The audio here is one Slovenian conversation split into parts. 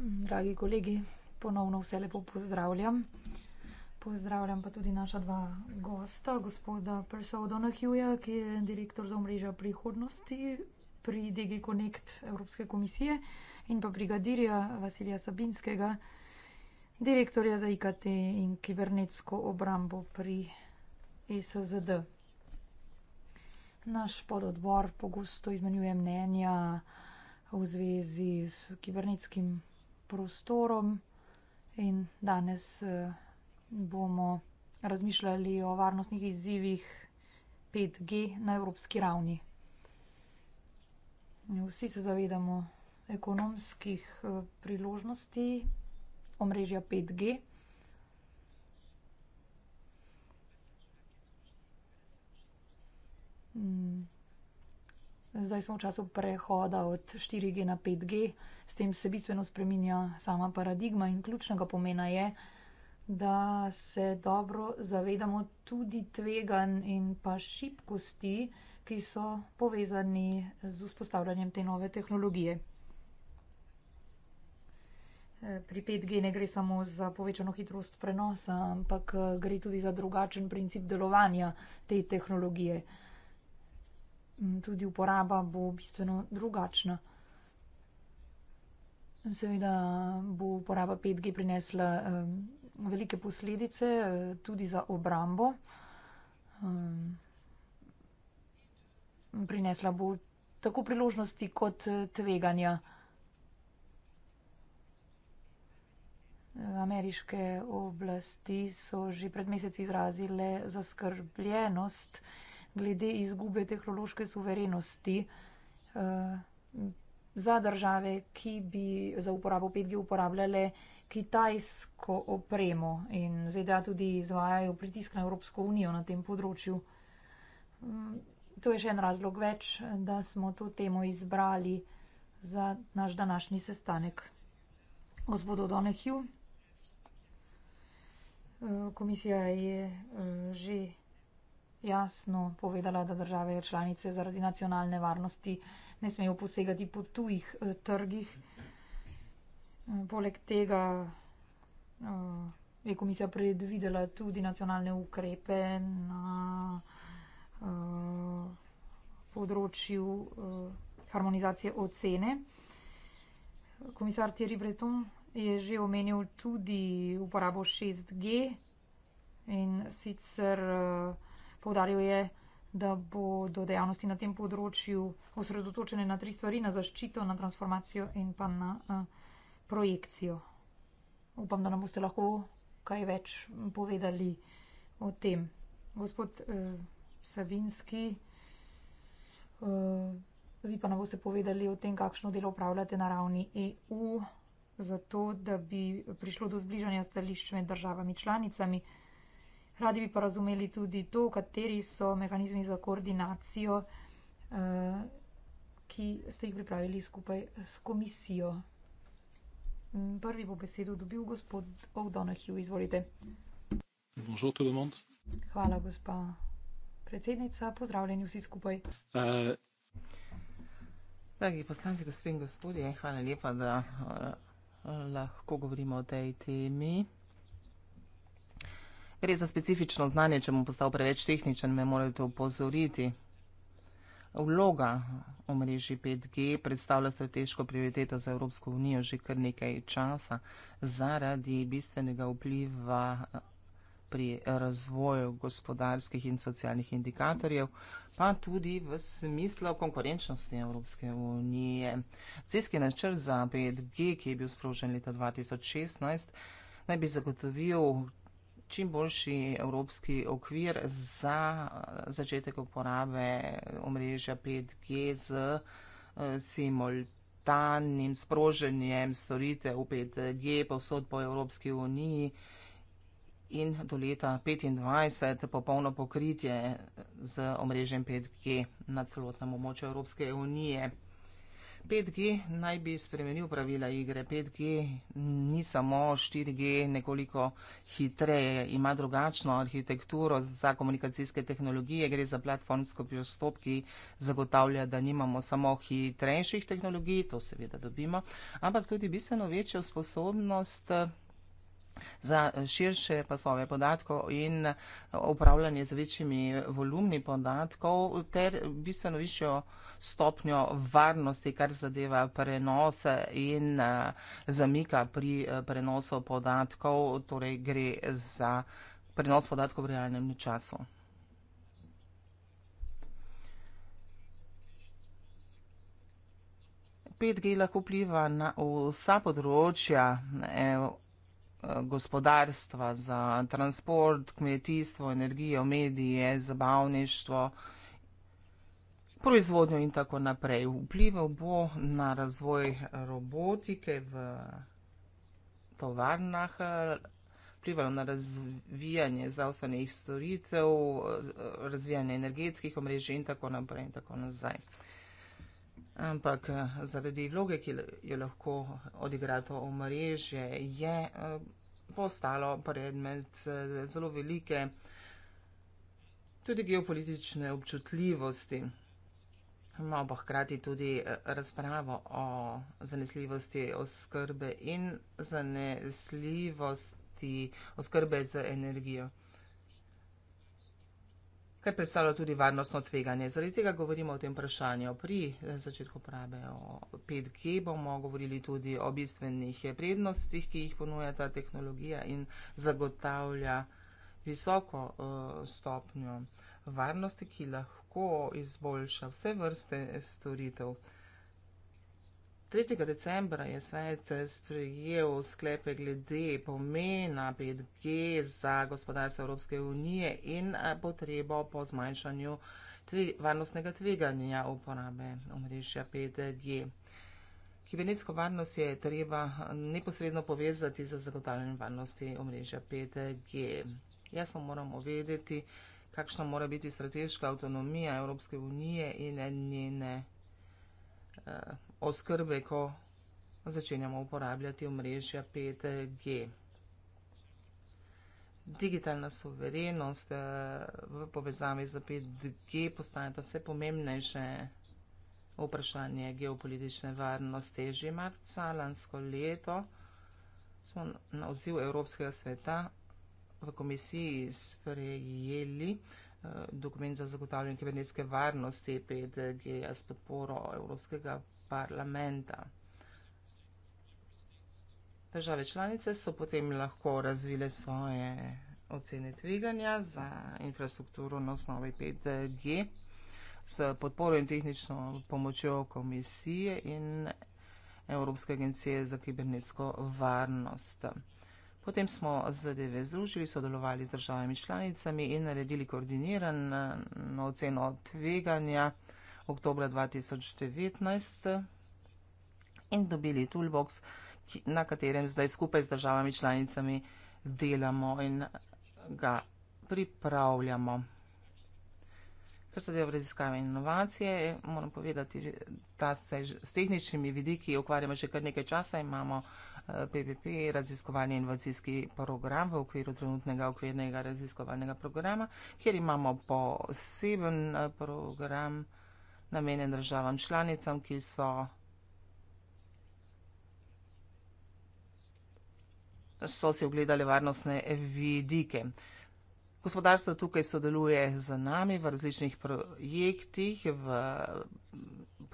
Dragi kolegi, ponovno vse lepo pozdravljam. Pozdravljam pa tudi naša dva gosta, gospoda Persa Odonahuja, ki je direktor za omrežja prihodnosti pri DG Connect Evropske komisije in pa brigadirja Vasilija Sabinskega, direktorja za IKT in kibernetsko obrambo pri e SZD. Naš pododbor pogosto izmenjuje mnenja v zvezi s kibernetskim prostorom in danes eh, bomo razmišljali o varnostnih izzivih 5G na evropski ravni. Vsi se zavedamo ekonomskih eh, priložnosti omrežja 5G. Mm. Zdaj smo v času prehoda od 4G na 5G, s tem se bistveno spreminja sama paradigma in ključnega pomena je, da se dobro zavedamo tudi tvegan in pa šibkosti, ki so povezani z vzpostavljanjem te nove tehnologije. Pri 5G ne gre samo za povečano hitrost prenosa, ampak gre tudi za drugačen princip delovanja te tehnologije tudi uporaba bo bistveno drugačna. Seveda bo uporaba 5G prinesla eh, velike posledice eh, tudi za obrambo. Eh, prinesla bo tako priložnosti kot tveganja. Ameriške oblasti so že pred meseci izrazile zaskrbljenost, glede izgube tehnološke suverenosti eh, za države, ki bi za uporabo 5G uporabljale kitajsko opremo in ZDA tudi izvajajo pritisk na Evropsko unijo na tem področju. Mm, to je še en razlog več, da smo to temo izbrali za naš današnji sestanek. Gospod Donahue, eh, komisija je eh, že jasno povedala, da države članice zaradi nacionalne varnosti ne smejo posegati po tujih eh, trgih. Eh, poleg tega eh, je komisija predvidela tudi nacionalne ukrepe na eh, področju eh, harmonizacije ocene. Komisar Thierry Breton je že omenil tudi uporabo 6G in sicer eh, Poudaril je, da bodo dejavnosti na tem področju osredotočene na tri stvari, na zaščito, na transformacijo in pa na uh, projekcijo. Upam, da nam boste lahko kaj več povedali o tem. Gospod uh, Savinski, uh, vi pa nam boste povedali o tem, kakšno delo upravljate na ravni EU, zato da bi prišlo do zbližanja stališč med državami članicami. Radi bi pa razumeli tudi to, kateri so mehanizmi za koordinacijo, eh, ki ste jih pripravili skupaj s komisijo. Mm, prvi bo besedo dobil gospod O'Donohue, izvolite. Bonjour, tout le monde. Hvala, gospa predsednica, pozdravljeni vsi skupaj. Uh... Dragi poslanci, gospe in gospodje, hvala lepa, da uh, lahko govorimo o tej temi. Gre za specifično znanje, če bom postal preveč tehničen, me morajo to upozoriti. Vloga o mreži 5G predstavlja strateško prioriteto za Evropsko unijo že kar nekaj časa zaradi bistvenega vpliva pri razvoju gospodarskih in socialnih indikatorjev, pa tudi v smislu konkurenčnosti Evropske unije. Celski načrt za 5G, ki je bil sprožen leta 2016, naj bi zagotovil čim boljši evropski okvir za začetek uporabe omrežja 5G z eh, simultanim sproženjem storitev 5G povsod po Evropski uniji in do leta 2025 popolno pokritje z omrežjem 5G na celotnem območju Evropske unije. 5G naj bi spremenil pravila igre. 5G ni samo 4G, nekoliko hitreje, ima drugačno arhitekturo za komunikacijske tehnologije, gre za platformsko pristop, ki zagotavlja, da nimamo samo hitrejših tehnologij, to seveda dobimo, ampak tudi bistveno večjo sposobnost eh, za širše pasove podatkov in upravljanje z večjimi volumni podatkov ter bistveno višjo stopnjo varnosti, kar zadeva prenose in eh, zamika pri eh, prenosu podatkov, torej gre za prenos podatkov v realnem času. 5G lahko vpliva na vsa področja e, e, gospodarstva, za transport, kmetijstvo, energijo, medije, zabavništvo proizvodnjo in tako naprej. Vplival bo na razvoj robotike v tovarnah, vplival na razvijanje zdravstvenih storitev, razvijanje energetskih omrežij in tako naprej in tako nazaj. Ampak zaradi vloge, ki jo lahko odigra to omrežje, je postalo predmet zelo velike tudi geopolitične občutljivosti imamo no, pa hkrati tudi eh, razpravo o zanesljivosti oskrbe in zanesljivosti oskrbe z energijo, kar predstavlja tudi varnostno tveganje. Zaradi tega govorimo o tem vprašanju. Pri eh, začetku uporabe 5G bomo govorili tudi o bistvenih eh, prednostih, ki jih ponuja ta tehnologija in zagotavlja visoko stopnjo varnosti, ki lahko lahko izboljša vse vrste storitev. 3. decembra je svet sprejel sklepe glede pomena 5G za gospodarstvo Evropske unije in eh, potrebo po zmanjšanju varnostnega tveganja uporabe omrežja 5G. Kibernetsko varnost je treba eh, neposredno povezati z zagotavljanjem varnosti omrežja 5G. Jasno moramo vedeti, kakšna mora biti strateška avtonomija Evropske unije in njene eh, oskrbe, ko začenjamo uporabljati omrežja 5G. Digitalna soverenost eh, v povezavi z 5G postaje to vse pomembnejše vprašanje geopolitične varnosti. Že marca lansko leto smo na odziv Evropskega sveta v komisiji sprejeli eh, dokument za zagotavljanje kibernetske varnosti pred GEA s podporo Evropskega parlamenta. Države članice so potem lahko razvile svoje ocene tveganja za infrastrukturo na osnovi 5G s podporo in tehnično pomočjo komisije in Evropske agencije za kibernetsko varnost. Potem smo zadeve združili, sodelovali z državami članicami in naredili koordinirano oceno tveganja oktobra 2019 in dobili toolbox, na katerem zdaj skupaj z državami članicami delamo in ga pripravljamo kar se deje v raziskave in inovacije. Moram povedati, da se s tehničnimi vidiki ukvarjamo že kar nekaj časa. Imamo PPP, eh, raziskovalni inovacijski program v okviru trenutnega okvirnega raziskovalnega programa, kjer imamo poseben eh, program namenjen državam članicam, ki so so si ogledali varnostne vidike. Gospodarstvo tukaj sodeluje z nami v različnih projektih, v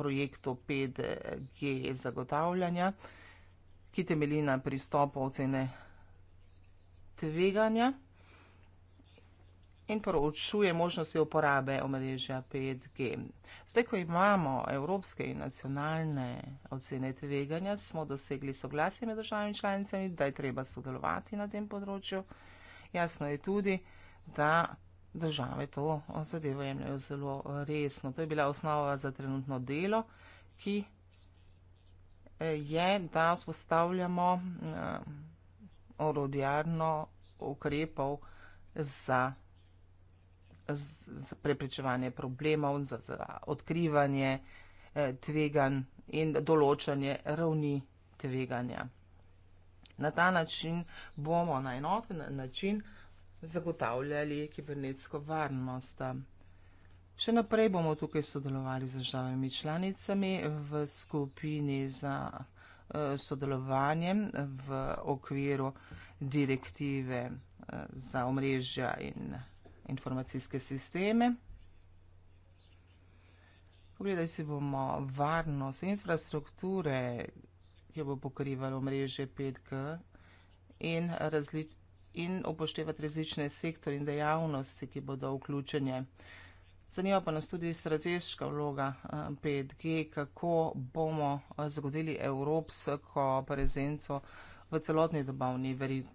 projektu 5G zagotavljanja, ki temelji na pristopu ocene tveganja in poročuje možnosti uporabe omrežja 5G. Zdaj, ko imamo evropske in nacionalne ocene tveganja, smo dosegli soglasje med državami članicami, da je treba sodelovati na tem področju. Jasno je tudi, da je treba sodelovati na tem področju da države to zadevo jemljajo zelo resno. To je bila osnova za trenutno delo, ki eh, je, da vzpostavljamo eh, orodjarno ukrepov za, za preprečevanje problemov, za, za odkrivanje eh, tveganj in določanje ravni tveganja. Na ta način bomo na enoten način uh, zagotavljali kibernetsko varnost. Še naprej bomo tukaj sodelovali z državami članicami v skupini za eh, sodelovanje v okviru direktive eh, za omrežja in informacijske sisteme. Pogledaj si bomo varnost infrastrukture, ki bo pokrivalo omrežje 5G in različne in upoštevati različne sektorje in dejavnosti, ki bodo vključene. Zanima pa nas tudi strateška vloga 5G, eh, kako bomo eh, zagodili evropsko prezenco v celotni dobavni verigi.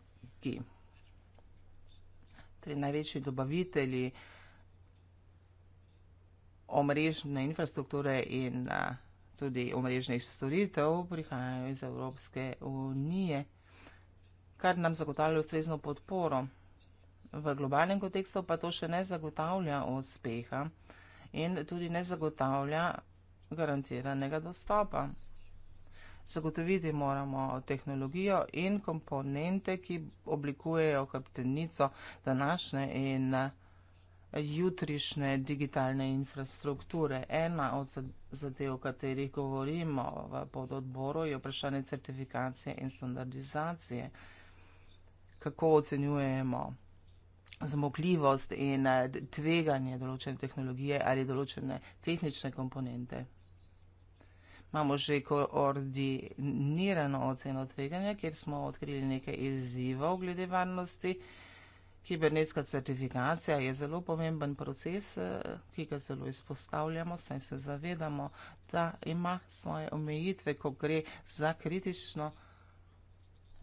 Tri torej, največji dobavitelji omrežne infrastrukture in eh, tudi omrežnih storitev prihajajo iz Evropske unije kar nam zagotavlja ustrezno podporo. V globalnem kontekstu pa to še ne zagotavlja uspeha in tudi ne zagotavlja garantiranega dostopa. Zagotoviti moramo tehnologijo in komponente, ki oblikujejo hrbtenico današnje in jutrišnje digitalne infrastrukture. Ena od zadev, o katerih govorimo v pododboru, je vprašanje certifikacije in standardizacije kako ocenjujemo zmogljivost in eh, tveganje določene tehnologije ali določene tehnične komponente. Imamo že koordinirano oceno tveganja, kjer smo odkrili nekaj izzivov glede varnosti. Kibernetska certifikacija je zelo pomemben proces, eh, ki ga zelo izpostavljamo, saj se zavedamo, da ima svoje omejitve, ko gre za kritično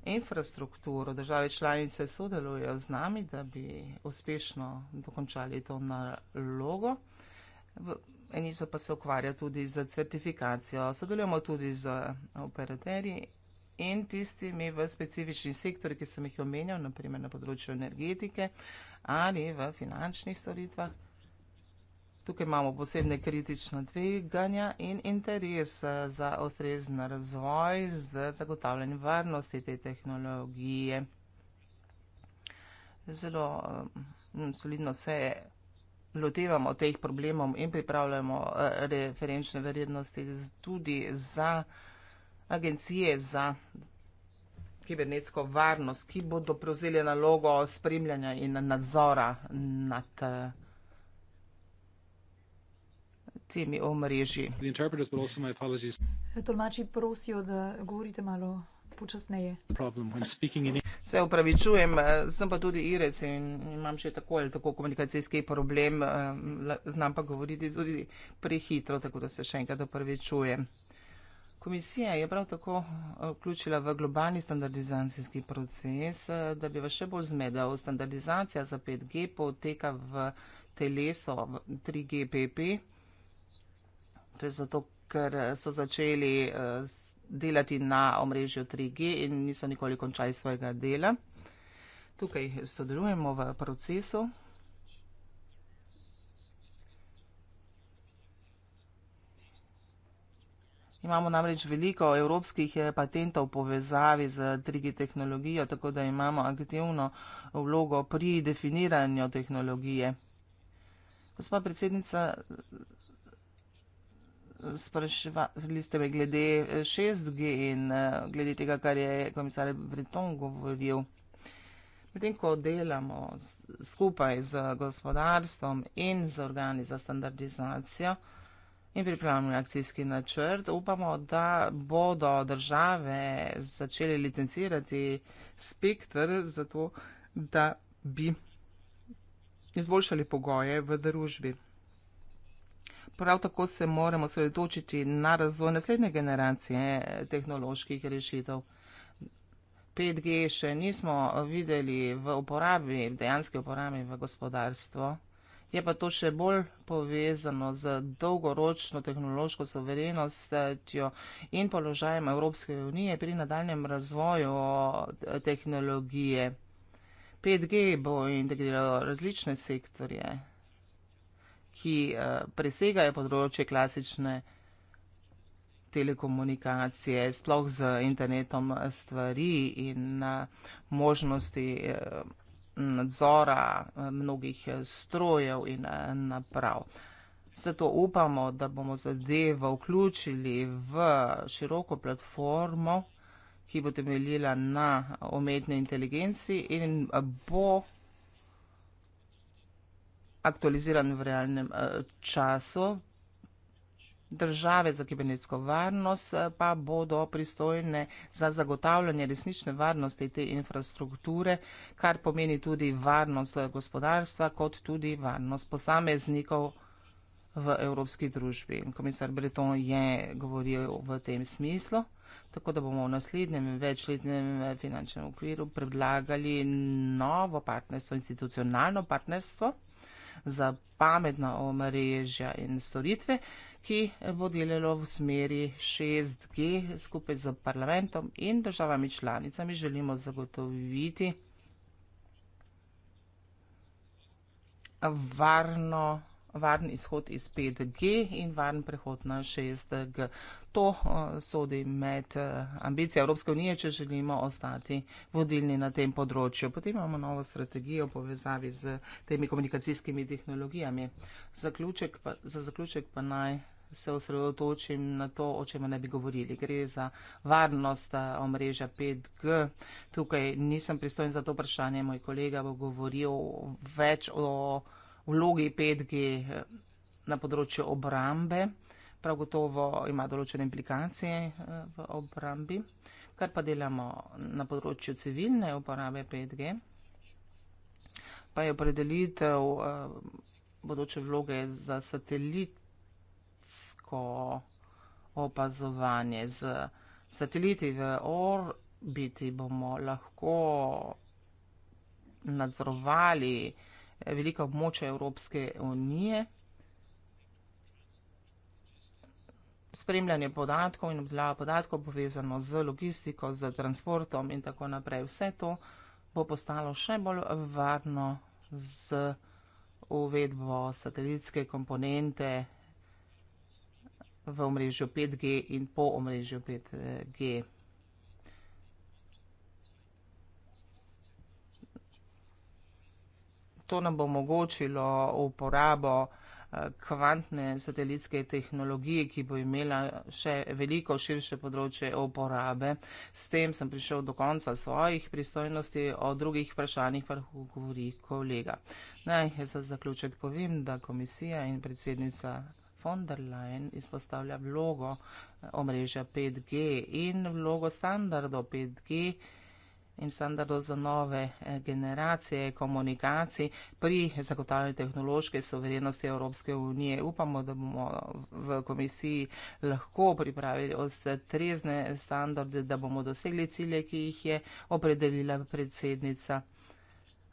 infrastrukturo, države članice sodelujejo z nami, da bi uspešno dokončali to nalogo. Enica pa se ukvarja tudi z certifikacijo. Sodelujemo tudi z operaterji in tistimi v specifični sektori, ki sem jih omenjal, naprimer na področju energetike ali v finančnih storitvah. Tukaj imamo posebne kritična tveganja in interes eh, za ostrezen razvoj z zagotavljanjem varnosti te tehnologije. Zelo um, solidno se lotevamo teh problemov in pripravljamo eh, referenčne vrednosti tudi za agencije za kibernetsko varnost, ki bodo prevzeli nalogo spremljanja in nadzora nad. Uh, temi omrežji. Tolmači prosijo, da govorite malo počasneje. Se upravičujem, eh, sem pa tudi irec in imam še tako ali tako komunikacijski problem, eh, znam pa govoriti tudi prehitro, tako da se še enkrat upravičujem. Komisija je prav tako eh, vključila v globalni standardizacijski proces, da bi vas še bolj zmedal. Standardizacija za 5G poteka v telesu 3GPP. To je zato, ker eh, so začeli eh, delati na omrežju 3G in niso nikoli končali svojega dela. Tukaj sodelujemo v procesu. Imamo namreč veliko evropskih eh, patentov v povezavi z 3G tehnologijo, tako da imamo aktivno vlogo pri definiranju tehnologije. Gospod predsednica, sprašvali ste me glede 6G eh, in eh, glede tega, kar je komisar Breton govoril. Medtem, ko delamo skupaj z gospodarstvom in z organi za standardizacijo in pripravljamo akcijski načrt, upamo, da bodo države začele licencirati spektr za to, da bi izboljšali pogoje v družbi prav tako se moramo sredotočiti na razvoj naslednje generacije tehnoloških rešitev. 5G še nismo videli v uporabi, v dejanski uporabi v gospodarstvo. Je pa to še bolj povezano z dolgoročno tehnološko soverenostjo in položajem Evropske unije pri nadaljem razvoju tehnologije. 5G bo integriralo različne sektorje ki eh, presegajo področje klasične telekomunikacije, sploh z internetom eh, stvari in eh, možnosti nadzora mnogih strojev in naprav. Zato upamo, da bomo zadevo vključili v široko platformo, ki bo temeljila na umetni inteligenci in bo aktualiziran v realnem eh, času. Države za kibernetsko varnost eh, pa bodo pristojne za zagotavljanje resnične varnosti te infrastrukture, kar pomeni tudi varnost eh, gospodarstva, kot tudi varnost posameznikov v evropski družbi. Komisar Breton je govoril v tem smislu, tako da bomo v naslednjem večletnem finančnem okviru predlagali novo partnerstvo, institucionalno partnerstvo za pametna omrežja in storitve, ki bo delalo v smeri 6G skupaj z parlamentom in državami članicami. Želimo zagotoviti varno, varen izhod iz 5G in varen prehod na 6G to eh, sodi med eh, ambicije Evropske unije, če želimo ostati vodilni na tem področju. Potem imamo novo strategijo v povezavi z temi komunikacijskimi tehnologijami. Zaključek pa, za zaključek pa naj se osredotočim na to, o čem ne bi govorili. Gre za varnost eh, omrežja 5G. Tukaj nisem pristojen za to vprašanje. Moj kolega bo govoril več o vlogi 5G na področju obrambe prav gotovo ima določene implikacije eh, v obrambi, kar pa delamo na področju civilne uporabe 5G, pa je opredelitev eh, bodoče vloge za satelitsko opazovanje. Z sateliti v orbiti bomo lahko nadzorovali eh, veliko območje Evropske unije. spremljanje podatkov in obdelava podatkov povezano z logistiko, z transportom in tako naprej. Vse to bo postalo še bolj varno z uvedbo satelitske komponente v omrežju 5G in po omrežju 5G. To nam bo omogočilo uporabo 5G kvantne satelitske tehnologije, ki bo imela še veliko širše področje uporabe. S tem sem prišel do konca svojih pristojnosti, o drugih vprašanjih pa govori kolega. Naj za zaključek povem, da komisija in predsednica von der Leyen izpostavlja vlogo omrežja 5G in vlogo standardov 5G in standardov za nove eh, generacije komunikacij pri zagotavljanju tehnološke soverenosti Evropske unije. Upamo, da bomo v komisiji lahko pripravili ustrezne standarde, da bomo dosegli cilje, ki jih je opredelila predsednica.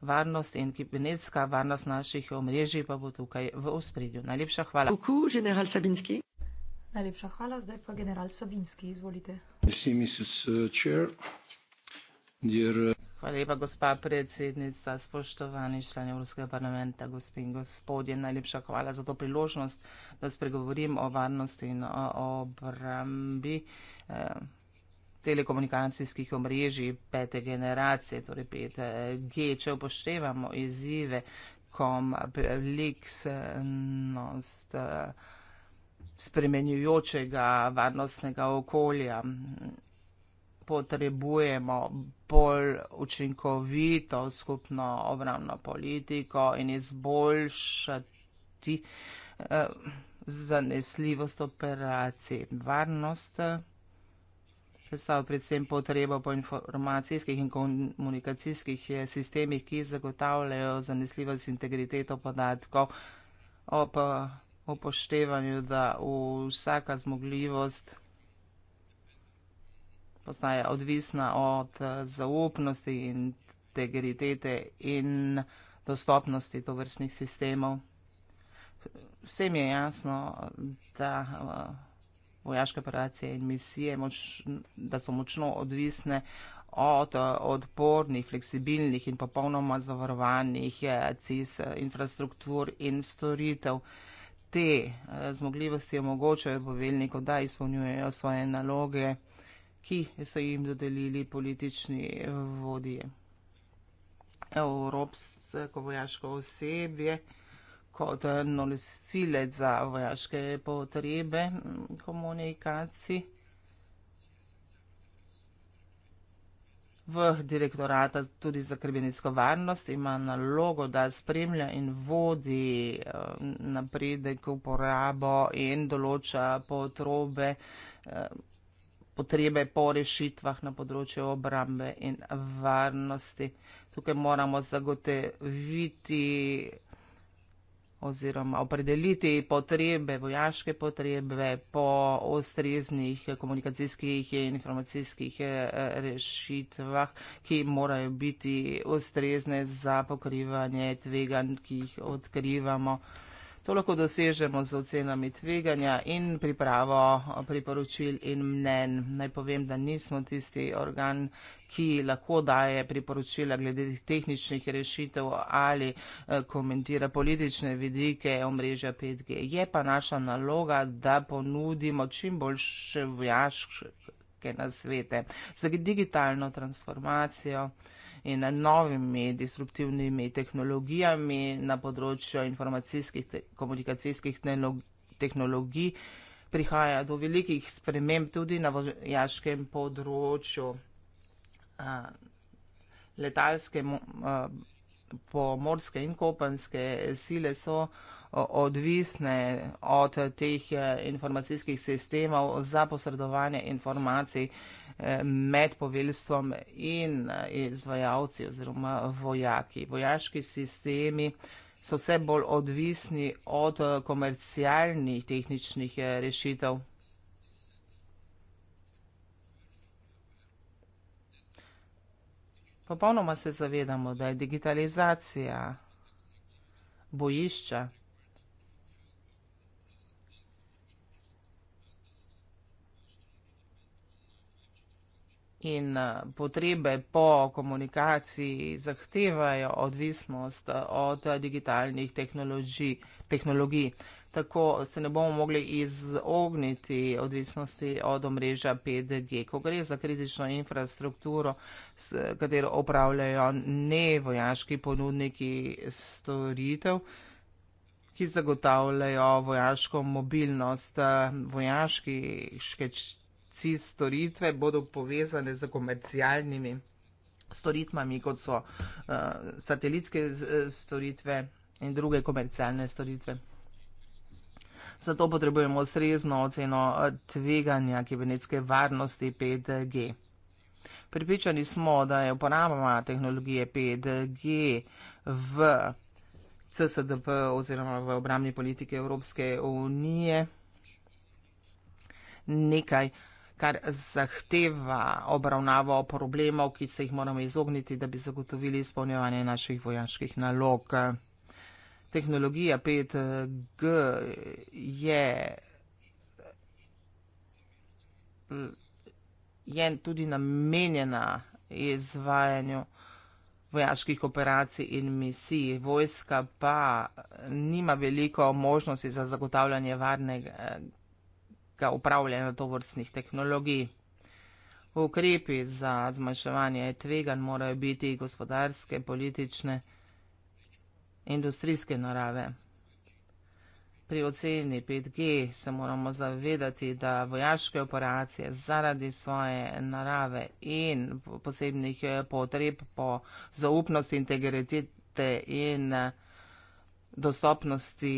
Varnost in kibernetska varnost naših omrežij pa bo tukaj v ospredju. Najlepša hvala. Kuku, general Sabinski. Najlepša hvala, zdaj pa general Sabinski, izvolite. Mislim, Mrs. Uh, Chair. Uh, hvala lepa, gospa predsednica, spoštovani člani Evropskega parlamenta, gospe in gospodje. Najlepša hvala za to priložnost, da spregovorim o varnosti in o obrambi eh, telekomunikacijskih omrežij pete generacije, torej 5G, če upoštevamo izzive kompleksnost eh, spremenjujočega varnostnega okolja potrebujemo bolj učinkovito skupno obramno politiko in izboljšati eh, zanesljivost operacij. Varnost predstavlja predvsem potrebo po informacijskih in komunikacijskih eh, sistemih, ki zagotavljajo zanesljivost integriteto podatkov ob upoštevanju, da vsaka zmogljivost postaje odvisna od eh, zaupnosti in integritete in dostopnosti to vrstnih sistemov. Vsem je jasno, da eh, vojaške operacije in misije, moč, da so močno odvisne od eh, odpornih, fleksibilnih in popolnoma zavarovanih CIS infrastruktur in storitev. Te zmogljivosti omogočajo poveljnikom, da izpolnjujejo svoje naloge ki so jim dodelili politični eh, vodje. Evropsko vojaško osebje kot eh, nosilec za vojaške potrebe mm, komunikacij v direktorata tudi za krbinecko varnost ima nalogo, da spremlja in vodi eh, napredek uporabo in določa potrobe potrebe po rešitvah na področju obrambe in varnosti. Tukaj moramo zagotoviti oziroma opredeliti potrebe, vojaške potrebe po ustreznih komunikacijskih in informacijskih eh, rešitvah, ki morajo biti ustrezne za pokrivanje tveganj, ki jih odkrivamo. To lahko dosežemo z ocenami tveganja in pripravo priporočil in mnen. Naj povem, da nismo tisti organ, ki lahko daje priporočila glede tehničnih rešitev ali eh, komentira politične vidike omrežja 5G. Je pa naša naloga, da ponudimo čim boljše vojaške nasvete za digitalno transformacijo in novimi disruptivnimi tehnologijami na področju informacijskih te komunikacijskih tehnologij prihaja do velikih sprememb tudi na vojaškem področju. A, letalske, a, pomorske in kopenske sile so odvisne od teh informacijskih sistemov za posredovanje informacij. A, med poveljstvom in eh, izvajalci oziroma vojaki. Vojaški sistemi so vse bolj odvisni od eh, komercialnih tehničnih eh, rešitev. Popolnoma se zavedamo, da je digitalizacija bojišča. in eh, potrebe po komunikaciji zahtevajo odvisnost eh, od digitalnih tehnologij. Tako se ne bomo mogli izogniti odvisnosti od omrežja 5G, ko gre za kritično infrastrukturo, s katero upravljajo ne vojaški ponudniki storitev, ki zagotavljajo vojaško mobilnost eh, vojaških ti storitve bodo povezane z komercialnimi storitvami, kot so uh, satelitske eh, storitve in druge komercialne storitve. Zato potrebujemo srezno oceno eh, tveganja kibernetske varnosti 5G. Pripričani smo, da je uporaba tehnologije 5G v CSDP oziroma v obramni politike Evropske unije nekaj, kar zahteva obravnavo problemov, ki se jih moramo izogniti, da bi zagotovili izpolnjevanje naših vojaških nalog. Tehnologija 5G je, je tudi namenjena izvajanju vojaških operacij in misij. Vojska pa nima veliko možnosti za zagotavljanje varnega tega upravljanja to vrstnih tehnologij. Ukrepi za zmanjševanje tvegan morajo biti gospodarske, politične, industrijske narave. Pri oceni 5G se moramo zavedati, da vojaške operacije zaradi svoje narave in posebnih eh, potreb po zaupnosti, integritete in eh, dostopnosti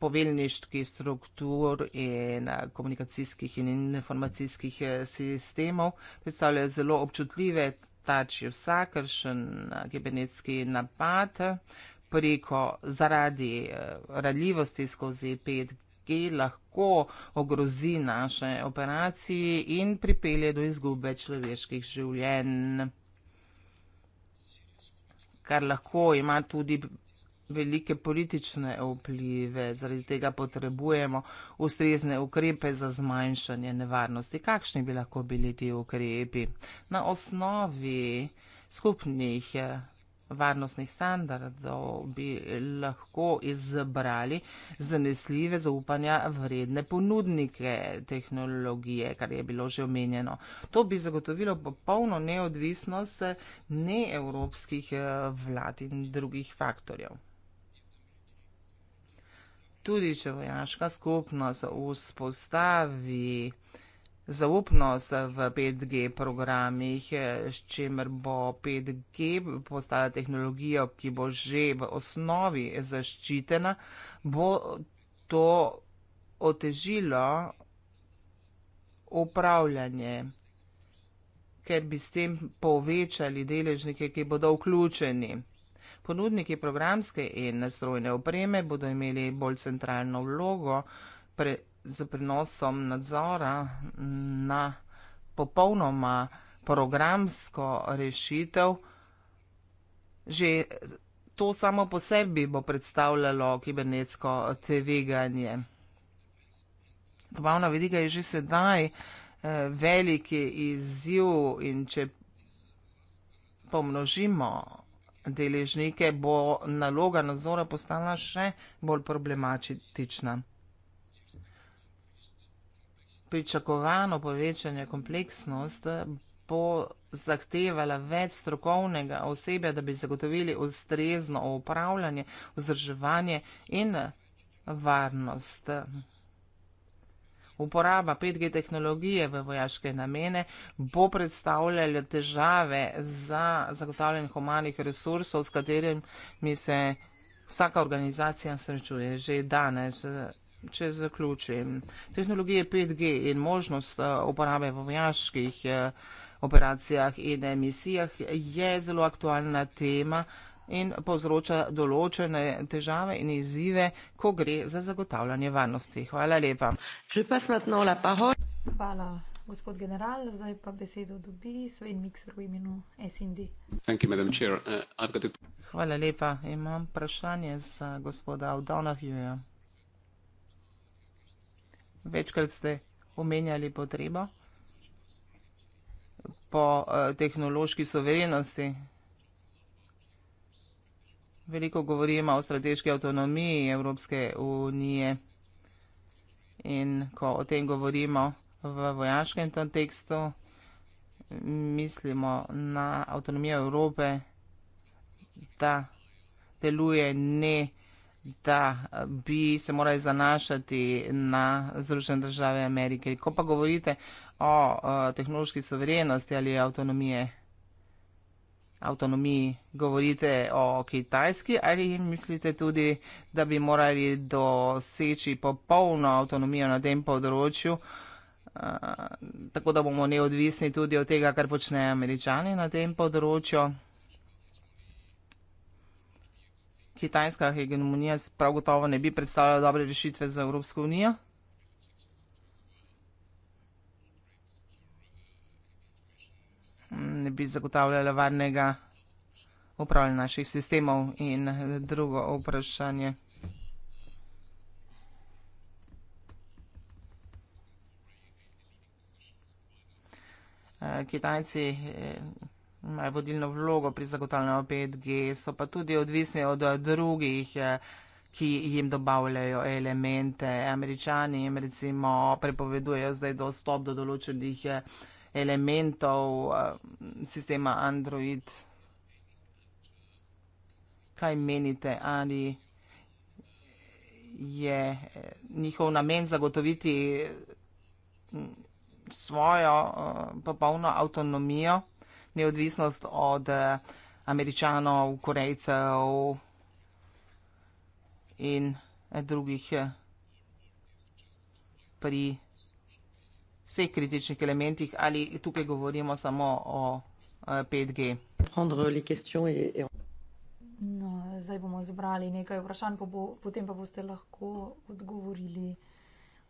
poveljniških struktur in eh, komunikacijskih in informacijskih eh, sistemov predstavljajo zelo občutljive tači vsakršen eh, kibernetski napad preko zaradi radljivosti skozi 5G lahko ogrozi naše operacije in pripelje do izgube človeških življenj kar lahko ima tudi velike politične vplive, zaradi tega potrebujemo ustrezne ukrepe za zmanjšanje nevarnosti. Kakšni bi lahko bili ti ukrepi? Na osnovi skupnih eh, varnostnih standardov bi lahko izbrali zanesljive zaupanja vredne ponudnike tehnologije, kar je bilo že omenjeno. To bi zagotovilo popolno neodvisnost neevropskih eh, vlad in drugih faktorjev tudi če vojaška skupnost vzpostavi zaupnost v 5G programih, s čimer bo 5G postala tehnologija, ki bo že v osnovi zaščitena, bo to otežilo upravljanje, ker bi s tem povečali deležnike, ki bodo vključeni. Ponudniki programske in nastrojne opreme bodo imeli bolj centralno vlogo pre, z prenosom nadzora na popolnoma programsko rešitev. Že to samo po sebi bo predstavljalo kibernetsko tveganje. Dobavna vedika je že sedaj eh, veliki izziv in če pomnožimo deležnike, bo naloga nadzora postala še bolj problematična. Pričakovano povečanje kompleksnost bo zahtevala več strokovnega osebja, da bi zagotovili ustrezno upravljanje, vzdrževanje in varnost uporaba 5G tehnologije v vojaške namene bo predstavljala težave za zagotavljanje humanih resursov, s katerimi se vsaka organizacija srečuje že danes. Če zaključim, tehnologije 5G in možnost eh, uporabe v vojaških eh, operacijah in emisijah je zelo aktualna tema in povzroča določene težave in izzive, ko gre za zagotavljanje varnosti. Hvala lepa. Hvala, gospod general. Zdaj pa besedo dobi Sven Mikser v imenu SND. Uh, Hvala lepa. Imam vprašanje za gospoda Avdonahjuja. Večkrat ste omenjali potrebo po eh, tehnološki soverenosti veliko govorimo o strateški avtonomiji Evropske unije in ko o tem govorimo v vojaškem kontekstu, mislimo na avtonomijo Evrope, da deluje ne, da bi se morali zanašati na Združene države Amerike. Ko pa govorite o, o tehnološki soverenosti ali avtonomije Evrope, avtonomiji govorite o Kitajski ali mislite tudi, da bi morali doseči popolno avtonomijo na tem področju, eh, tako da bomo neodvisni tudi od tega, kar počnejo američani na tem področju? Kitajska hegemonija prav gotovo ne bi predstavljala dobre rešitve za Evropsko unijo. ne bi zagotavljala varnega upravljanja naših sistemov. In drugo vprašanje. Eh, Kitajci eh, imajo vodilno vlogo pri zagotavljanju 5G, so pa tudi odvisni od eh, drugih, ki jim dobavljajo elemente. Američani jim recimo prepovedujejo zdaj dostop do določenih elementov elementov eh, sistema Android. Kaj menite, ali je eh, njihov namen zagotoviti mm, svojo eh, popolno avtonomijo, neodvisnost od američanov, korejcev in drugih pri vseh kritičnih elementih ali tukaj govorimo samo o 5G? E, no, zdaj bomo zbrali nekaj vprašanj, pa bo, potem pa boste lahko odgovorili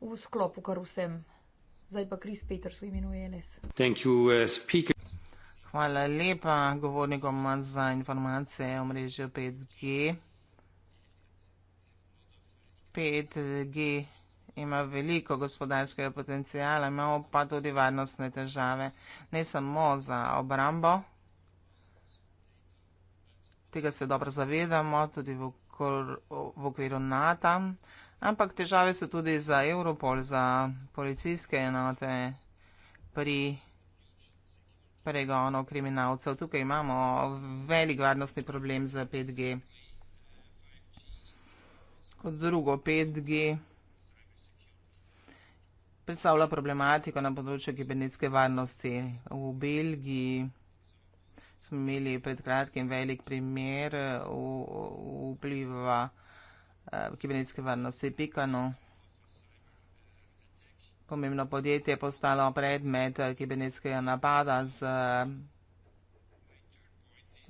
v sklopu kar vsem. Zdaj pa Kris Peters v imenu ELS. Hvala lepa govornikom za informacije o mreži 5G. 5G ima veliko gospodarskega potencijala, imamo pa tudi varnostne težave, ne samo za obrambo, tega se dobro zavedamo, tudi v, okor, v okviru NATO, ampak težave so tudi za Europol, za policijske enote pri pregonu kriminalcev. Tukaj imamo velik varnostni problem za 5G. Kot drugo, 5G predstavlja problematiko na področju kibernetske varnosti. V Belgiji smo imeli pred kratkim velik primer vpliva eh, kibernetske varnosti Pikano. Pomembno podjetje je postalo predmet eh, kibernetskega napada z eh,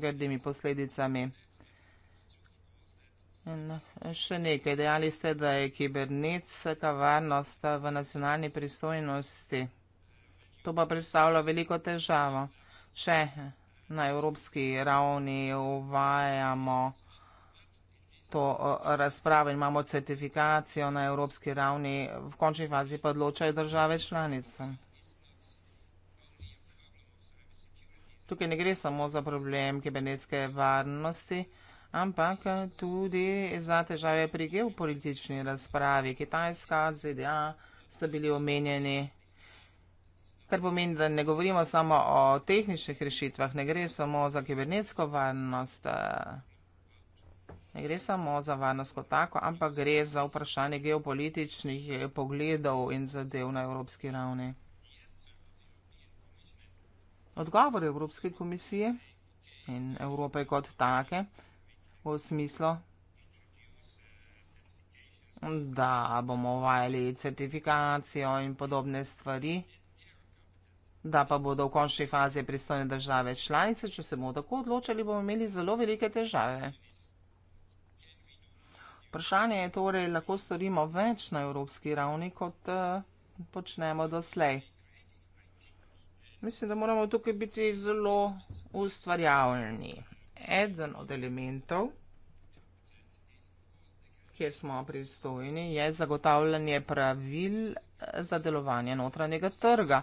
grdimi posledicami. In eh, še nekaj, dejali ste, da je kibernetska varnost eh, v nacionalni pristojnosti. To pa predstavlja veliko težavo. Če eh, na evropski ravni uvajamo to razpravo in imamo certifikacijo na evropski ravni, v končni fazi pa odločajo države članice. Tukaj ne gre samo za problem kibernetske varnosti, ampak tudi za težave pri geopolitični razpravi. Kitajska, ZDA sta bili omenjeni, kar pomeni, da ne govorimo samo o tehničnih rešitvah, ne gre samo za kibernetsko varnost, ne gre samo za varnost kot tako, ampak gre za vprašanje geopolitičnih pogledov in zadev na evropski ravni. Odgovor Evropske komisije in Evrope kot take, v smislu, da bomo uvajali certifikacijo in podobne stvari, da pa bodo v končni fazi pristojne države članice, če se bomo tako odločili, bomo imeli zelo velike težave. Vprašanje je torej, lahko storimo več na evropski ravni, kot eh, počnemo doslej. Mislim, da moramo tukaj biti zelo ustvarjalni eden od elementov, kjer smo pristojni, je zagotavljanje pravil eh, za delovanje notranjega trga.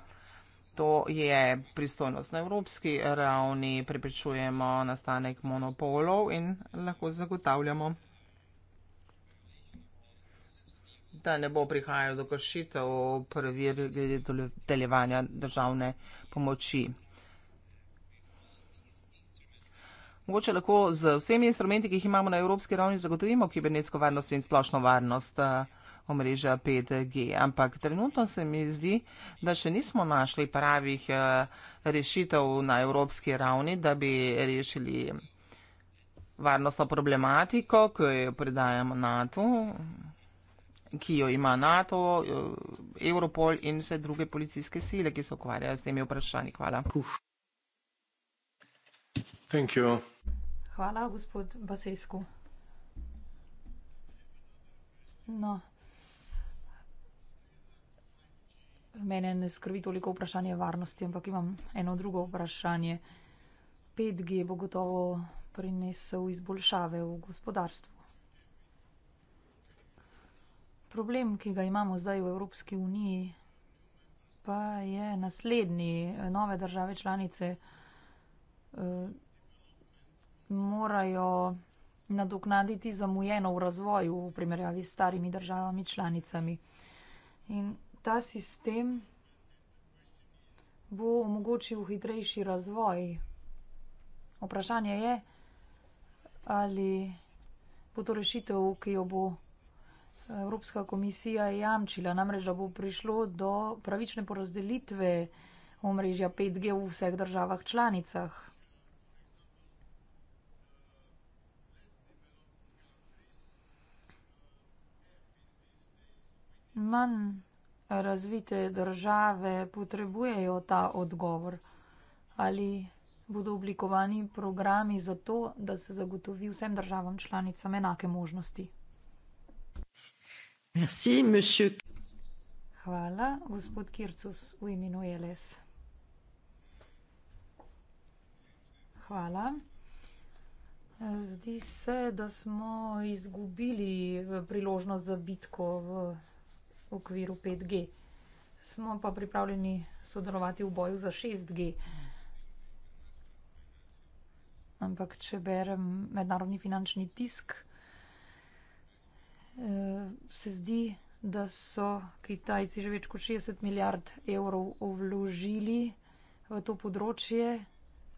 To je pristojnost na evropski ravni, pripričujemo nastanek monopolov in lahko zagotavljamo, da ne bo prihajalo do kršitev pravil glede delovanja državne pomoči. Mogoče lahko z vsemi instrumenti, ki jih imamo na evropski ravni, zagotovimo kibernetsko varnost in splošno varnost eh, omrežja 5G. Ampak trenutno se mi zdi, da še nismo našli pravih eh, rešitev na evropski ravni, da bi rešili varnostno problematiko, ki jo predajamo NATO, ki jo ima NATO, eh, Europol in vse druge policijske sile, ki se ukvarjajo s temi vprašanji. Hvala. Puh. Hvala, gospod Basescu. No. Mene ne skrbi toliko vprašanje varnosti, ampak imam eno drugo vprašanje. 5G bo gotovo prinesel izboljšave v gospodarstvu. Problem, ki ga imamo zdaj v Evropski uniji, pa je naslednji nove države članice. Eh, morajo nadoknaditi zamujeno v razvoju v primerjavi s starimi državami članicami. In ta sistem bo omogočil hitrejši razvoj. Vprašanje je, ali bo to rešitev, ki jo bo Evropska komisija jamčila, namreč, da bo prišlo do pravične porazdelitve omrežja 5G v vseh državah članicah. manj razvite države potrebujejo ta odgovor? Ali bodo oblikovani programi za to, da se zagotovi vsem državam članicam enake možnosti? Merci, Hvala, gospod Kircus v imenu LS. Hvala. Zdi se, da smo izgubili priložnost za bitko v v okviru 5G. Smo pa pripravljeni sodelovati v boju za 6G. Ampak, če berem mednarodni finančni tisk, eh, se zdi, da so Kitajci že več kot 60 milijard evrov vložili v to področje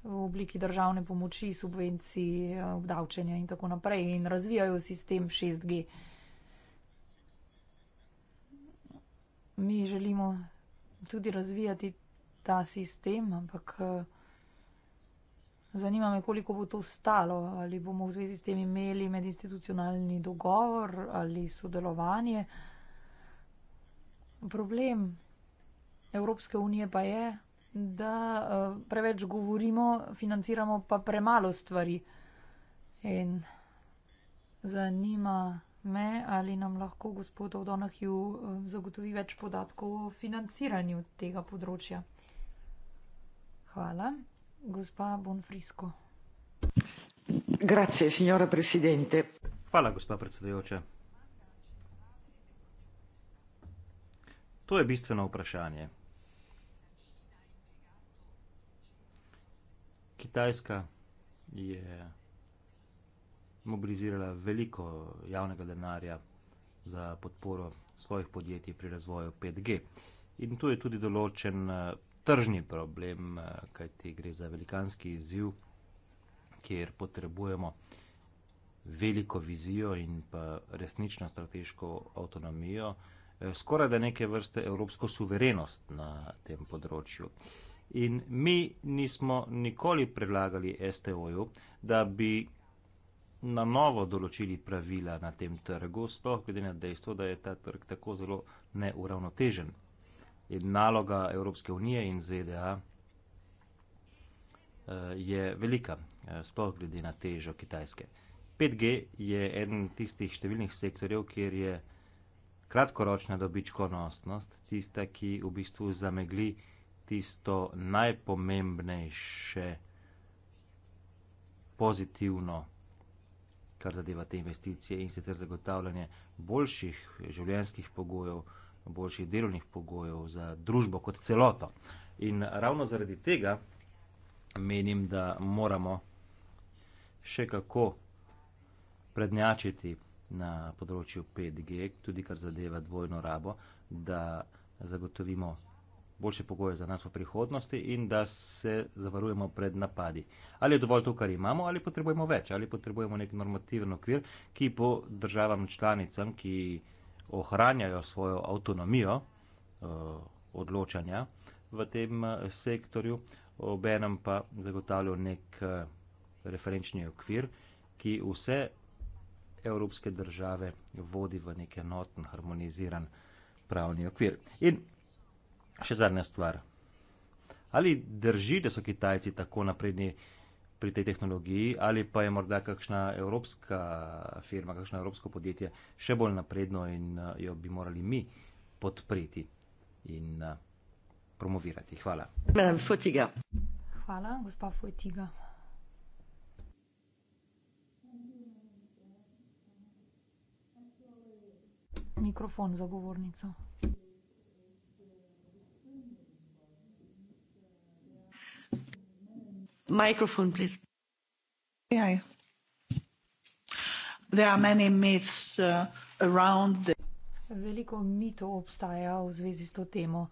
v obliki državne pomoči, subvencij, eh, obdavčenja in tako naprej in razvijajo sistem 6G. mi želimo tudi razvijati ta sistem, ampak eh, zanima me, koliko bo to stalo, ali bomo v zvezi s tem imeli medinstitucionalni dogovor ali sodelovanje. Problem Evropske unije pa je, da eh, preveč govorimo, financiramo pa premalo stvari. In zanima me, me, ali nam lahko gospod O'Donohue eh, zagotovi več podatkov o financiranju tega področja. Hvala. Gospa Bonfrisko. Grazie, signora presidente. Hvala, gospa predsedujoča. To je bistveno vprašanje. Kitajska je mobilizirala veliko javnega denarja za podporo svojih podjetij pri razvoju 5G. In tu je tudi določen eh, tržni problem, eh, kajti gre za velikanski izziv, kjer potrebujemo veliko vizijo in pa resnično strateško avtonomijo, eh, skoraj da neke vrste evropsko suverenost na tem področju. In mi nismo nikoli predlagali STO-ju, da bi na novo določili pravila na tem trgu, sploh glede na dejstvo, da je ta trg tako zelo neuravnotežen. In naloga Evropske unije in ZDA eh, je velika, eh, sploh glede na težo Kitajske. 5G je eden tistih številnih sektorjev, kjer je kratkoročna dobičkonosnost tista, ki v bistvu zamegli tisto najpomembnejše pozitivno kar zadeva te investicije in sicer zagotavljanje boljših življenjskih pogojev, boljših delovnih pogojev za družbo kot celoto. In ravno zaradi tega menim, da moramo še kako prednjačiti na področju 5G, tudi kar zadeva dvojno rabo, da zagotovimo boljše pogoje za nas v prihodnosti in da se zavarujemo pred napadi. Ali je dovolj to, kar imamo, ali potrebujemo več, ali potrebujemo nek normativen okvir, ki bo državam članicam, ki ohranjajo svojo avtonomijo uh, odločanja v tem uh, sektorju, obenem pa zagotavljajo nek uh, referenčni okvir, ki vse evropske države vodi v nek enoten, harmoniziran pravni okvir. In Še zadnja stvar. Ali drži, da so Kitajci tako napredni pri tej tehnologiji, ali pa je morda kakšna evropska firma, kakšno evropsko podjetje še bolj napredno in eh, jo bi morali mi podpreti in eh, promovirati? Hvala. Fotiga. Hvala, gospod Fotiga. Mikrofon za govornico. microphone please yeah there are many myths uh, around the veliko mitov obstaja v zvezi s to temo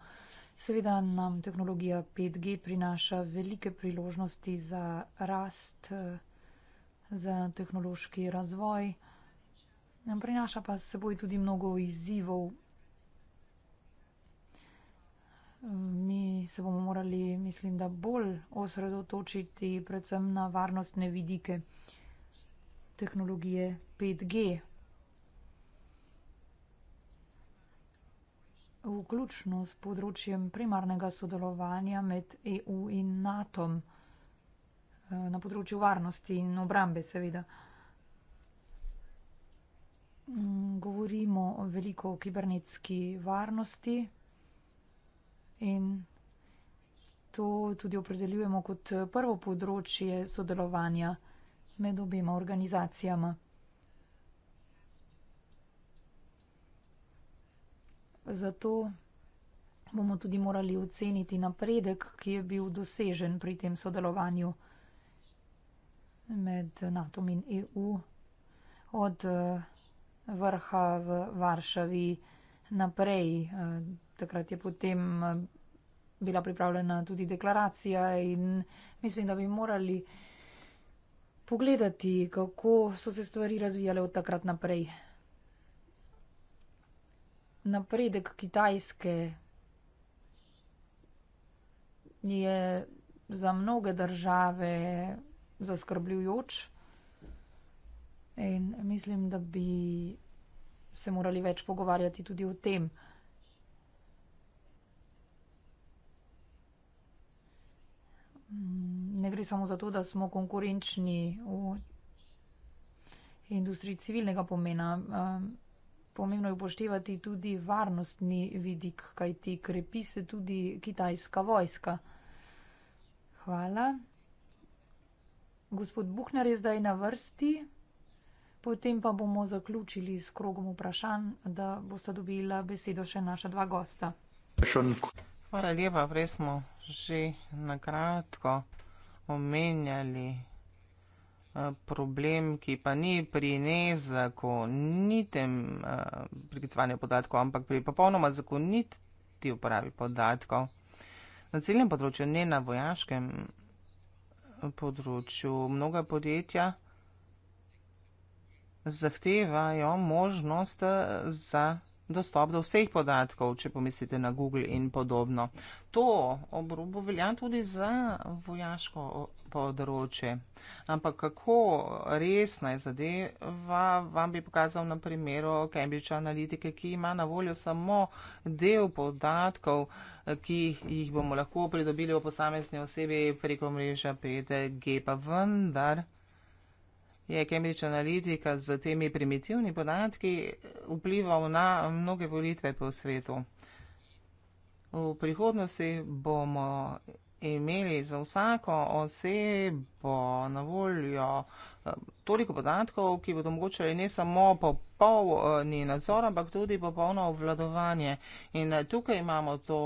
Seveda nam tehnologija 5G prinaša velike priložnosti za rast, uh, za tehnološki razvoj, nam prinaša pa seboj tudi mnogo izzivov, mi se bomo morali, mislim, da bolj osredotočiti predvsem na varnostne vidike tehnologije 5G. Vključno s področjem primarnega sodelovanja med EU in NATO eh, na področju varnosti in obrambe, seveda. Mm, govorimo veliko o kibernetski varnosti. In to tudi opredeljujemo kot eh, prvo področje sodelovanja med obima organizacijama. Zato bomo tudi morali oceniti napredek, ki je bil dosežen pri tem sodelovanju med NATO in EU od eh, vrha v Varšavi naprej eh, takrat je potem eh, bila pripravljena tudi deklaracija in mislim, da bi morali pogledati, kako so se stvari razvijale od takrat naprej. Napredek Kitajske je za mnoge države zaskrbljujoč in mislim, da bi se morali več pogovarjati tudi o tem. ne gre samo za to, da smo konkurenčni v industriji civilnega pomena. Ehm, pomembno je upoštevati tudi varnostni vidik, kajti krepi se tudi kitajska vojska. Hvala. Gospod Buhner je zdaj na vrsti, potem pa bomo zaključili s krogom vprašanj, da bosta dobila besedo še naša dva gosta. Šunk. Hvala lepa, prej smo že na kratko omenjali eh, problem, ki pa ni pri nezaku, ni tem eh, priklicovanju podatkov, ampak pri popolnoma zakoniti uporabi podatkov. Na celnem področju, ne na vojaškem eh, področju, mnoga podjetja zahtevajo možnost za dostop do vseh podatkov, če pomislite na Google in podobno. To obrobo velja tudi za vojaško področje. Ampak kako resna je zadeva, vam bi pokazal na primeru Cambridge Analytica, ki ima na voljo samo del podatkov, ki jih bomo lahko pridobili v posamezni osebi preko mreža 5G, pa vendar je Cambridge Analytica z temi primitivni podatki vplival na mnoge volitve po svetu. V prihodnosti bomo imeli za vsako osebo na voljo eh, toliko podatkov, ki bodo omogočali ne samo popolni nadzor, ampak tudi popolno obvladovanje. In eh, tukaj imamo to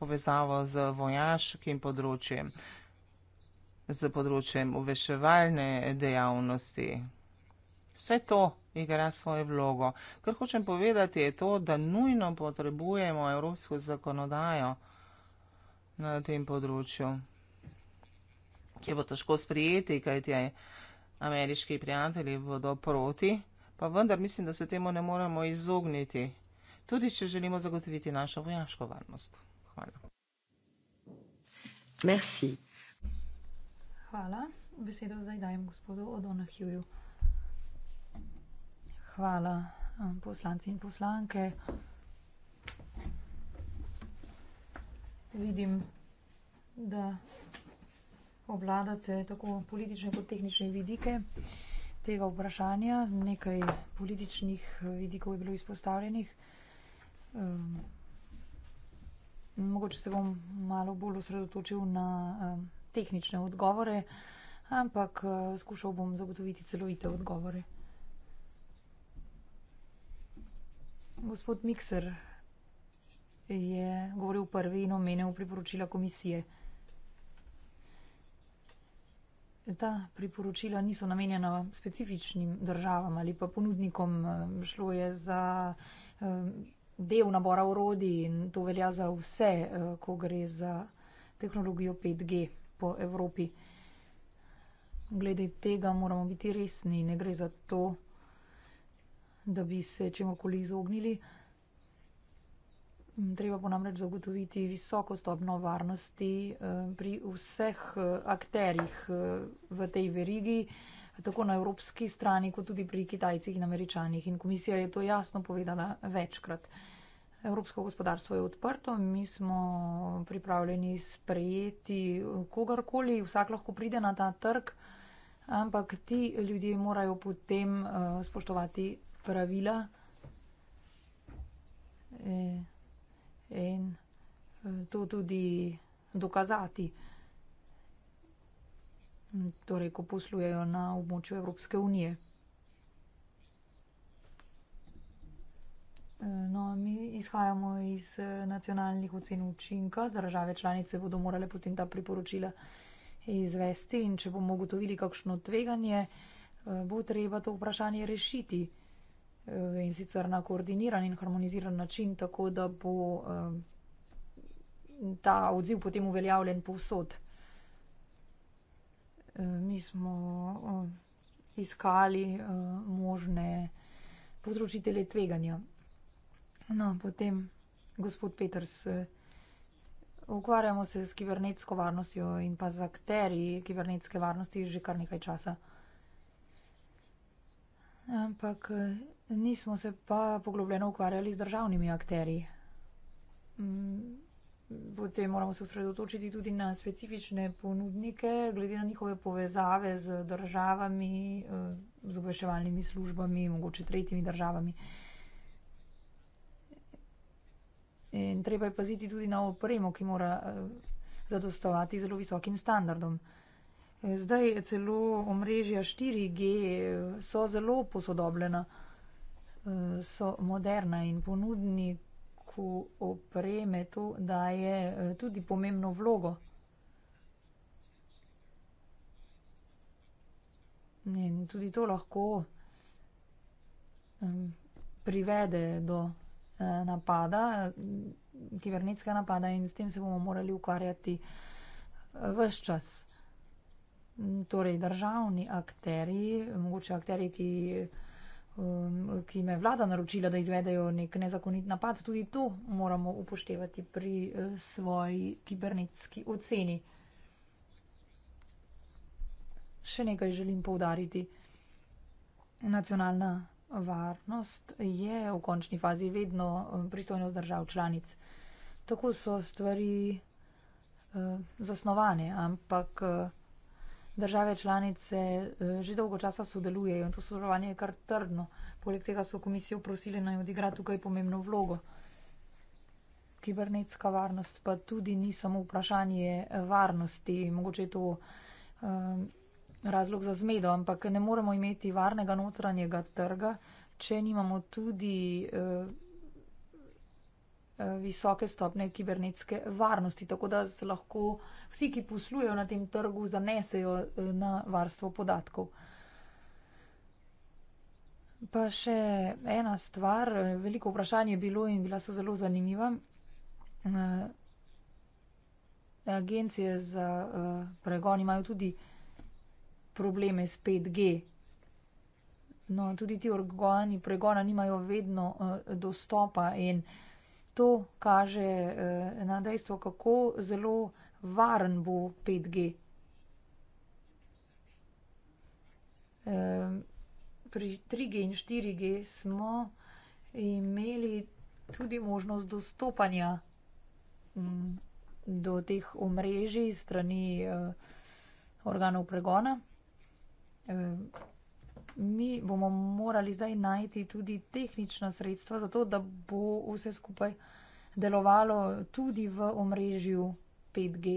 povezavo z vojaškim področjem za področjem obveševalne dejavnosti. Vse to igra svojo vlogo. Kar hočem povedati je to, da nujno potrebujemo evropsko zakonodajo na tem področju, ki bo težko sprijeti, kajti ameriški prijatelji bodo proti, pa vendar mislim, da se temu ne moremo izogniti, tudi če želimo zagotoviti našo vojaško varnost. Hvala. Merci hvala. Besedo zdaj dajem gospodu Odonahuju. Hvala um, poslanci in poslanke. Vidim, da obladate tako politične kot tehnične vidike tega vprašanja. Nekaj političnih eh, vidikov je bilo izpostavljenih. Um, mogoče se bom malo bolj osredotočil na um, tehnične odgovore, ampak eh, skušal bom zagotoviti celovite odgovore. Gospod Mikser je govoril prvi in omenil priporočila komisije. Ta priporočila niso namenjena specifičnim državam ali pa ponudnikom. Eh, šlo je za eh, del nabora urodi in to velja za vse, ko gre za tehnologijo 5G po Evropi. Glede tega moramo biti resni, ne gre za to, da bi se čemorkoli izognili. Treba pa namreč zagotoviti visoko stopno varnosti eh, pri vseh eh, akterjih eh, v tej verigi, tako na evropski strani, kot tudi pri Kitajcih in Američanih. In komisija je to jasno povedala večkrat. Evropsko gospodarstvo je odprto, mi smo pripravljeni sprejeti kogarkoli, vsak lahko pride na ta trg, ampak ti ljudje morajo potem eh, spoštovati pravila eh, in eh, to tudi dokazati. Torej, ko poslujejo na območju Evropske unije. No, mi izhajamo iz eh, nacionalnih ocen učinka, države članice bodo morale potem ta priporočila izvesti in če bomo ugotovili kakšno tveganje, eh, bo treba to vprašanje rešiti eh, in sicer na koordiniran in harmoniziran način, tako da bo ta odziv potem uveljavljen povsod. Mi smo iskali možne povzročitele tveganja. No, potem gospod Peters, eh, ukvarjamo se s kibernetsko varnostjo in pa z akteri kibernetske varnosti že kar nekaj časa. Ampak eh, nismo se pa poglobljeno ukvarjali z državnimi akteri. Mm, potem moramo se osredotočiti tudi na specifične ponudnike, glede na njihove povezave z državami, eh, z obveševalnimi službami, mogoče tretjimi državami. In treba je paziti tudi na opremo, ki mora eh, zadostovati zelo visokim standardom. Eh, zdaj celo omrežja 4G eh, so zelo posodobljena, so moderna in ponudniku opreme to daje tudi pomembno vlogo. In tudi to lahko privede do napada, kibernetskega napada in s tem se bomo morali ukvarjati eh, vse čas. Torej, državni akteri, mogoče akteri, ki, um, ki me vlada naročila, da izvedejo nek nezakonit napad, tudi to moramo upoštevati pri eh, svoji kibernetski oceni. Še nekaj želim povdariti. Nacionalna varnost je v končni fazi vedno um, pristojnost držav članic. Tako so stvari um, zasnovane, ampak uh, države članice uh, že dolgo časa sodelujejo in to sodelovanje je kar trdno. Poleg tega so komisijo prosili naj odigra tukaj pomembno vlogo. Kibernetska varnost pa tudi ni samo vprašanje eh, varnosti, mogoče je to um, razlog za zmedo, ampak ne moremo imeti varnega notranjega trga, če nimamo tudi eh, eh, visoke stopne kibernetske varnosti, tako da se lahko vsi, ki poslujejo na tem trgu, zanesejo eh, na varstvo podatkov. Pa še ena stvar, veliko vprašanje je bilo in bila so zelo zanimiva. Agencije za pregon imajo tudi probleme s 5G. No, tudi ti organi pregona nimajo vedno uh, dostopa in to kaže uh, na dejstvo, kako zelo varen bo 5G. Pri 3G in 4G smo imeli tudi možnost dostopanja mm, do teh omrežij strani eh, organov pregona. Mi bomo morali zdaj najti tudi tehnična sredstva, zato da bo vse skupaj delovalo tudi v omrežju 5G.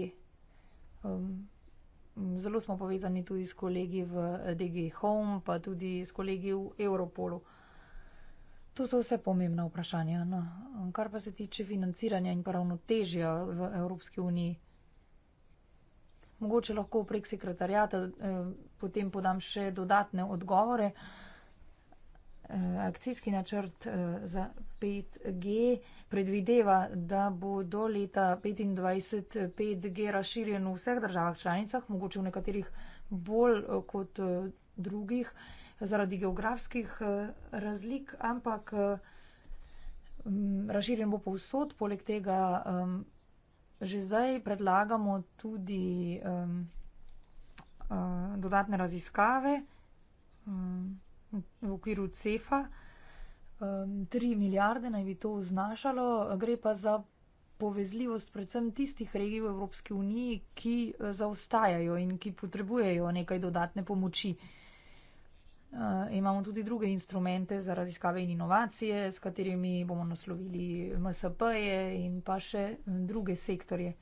Zelo smo povezani tudi s kolegi v eh, DG Home, pa tudi s kolegi v Europolu. To so vse pomembna vprašanja. No. Kar pa se tiče financiranja in pa ravnotežja v Evropski uniji, mogoče lahko prek sekretarjata eh, potem podam še dodatne odgovore. Eh, akcijski načrt eh, za 5G predvideva, da bo do leta 2025 5G razširjen v vseh državah članicah, mogoče v nekaterih bolj kot drugih zaradi geografskih razlik, ampak razširjen bo povsod, poleg tega že zdaj predlagamo tudi um, uh, dodatne raziskave um, v okviru CEFA. Um, 3 milijarde naj bi to znašalo, gre pa za povezljivost predvsem tistih regij v Evropski uniji, ki eh, zaostajajo in ki potrebujejo nekaj dodatne pomoči. Uh, Eh, imamo tudi druge instrumente za raziskave in inovacije, s katerimi bomo naslovili MSP-je in pa še eh, druge sektorje.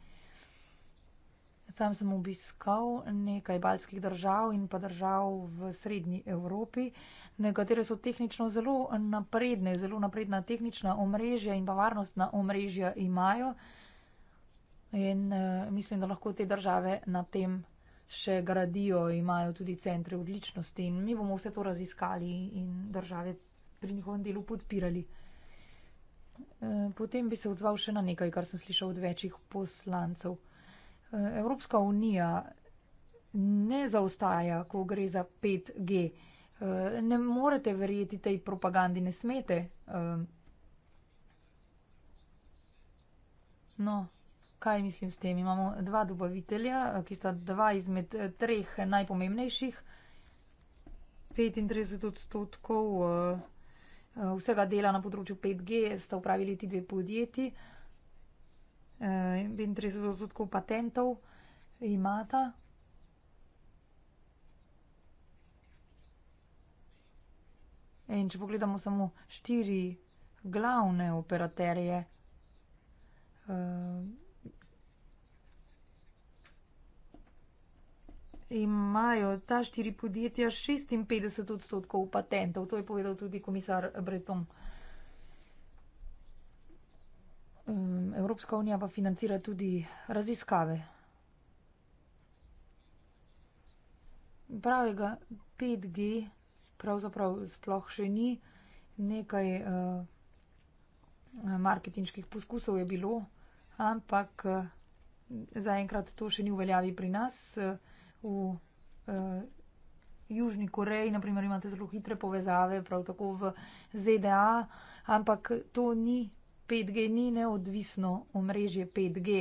Sam sem obiskal nekaj balskih držav in pa držav v srednji Evropi. Nekatere so tehnično zelo napredne, zelo napredna tehnična omrežja in pa varnostna omrežja imajo. In uh, mislim, da lahko te države na tem še gradijo, imajo tudi centre odličnosti in mi bomo vse to raziskali in države pri njihovem delu podpirali. E, potem bi se odzval še na nekaj, kar sem slišal od večjih poslancev. E, Evropska unija ne zaostaja, ko gre za 5G. E, ne morete verjeti tej propagandi, ne smete. No, kaj mislim s tem? Imamo dva dobavitelja, eh, ki sta dva izmed eh, treh najpomembnejših. 35 odstotkov eh, vsega dela na področju 5G sta upravili ti dve podjetji. 35 odstotkov patentov imata. In če pogledamo samo štiri glavne operaterje, imajo ta štiri podjetja 56 odstotkov patentov. To je povedal tudi komisar Breton. Evropska unija pa financira tudi raziskave. Pravega 5G pravzaprav sploh še ni. Nekaj uh, marketinških poskusov je bilo, ampak uh, zaenkrat to še ni uveljavi pri nas. Uh, v uh, Južni Koreji, naprimer, imate zelo hitre povezave, prav tako v ZDA, ampak to ni 5G, ni neodvisno omrežje 5G.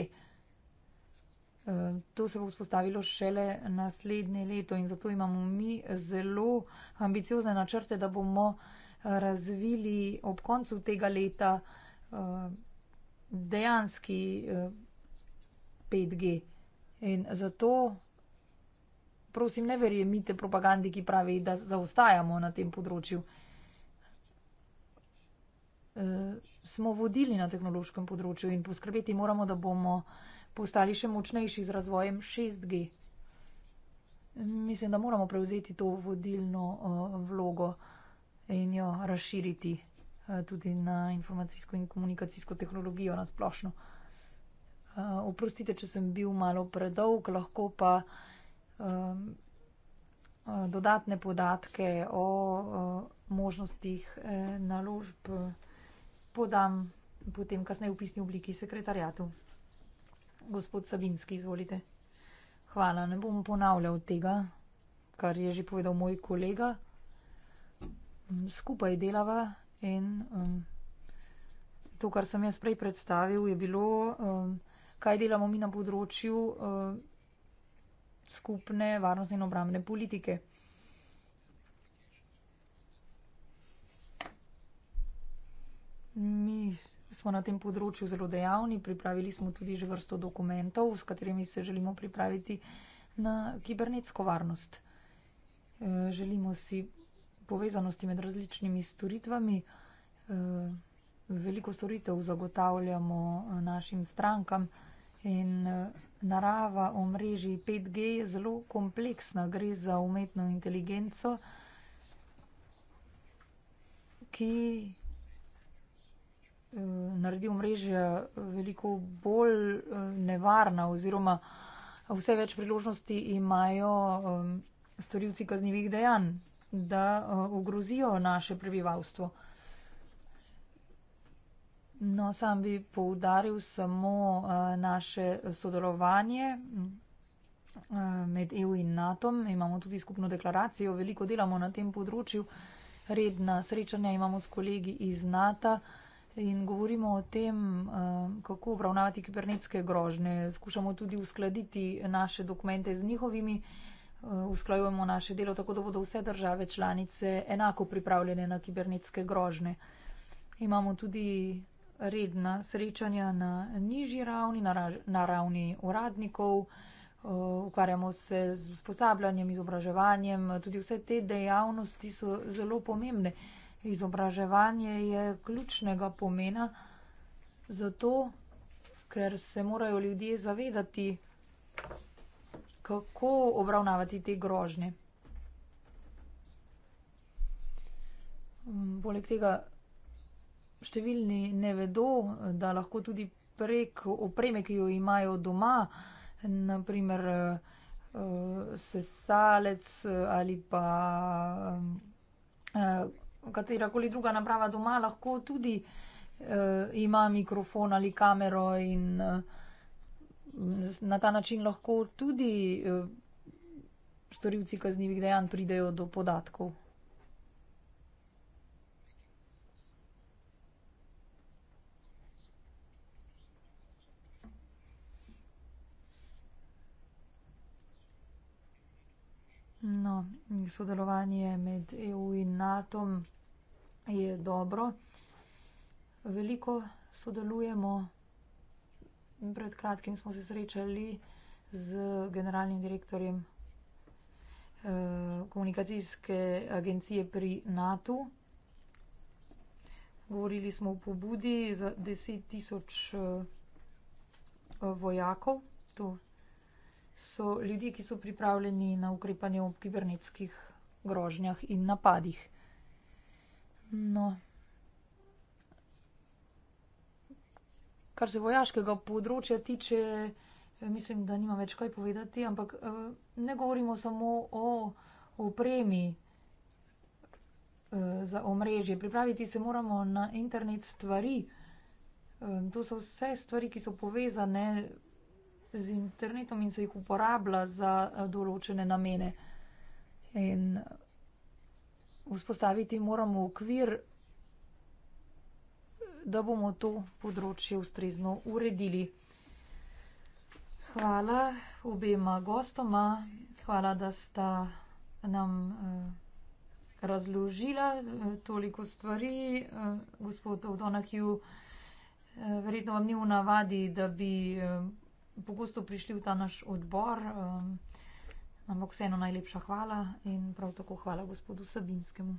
Eh, to se bo vzpostavilo šele naslednje leto in zato imamo mi zelo ambiciozne načrte, da bomo eh, razvili ob koncu tega leta dejanski 5G. In zato prosim, ne verjemite propagandi, ki pravi, da zaostajamo na tem področju. E, smo vodili na tehnološkem področju in poskrbeti moramo, da bomo postali še močnejši z razvojem 6G. Mislim, da moramo prevzeti to vodilno uh, vlogo in jo razširiti uh, tudi na informacijsko in komunikacijsko tehnologijo na splošno. Uh, oprostite, če sem bil malo predolg, lahko pa uh, um, uh, dodatne podatke o uh, možnostih eh, naložb, podam potem kasneje v pisni obliki sekretarjatu. Gospod Savinski, izvolite. Hvala, ne bom ponavljal tega, kar je že povedal moj kolega. Skupaj delava in um, to, kar sem jaz prej predstavil, je bilo, um, kaj delamo mi na področju. Um, skupne varnostne in obramne politike. Mi smo na tem področju zelo dejavni, pripravili smo tudi že vrsto dokumentov, s katerimi se želimo pripraviti na kibernetsko varnost. Eh, želimo si povezanosti med različnimi storitvami. Eh, veliko storitev zagotavljamo eh, našim strankam. In eh, narava omrežij 5G je zelo kompleksna. Gre za umetno inteligenco, ki eh, naredi omrežja veliko bolj eh, nevarna oziroma vse več priložnosti imajo storilci kaznjivih dejanj, da ogrozijo naše prebivalstvo. No, sam bi poudaril samo uh, naše sodelovanje uh, med EU in NATO. Imamo tudi skupno deklaracijo, veliko delamo na tem področju, redna srečanja imamo s kolegi iz NATO in govorimo o tem, uh, kako obravnavati kibernetske grožne. Skušamo tudi uskladiti naše dokumente z njihovimi, uh, usklajujemo naše delo tako, da bodo vse države članice enako pripravljene na kibernetske grožne. Imamo tudi redna srečanja na nižji ravni, na, ra na ravni uradnikov, eh, ukvarjamo se z usposabljanjem, izobraževanjem, tudi vse te dejavnosti so zelo pomembne. Izobraževanje je ključnega pomena zato, ker se morajo ljudje zavedati, kako obravnavati te grožnje. Poleg tega številni ne vedo, da lahko tudi prek opreme, ki jo imajo doma, naprimer eh, sesalec eh, ali pa eh, katerakoli druga naprava doma, lahko tudi ima mikrofon ali kamero in na ta način lahko tudi storilci kaznjivih dejanj pridejo do podatkov. No, sodelovanje med EU in NATO je dobro. Veliko sodelujemo. Pred kratkim smo se srečali z generalnim direktorjem eh, komunikacijske agencije pri NATO. Govorili smo o pobudi za 10 tisoč eh, vojakov. To so ljudje, ki so pripravljeni na ukrepanje ob kibernetskih grožnjah in napadih. No. Kar se vojaškega področja tiče, eh, mislim, da nima več kaj povedati, ampak eh, ne govorimo samo o opremi eh, za omrežje. Pripraviti se moramo na internet stvari. To so vse stvari, ki so povezane z internetom in se jih uporablja za eh, določene namene. In eh, vzpostaviti moramo okvir, da bomo to področje ustrezno uredili. Hvala obema gostoma, hvala, da sta nam eh, razložila toliko stvari. Gospod Donahue, verjetno vam ni v navadi, da bi pogosto prišli v ta naš odbor, um, ampak vseeno najlepša hvala in prav tako hvala gospodu Sabinskemu.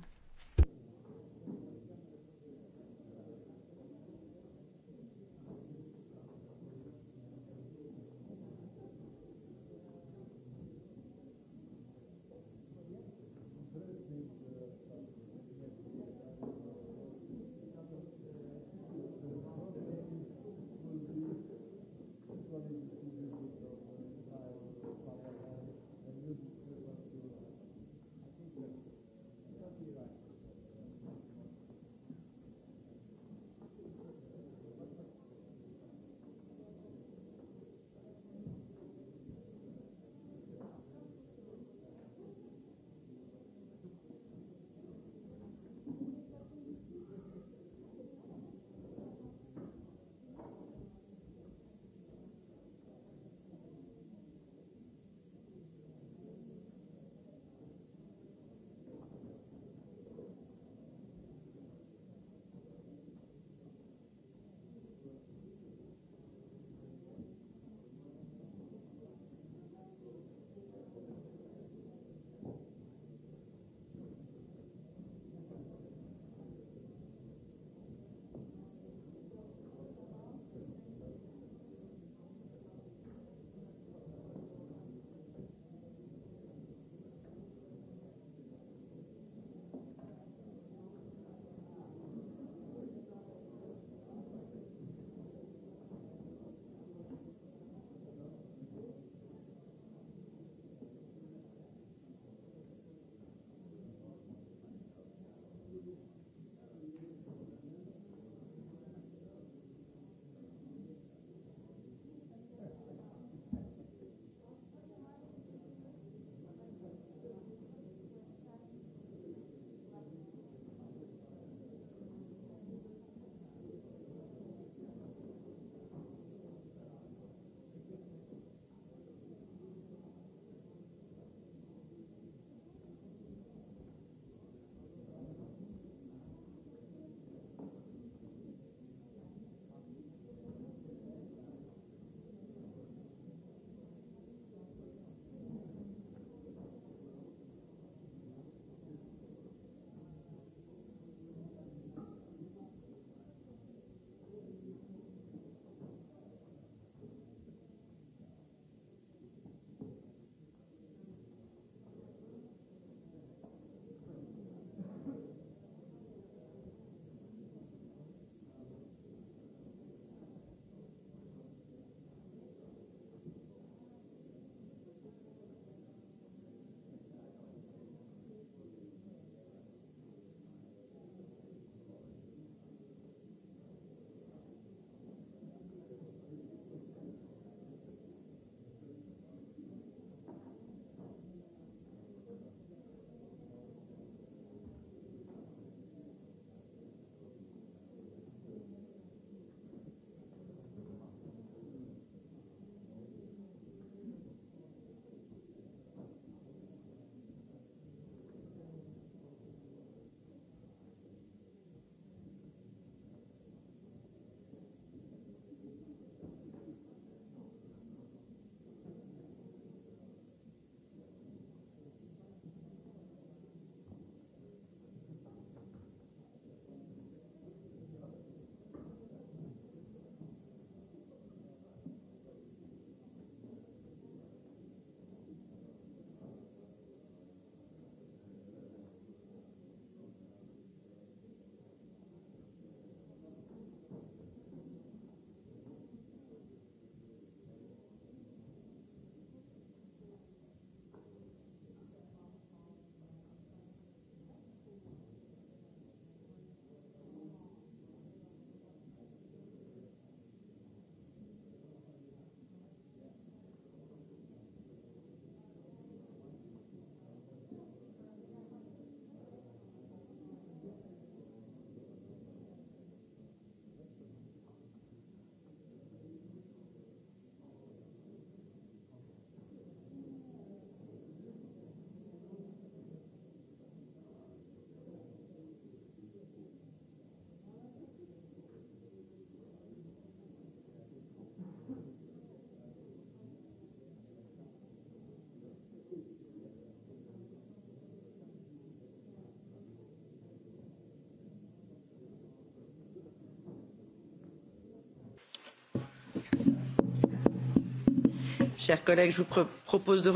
chers collègues, je vous propose de.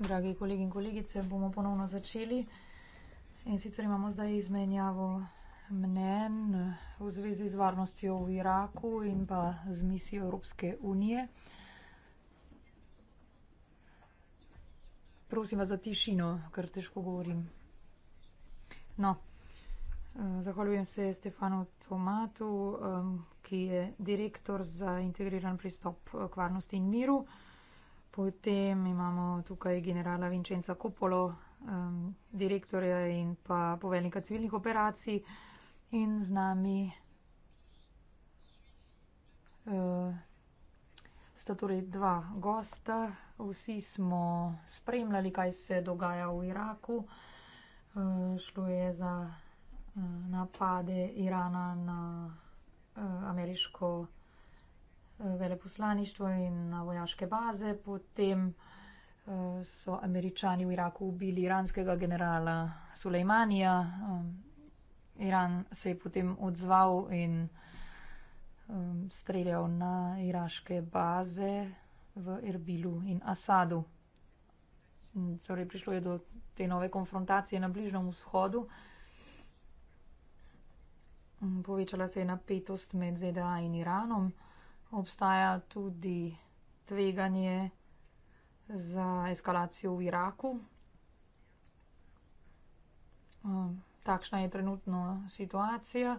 Dragi kolegi in kolegice, bomo ponovno začeli. In sicer imamo zdaj izmenjavo mnen v zvezi z varnostjo v Iraku in pa z misijo Evropske unije. Prosim vas za tišino, ker težko govorim. No, eh, zahvaljujem se Stefanu Tomatu, eh, ki je direktor za integriran pristop eh, k varnosti in miru. Potem imamo tukaj generala Vincenza Kopolo, um, direktorja in pa poveljnika civilnih operacij in z nami uh, sta torej dva gosta. Vsi smo spremljali, kaj se dogaja v Iraku. Uh, šlo je za uh, napade Irana na uh, ameriško. Eh, veleposlaništvo in na eh, vojaške baze. Potem eh, so američani v Iraku ubili iranskega generala Sulejmanija. Iran se je potem odzval in streljal na iraške baze v Erbilu in Asadu. Torej prišlo je do te nove konfrontacije na Bližnjem vzhodu. Povečala se je napetost med ZDA in Iranom obstaja tudi tveganje za eskalacijo v Iraku. Um, takšna je trenutno situacija.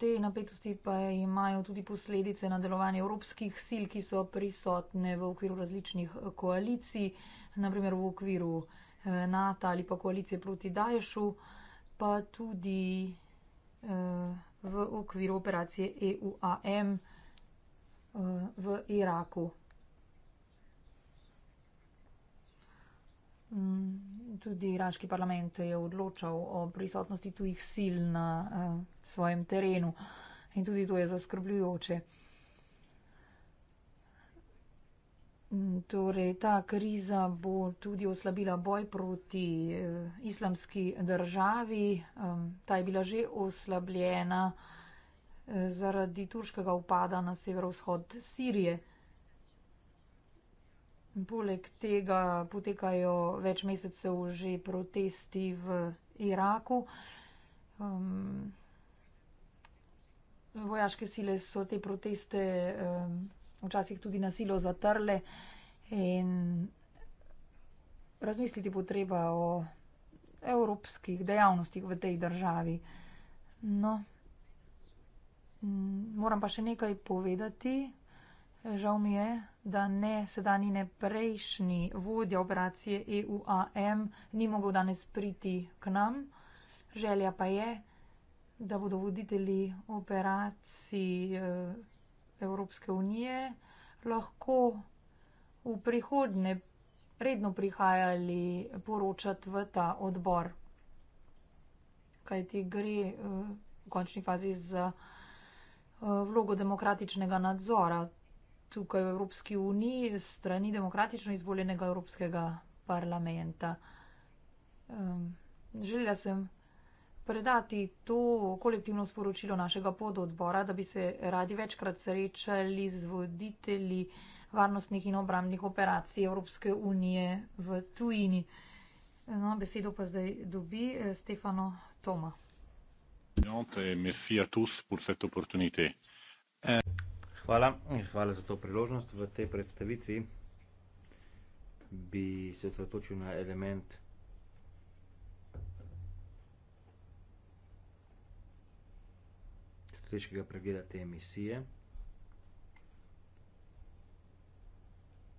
Te napetosti pa imajo tudi posledice na delovanje evropskih sil, ki so prisotne v okviru različnih eh, koalicij, naprimer v okviru eh, NATO ali pa koalicije proti Daješu, pa tudi eh, v okviru operacije EUAM v Iraku. Mm, tudi iraški parlament je odločal o prisotnosti tujih sil na eh, svojem terenu in tudi to je zaskrbljujoče. Mm, torej, ta kriza bo tudi oslabila boj proti eh, islamski državi. Ta je bila že oslabljena zaradi turškega upada na severovzhod Sirije. Poleg tega potekajo več mesecev že protesti v Iraku. Um, vojaške sile so te proteste um, včasih tudi nasilo zatrle in razmisliti bo treba o evropskih dejavnostih v tej državi. No. Mm, moram pa še nekaj povedati. Žal mi je, da ne sedajni, ne prejšnji vodja operacije EUAM ni mogel danes priti k nam. Želja pa je, da bodo voditelji operacij eh, Evropske unije lahko v prihodne redno prihajali poročati v ta odbor. Kaj ti gre eh, v končni fazi za. Eh, vlogo demokratičnega nadzora tukaj v Evropski uniji strani demokratično izvoljenega Evropskega parlamenta. Želela sem predati to kolektivno sporočilo našega pododbora, da bi se radi večkrat srečali z voditelji varnostnih in obramnih operacij Evropske unije v tujini. No, besedo pa zdaj dobi eh, Stefano Toma présidente et merci à tous pour cette opportunité. Hvala. Hvala za to priložnost v tej predstavitvi. Bi se zatočil na element strateškega pregleda te emisije.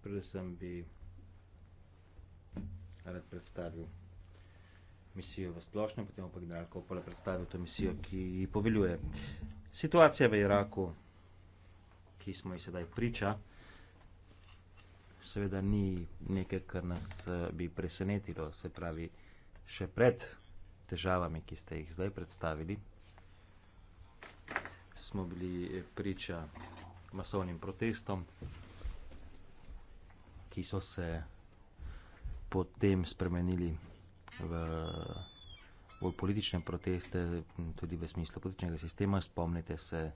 Predvsem bi rad predstavil misijo v splošno, potem pa general Kopole predstavil to misijo, ki ji poveljuje. Situacija v Iraku, ki smo ji sedaj priča, seveda ni nekaj, kar nas eh, bi presenetilo, se pravi, še pred težavami, ki ste jih zdaj predstavili, smo bili eh, priča masovnim protestom, ki so se potem spremenili v, v politične proteste, tudi v smislu političnega sistema. Spomnite se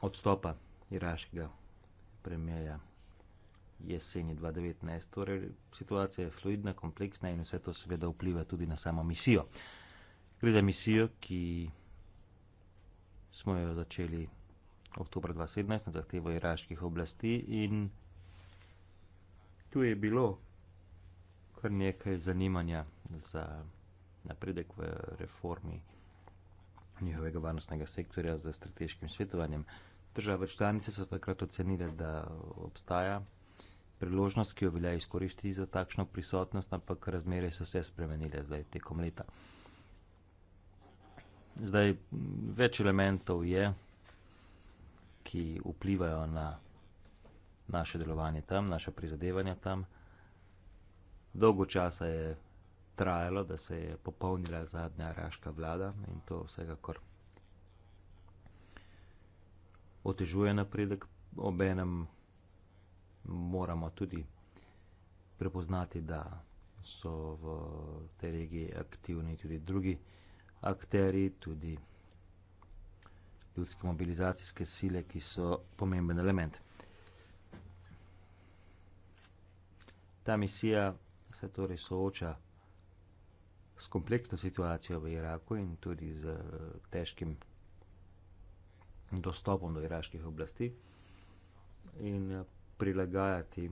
odstopa iraškega premijeja jeseni 2019. Torej, situacija je fluidna, kompleksna in vse to seveda vpliva tudi na samo misijo. Gre za misijo, ki smo jo začeli oktober 2017 na zahtevo iraških oblasti in tu je bilo kar nekaj zanimanja za napredek v reformi njihovega varnostnega sektorja z strateškim svetovanjem. Države članice so takrat ocenile, da obstaja priložnost, ki jo velja izkoristiti za takšno prisotnost, ampak razmere so se spremenile zdaj tekom leta. Zdaj več elementov je, ki vplivajo na naše delovanje tam, naše prizadevanja tam. Dolgo časa je trajalo, da se je popolnila zadnja araška vlada in to vsekakor otežuje napredek. Obenem moramo tudi prepoznati, da so v tej regiji aktivni tudi drugi akteri, tudi ljudske mobilizacijske sile, ki so pomemben element. Ta misija se torej sooča s kompleksno situacijo v Iraku in tudi z eh, težkim dostopom do iraških oblasti in eh, prilagajati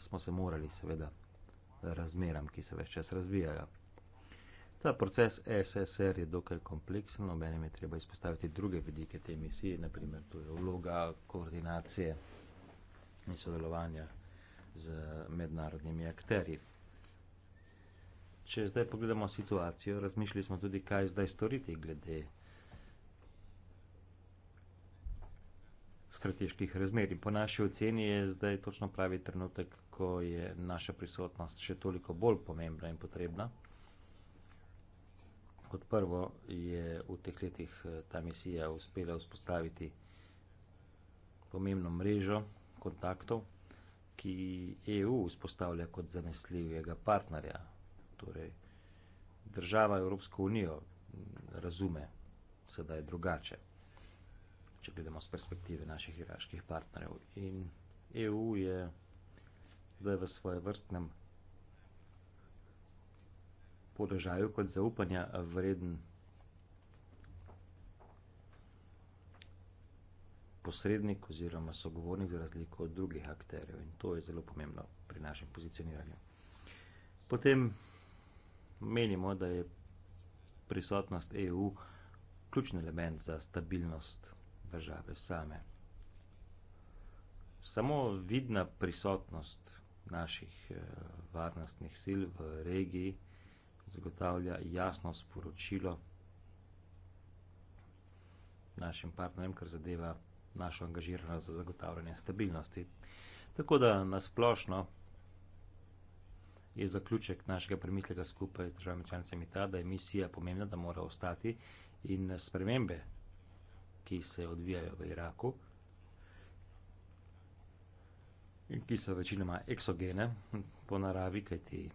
smo se morali seveda razmeram, ki se več čas razvijajo. Ta proces SSR je dokaj kompleksen, ob enem je treba izpostaviti druge vidike te misije, naprimer to je vloga koordinacije in sodelovanja z mednarodnimi akterji če zdaj pogledamo situacijo, razmišljali smo tudi, kaj zdaj storiti glede strateških razmer. In po naši oceni je zdaj točno pravi trenutek, ko je naša prisotnost še toliko bolj pomembna in potrebna. Kot prvo je v teh letih eh, ta misija uspela vzpostaviti pomembno mrežo kontaktov, ki EU vzpostavlja kot zanesljivega partnerja torej država Evropsko unijo razume sedaj drugače, če gledamo z perspektive naših iraških partnerjev. In EU je zdaj v svoje vrstnem podržaju kot zaupanja vreden posrednik oziroma sogovornik za razliko od drugih akterjev in to je zelo pomembno pri našem pozicioniranju. Potem Menimo, da je prisotnost EU ključni element za stabilnost države same. Samo vidna prisotnost naših eh, varnostnih sil v regiji zagotavlja jasno sporočilo našim partnerjem, kar zadeva našo angažiranost za zagotavljanje stabilnosti. Tako da nasplošno je zaključek našega premisleka skupaj z državami članicami ta, da je misija pomembna, da mora ostati in spremembe, ki se odvijajo v Iraku, in ki so večinoma eksogene po naravi, kajti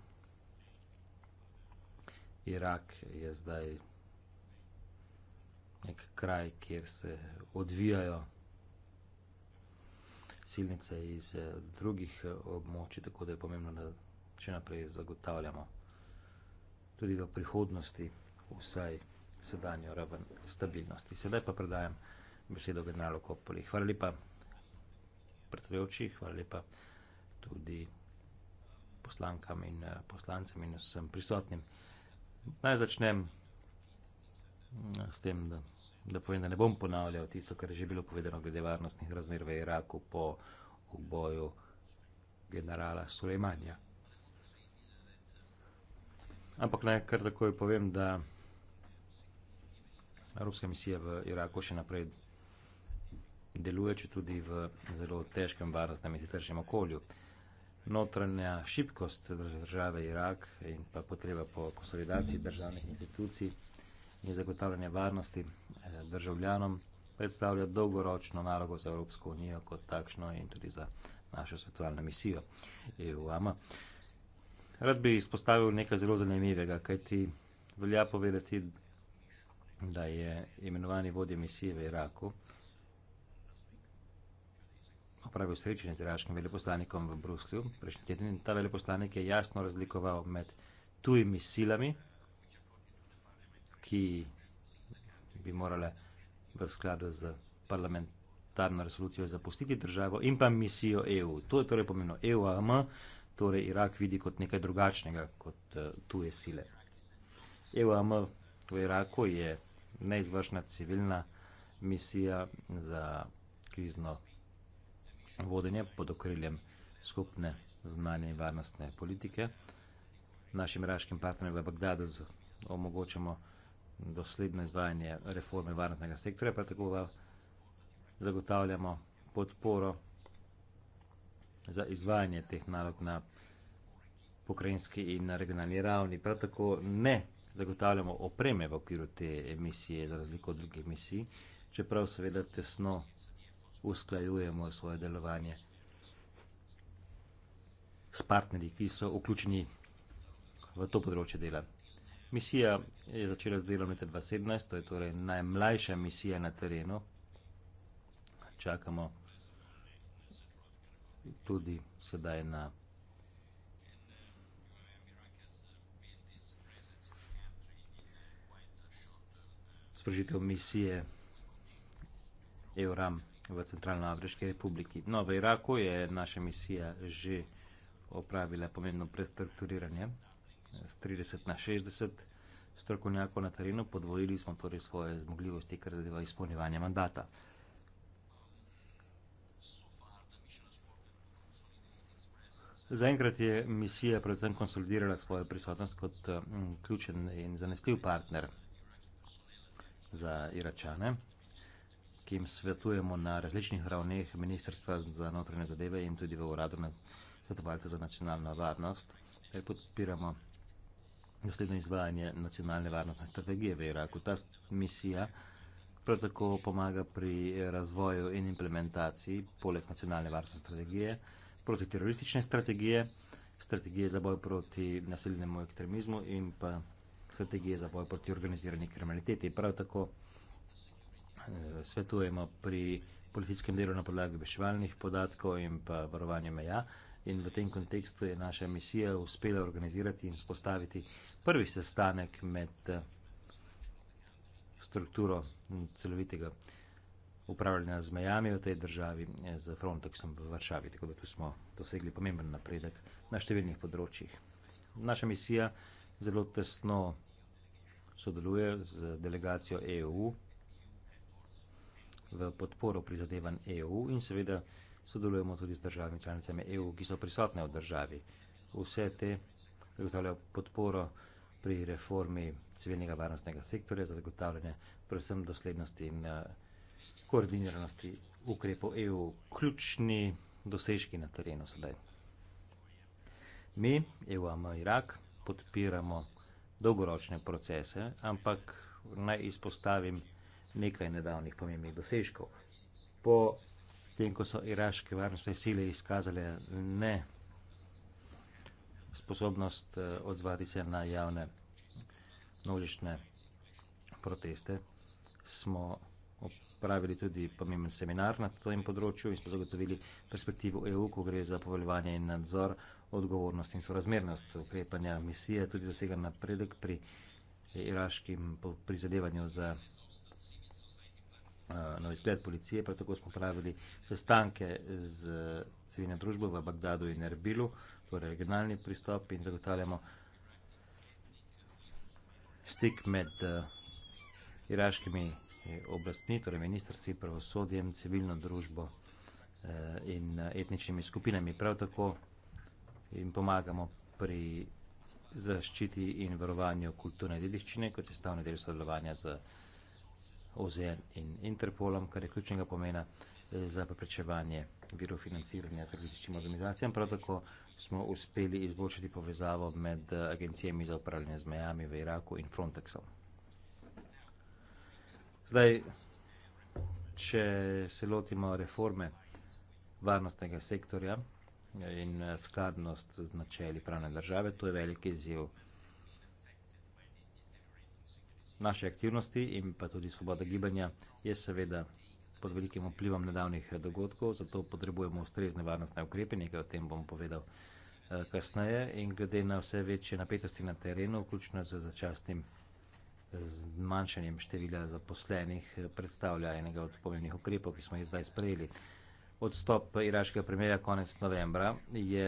Irak je zdaj nek kraj, kjer se odvijajo silnice iz eh, drugih eh, območij, tako da je pomembno, da še naprej zagotavljamo tudi v prihodnosti vsaj sedanjo raven stabilnosti. Sedaj pa predajam besedo generalu Kopoli. Hvala lepa, predvajoči, hvala lepa tudi poslankam in eh, poslancem in vsem prisotnim. Naj začnem eh, s tem, da, da povem, da ne bom ponavljal tisto, kar je že bilo povedano glede varnostnih razmer v Iraku po uboju generala Sulejmanja. Ampak naj kar takoj povem, da Evropska misija v Iraku še naprej deluje, če tudi v zelo težkem varnostnem in sitršnem okolju. Notranja šibkost države Irak in pa potreba po konsolidaciji državnih institucij in zagotavljanje varnosti eh, državljanom predstavlja dolgoročno nalogo za Evropsko unijo kot takšno in tudi za našo svetovalno misijo EUAMA. Rad bi izpostavil nekaj zelo zanimivega, kaj ti velja povedati, da je imenovani vodje misije v Iraku opravil srečanje z iraškim veleposlanikom v Bruslju prejšnji teden in ta veleposlanik je jasno razlikoval med tujimi silami, ki bi morale v skladu z parlamentarno resolucijo zapustiti državo in pa misijo EU. To je torej pomeno EU-AM, torej Irak vidi kot nekaj drugačnega kot uh, tuje sile. EOM v Iraku je neizvršna civilna misija za krizno vodenje pod okriljem skupne znanje in varnostne politike. Našim iraškim partnerjem v Bagdadu omogočamo dosledno izvajanje reforme varnostnega sektorja, prav tako pa zagotavljamo podporo za izvajanje teh nalog na pokrajinski in na regionalni ravni. Prav tako ne zagotavljamo opreme v okviru te emisije, za razliko od drugih emisij, čeprav seveda tesno usklajujemo svoje delovanje s partnerji, ki so vključeni v to področje dela. Misija je začela z delom leta 2017, to je torej najmlajša misija na terenu. Čakamo tudi sedaj na sprožitev misije EURAM v Centralnoafriški republiki. No, v Iraku je naša misija že opravila pomembno prestrukturiranje z 30 na 60 strokovnjakov na terenu, podvojili smo torej svoje zmogljivosti, kar zadeva izpolnjevanje mandata. Zaenkrat je misija predvsem konsolidirala svojo prisotnost kot eh, ključen in zanesljiv partner za Iračane, ki jim svetujemo na različnih ravneh Ministrstva za notranje zadeve in tudi v uradu na svetovalce za nacionalno varnost, ter podpiramo dosledno izvajanje nacionalne varnostne strategije v Iraku. Ta misija prav tako pomaga pri razvoju in implementaciji poleg nacionalne varnostne strategije protiteroristične strategije, strategije za boj proti nasilnemu ekstremizmu in pa strategije za boj proti organizirani kriminaliteti. Prav tako eh, svetujemo pri policijskem delu na podlagi obveščevalnih podatkov in pa varovanja meja. In v tem kontekstu je naša misija uspela organizirati in spostaviti prvi sestanek med eh, strukturo celovitega upravljanja z mejami v tej državi, eh, z Frontexom v Varšavi. Tako da tu smo dosegli pomemben napredek na številnih področjih. Naša misija zelo tesno sodeluje z delegacijo EU v podporo prizadevanj EU in seveda sodelujemo tudi z državami članicami EU, ki so prisotne v državi. Vse te zagotavljajo podporo pri reformi civilnega varnostnega sektorja za zagotavljanje predvsem doslednosti in uh, koordiniranosti ukrepov EU ključni dosežki na terenu sedaj. Mi, EU ima Irak, podpiramo dolgoročne procese, ampak naj izpostavim nekaj nedavnih pomembnih dosežkov. Po tem, ko so iraške varnostne sile izkazale ne sposobnost eh, odzvati se na javne množične proteste, smo pravili tudi pomemben seminar na tem področju in smo zagotovili perspektivo EU, ko gre za poveljevanje in nadzor, odgovornost in sorazmernost ukrepanja misije, tudi dosega napredek pri iraškim prizadevanju za uh, nov izgled policije. Prav tako smo pravili sestanke z civilno družbo v Bagdadu in Erbilu, torej regionalni pristop in zagotavljamo stik med uh, iraškimi Eh, oblastmi, torej ministrstvi, pravosodjem, civilno družbo eh, in eh, etničnimi skupinami. Prav tako jim pomagamo pri zaščiti in varovanju kulturne dediščine, kot je stavni del sodelovanja z OZN in Interpolom, kar je ključnega pomena za preprečevanje virov financiranja terorističnim organizacijam. Prav tako smo uspeli izboljšati povezavo med agencijami za upravljanje z mejami v Iraku in Frontexom. Zdaj, če se lotimo reforme varnostnega sektorja in eh, skladnost z načeli pravne države, to je velik izjiv naše aktivnosti in pa tudi svoboda gibanja je seveda pod velikim vplivom nedavnih eh, dogodkov, zato potrebujemo ustrezne varnostne ukrepe, nekaj o tem bom povedal eh, kasneje in glede na vse večje napetosti na terenu, vključno z začastnim vsega, zmanjšanjem števila zaposlenih eh, predstavlja enega od pomembnih ukrepov, ki smo jih zdaj sprejeli. Odstop iraškega premjera konec novembra je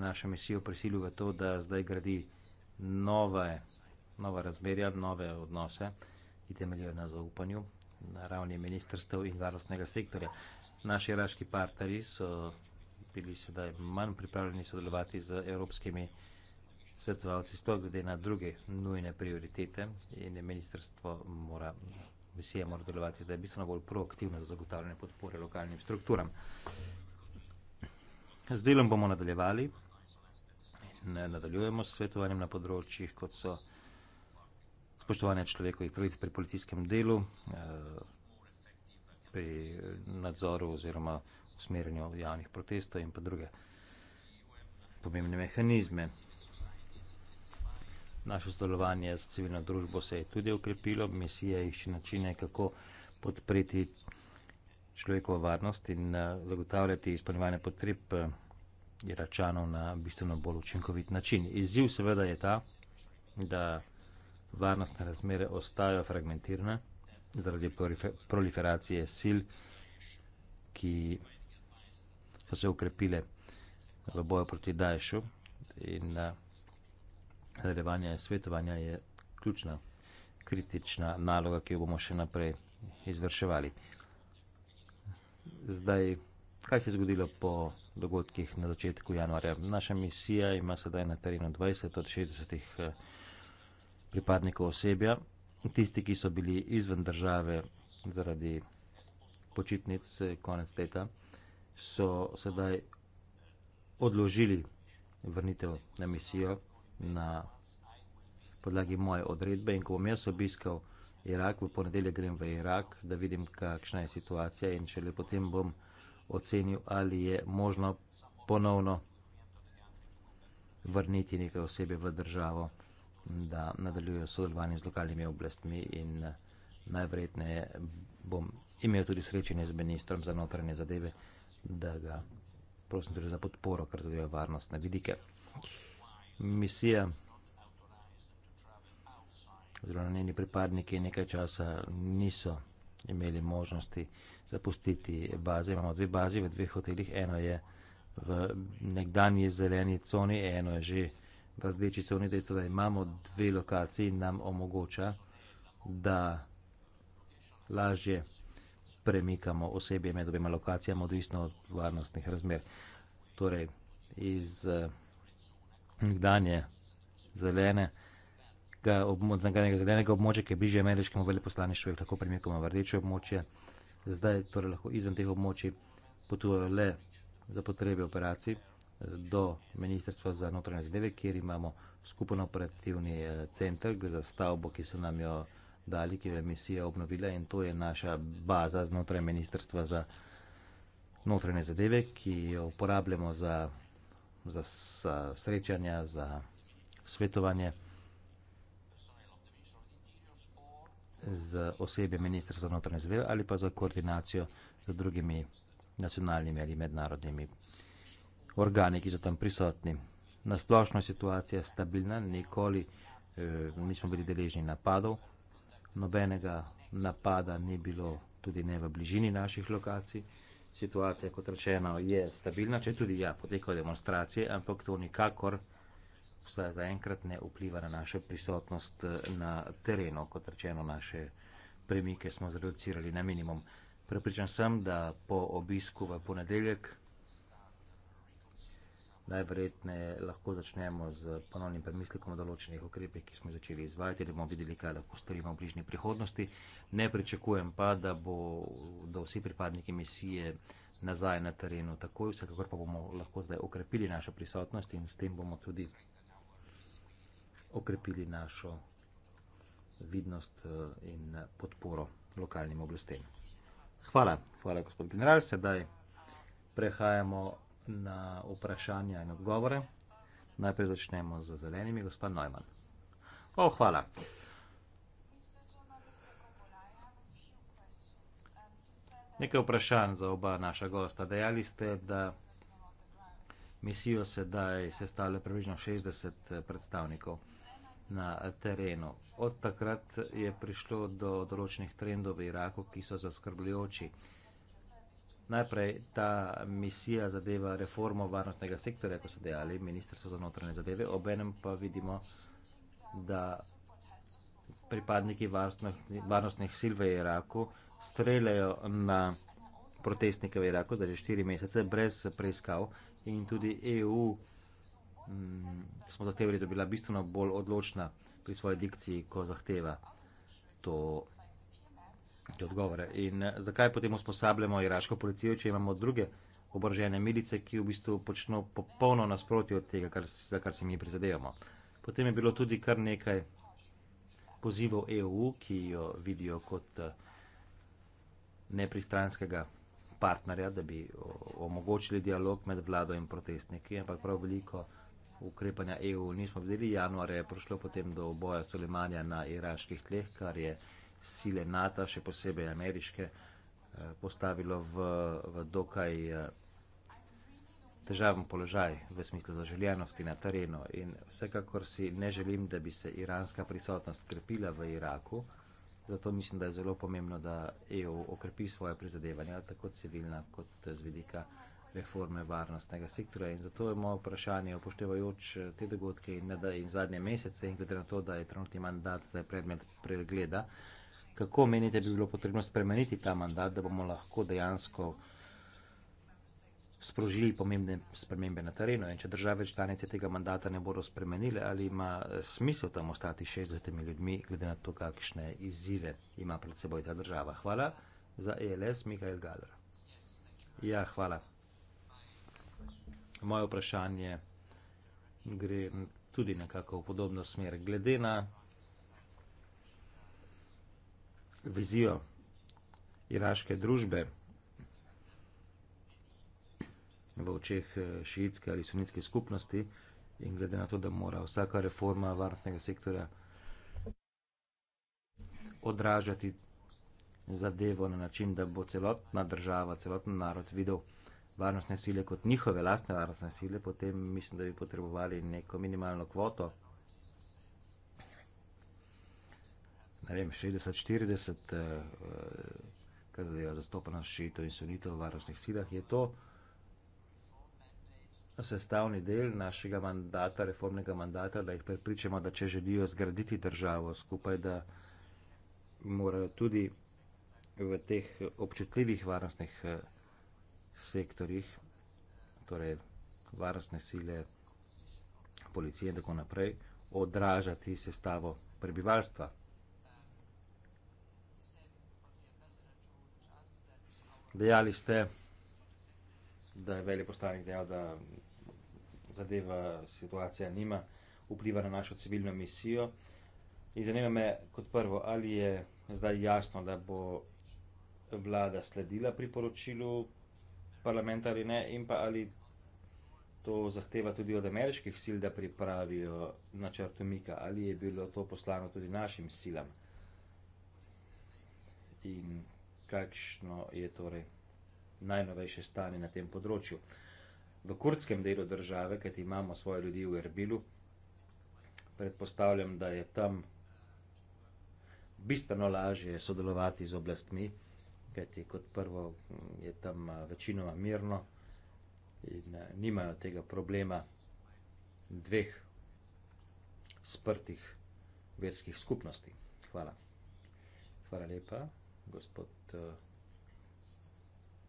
našo misijo prisilil v to, da zdaj gradi nove, nove razmerja, nove odnose, ki temeljijo na zaupanju na ravni ministrstev in varnostnega sektorja. Naši iraški partneri so bili sedaj manj pripravljeni sodelovati z evropskimi partnerji svetovalci sto glede na druge nujne prioritete in ministrstvo mora, misija mora delovati, da je bistveno bolj proaktivno za zagotavljanje podpore lokalnim strukturam. Z delom bomo nadaljevali in eh, nadaljujemo s svetovanjem na področjih, kot so spoštovanje človekovih pravic pri policijskem delu, eh, pri nadzoru oziroma usmerjanju javnih protestov in pa druge pomembne mehanizme. Naše sodelovanje s civilno družbo se je tudi ukrepilo, misija išče načine, kako podpreti človekovo varnost in eh, zagotavljati izpolnjevanje potreb eh, iračanov na bistveno bolj učinkovit način. Izziv seveda je ta, da varnostne razmere ostajajo fragmentirane zaradi proliferacije sil, ki so se ukrepile v boju proti Daješu in uh, nadaljevanja in svetovanja je ključna kritična naloga, ki jo bomo še naprej izvrševali. Zdaj, kaj se je zgodilo po dogodkih na začetku januarja? Naša misija ima sedaj na terenu 20 od 60 eh, pripadnikov osebja. Tisti, ki so bili izven države zaradi počitnic eh, konec leta, so sedaj odložili vrnitev na misijo na podlagi moje odredbe in ko bom jaz obiskal Irak, v ponedeljek grem v Irak, da vidim, kakšna je situacija in šele potem bom ocenil, ali je možno ponovno vrniti neke osebe v državo, da nadaljujejo sodelovanje z lokalnimi oblastmi in eh, najverjetneje bom imel tudi srečanje z ministrom za notranje zadeve, da ga prosim tudi za podporo, kar zadeva varnostne vidike. Okay misija oziroma njeni pripadniki nekaj časa niso imeli možnosti zapustiti baze. Imamo dve bazi v dveh hotelih. Eno je v nekdanji zeleni coni, eno je že v rdeči coni. Dejstvo, da imamo dve lokaciji, nam omogoča, da lažje premikamo osebje med obema lokacijama, odvisno od varnostnih razmer. Torej, iz uh, nekdanje zelene. Obmo, zelenega območja, ki je bližje ameriškemu veleposlaništvu, jih lahko premikamo v rdeče območje. Zdaj torej lahko izven teh območij potujejo le za potrebe operacij eh, do Ministrstva za notranje zadeve, kjer imamo skupen operativni eh, center, gre za stavbo, ki so nam jo dali, ki jo je misija obnovila in to je naša baza znotraj Ministrstva za notranje zadeve, ki jo uporabljamo za za srečanja, za svetovanje z osebje ministrstva notranje zadeve ali pa za koordinacijo z drugimi nacionalnimi ali mednarodnimi organi, ki so tam prisotni. Na splošno je situacija stabilna, nikoli eh, nismo bili deležni napadov, nobenega napada ni bilo tudi ne v bližini naših lokacij situacija, kot rečeno, je stabilna, če tudi ja, potekajo demonstracije, ampak to nikakor vsaj zaenkrat ne vpliva na našo prisotnost eh, na terenu. Kot rečeno, naše premike smo zreducirali na minimum. Prepričan sem, da po obisku v ponedeljek najverjetneje lahko začnemo z ponovnim premislikom o določenih ukrepih, ki smo začeli izvajati, da bomo videli, kaj lahko storimo v bližnji prihodnosti. Ne pričakujem pa, da bodo vsi pripadniki misije nazaj na terenu takoj, vsekakor pa bomo lahko zdaj okrepili našo prisotnost in s tem bomo tudi okrepili našo vidnost eh, in podporo lokalnim oblastem. Hvala, hvala gospod general, sedaj prehajamo na vprašanja in odgovore. Najprej začnemo z zelenimi, gospod Neumann. O, hvala. Nekaj vprašanj za oba naša gosta. Dejali ste, da misijo sedaj sestavlja približno 60 eh, predstavnikov na terenu. Od takrat je prišlo do določenih trendov v Iraku, ki so zaskrbljujoči. Najprej ta misija zadeva reformo varnostnega sektorja, kot so dejali ministrstvo za notranje zadeve, obenem pa vidimo, da pripadniki varnostnih, varnostnih sil v Iraku streljajo na protestnike v Iraku za že štiri mesece brez preiskav in tudi EU m, mm, smo zahtevali, da bi bila bistveno bolj odločna pri svoji dikciji, ko zahteva to te odgovore. In eh, zakaj potem usposabljamo iraško policijo, če imamo druge oborožene milice, ki v bistvu počnejo popolno nasprotje od tega, kar, za kar se mi prizadevamo. Potem je bilo tudi kar nekaj pozivov EU, ki jo vidijo kot eh, nepristranskega partnerja, da bi omogočili dialog med vlado in protestniki, ampak prav veliko ukrepanja EU nismo videli. Januar je prišlo potem do oboja Solimanja na iraških tleh, kar je sile NATO, še posebej ameriške, eh, postavilo v, v dokaj eh, težaven položaj v smislu zaželjenosti na terenu. In vsekakor si ne želim, da bi se iranska prisotnost krepila v Iraku, zato mislim, da je zelo pomembno, da EU okrepi svoje prizadevanja, tako civilna kot z vidika reforme varnostnega sektora. In zato je moje vprašanje, upoštevajoč eh, te dogodke in, in zadnje mesece in glede na to, da je trenutni mandat zdaj predmet pregleda, uh, Kako menite, bi bilo potrebno spremeniti ta mandat, da bomo lahko dejansko sprožili pomembne spremembe na terenu? In če države članice tega mandata ne bodo spremenile, ali ima eh, smisel tam ostati 60 ljudmi, glede na to, kakšne izzive ima pred seboj ta država? Hvala za ELS, Mihajl Galer. Ja, hvala. Moje vprašanje gre tudi nekako v podobno smer. Glede na vizijo iraške družbe v očeh eh, šiitske ali sunitske skupnosti in glede na to, da mora vsaka reforma varnostnega sektorja odražati zadevo na način, da bo celotna država, celotni narod videl varnostne sile kot njihove lastne varnostne sile, potem mislim, da bi potrebovali neko minimalno kvoto vem, 60, 40, eh, eh, kar zadeva zastopanost šito in sunito v varnostnih silah, je to sestavni del našega mandata, reformnega mandata, da jih pripričamo, da če želijo zgraditi državo skupaj, da morajo tudi v teh občutljivih varnostnih eh, sektorjih, torej varnostne sile, policije in tako naprej, odražati sestavo prebivalstva. Dejali ste, da je veleposlanik dejal, da zadeva situacija nima vpliva na našo civilno misijo. In zanima me kot prvo, ali je zdaj jasno, da bo vlada sledila priporočilu parlamenta ali ne, in pa ali to zahteva tudi od ameriških sil, da pripravijo načrt umika, ali je bilo to poslano tudi našim silam. In kakšno je torej najnovejše stanje na tem področju. V kurdskem delu države, kajti imamo svoje ljudi v Erbilu, predpostavljam, da je tam bistveno lažje sodelovati z oblastmi, kajti kot prvo mm, je tam eh, večinoma mirno in eh, nimajo tega problema dveh sprtih verskih skupnosti. Hvala. Hvala lepa gospod eh,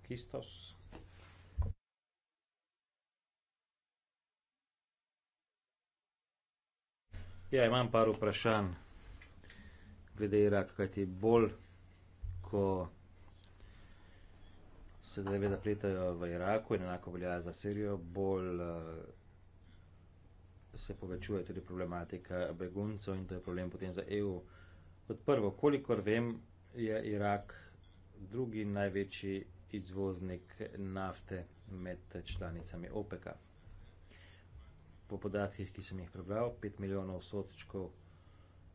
Kistos. Ja, imam par vprašanj glede Iraka, kaj ti bolj, ko se zadeve zapletajo v Iraku in enako velja za Sirijo, bolj eh, se povečuje tudi problematika beguncev in to je problem potem za EU. Kot prvo, kolikor vem, je Irak drugi največji izvoznik nafte med članicami OPEC-a. Po podatkih, ki sem jih prebral, 5 milijonov sotičkov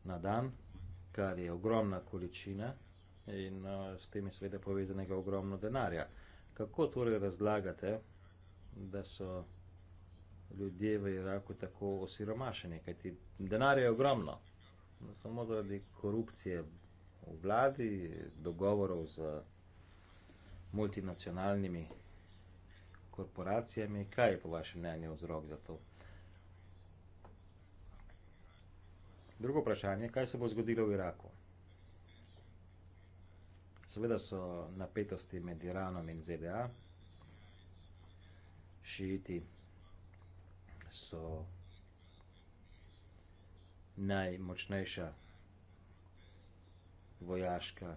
na dan, kar je ogromna količina in eh, s tem je seveda povezanega ogromno denarja. Kako torej razlagate, da so ljudje v Iraku tako osiromašeni, kajti denar je ogromno. Samo zaradi korupcije v vladi, dogovorov z multinacionalnimi korporacijami. Kaj je po vašem mnenju vzrok za to? Drugo vprašanje, kaj se bo zgodilo v Iraku? Seveda so napetosti med Iranom in ZDA, šiiti so najmočnejša vojaška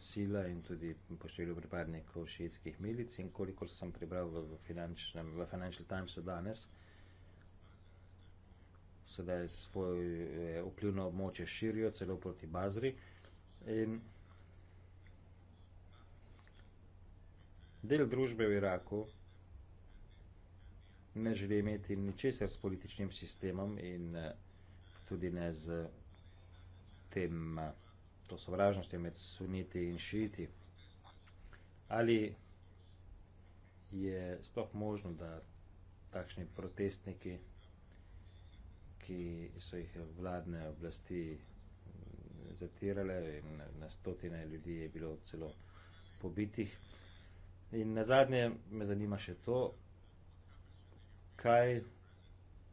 sila in tudi po številu pripadnikov šiitskih milic in kolikor sem prebral v, v Financial Timesu danes, sedaj svoje eh, vplivno območje širijo celo proti Bazri. In del družbe v Iraku ne želi imeti ničesar s političnim sistemom in eh, tudi ne z tem. Eh, to sovražnosti med suniti in šiti. Ali je sploh možno, da takšni protestniki, ki so jih vladne oblasti zatirale in na stotine ljudi je bilo celo pobitih. In na zadnje me zanima še to, kaj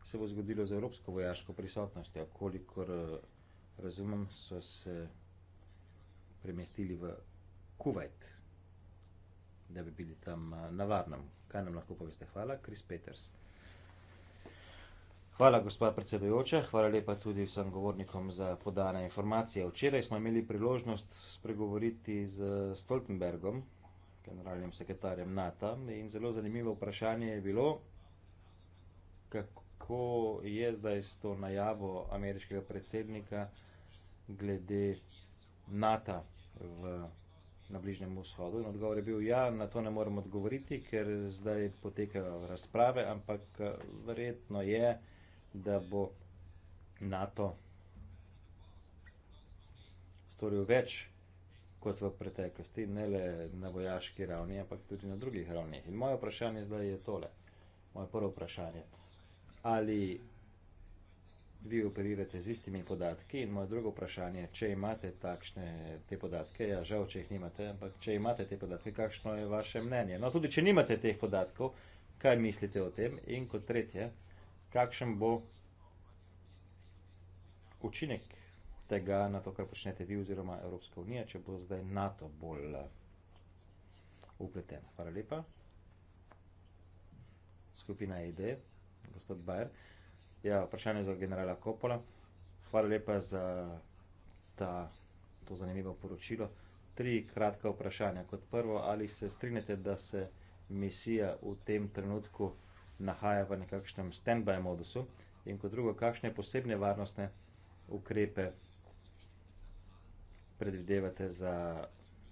se bo zgodilo z evropsko vojaško prisotnostjo, kolikor eh, razumem, so se premestili v Kuwait, da bi bili tam eh, na varnem. Kaj nam lahko poveste? Hvala, Kris Peters. Hvala, gospod predsedujoča, hvala lepa tudi vsem govornikom za podane informacije. Včeraj smo imeli priložnost spregovoriti z Stoltenbergom, generalnim sekretarjem NATO, in zelo zanimivo vprašanje je bilo, kako je zdaj s to najavo ameriškega predsednika glede NATO v, na Bližnjem vzhodu. In odgovor je bil, ja, na to ne moremo odgovoriti, ker zdaj potekajo razprave, ampak verjetno je, da bo NATO storil več kot v preteklosti, ne le na vojaški ravni, ampak tudi na drugih ravni. In moje vprašanje zdaj je tole, moje prvo vprašanje. Ali vi operirate z istimi podatki in moje drugo vprašanje, če imate takšne te podatke, ja žal, če jih nimate, ampak če imate te podatke, kakšno je vaše mnenje? No, tudi če nimate teh podatkov, kaj mislite o tem? In kot tretje, kakšen bo učinek tega na to, kar počnete vi oziroma Evropska unija, če bo zdaj NATO bolj upleten? Hvala lepa. Skupina ID, e gospod Bajer. Ja, vprašanje za generala Kopola. Hvala lepa za ta, to zanimivo poročilo. Tri kratka vprašanja. Kot prvo, ali se strinjate, da se misija v tem trenutku nahaja v nekakšnem stand-by modusu? In kot drugo, kakšne posebne varnostne ukrepe predvidevate za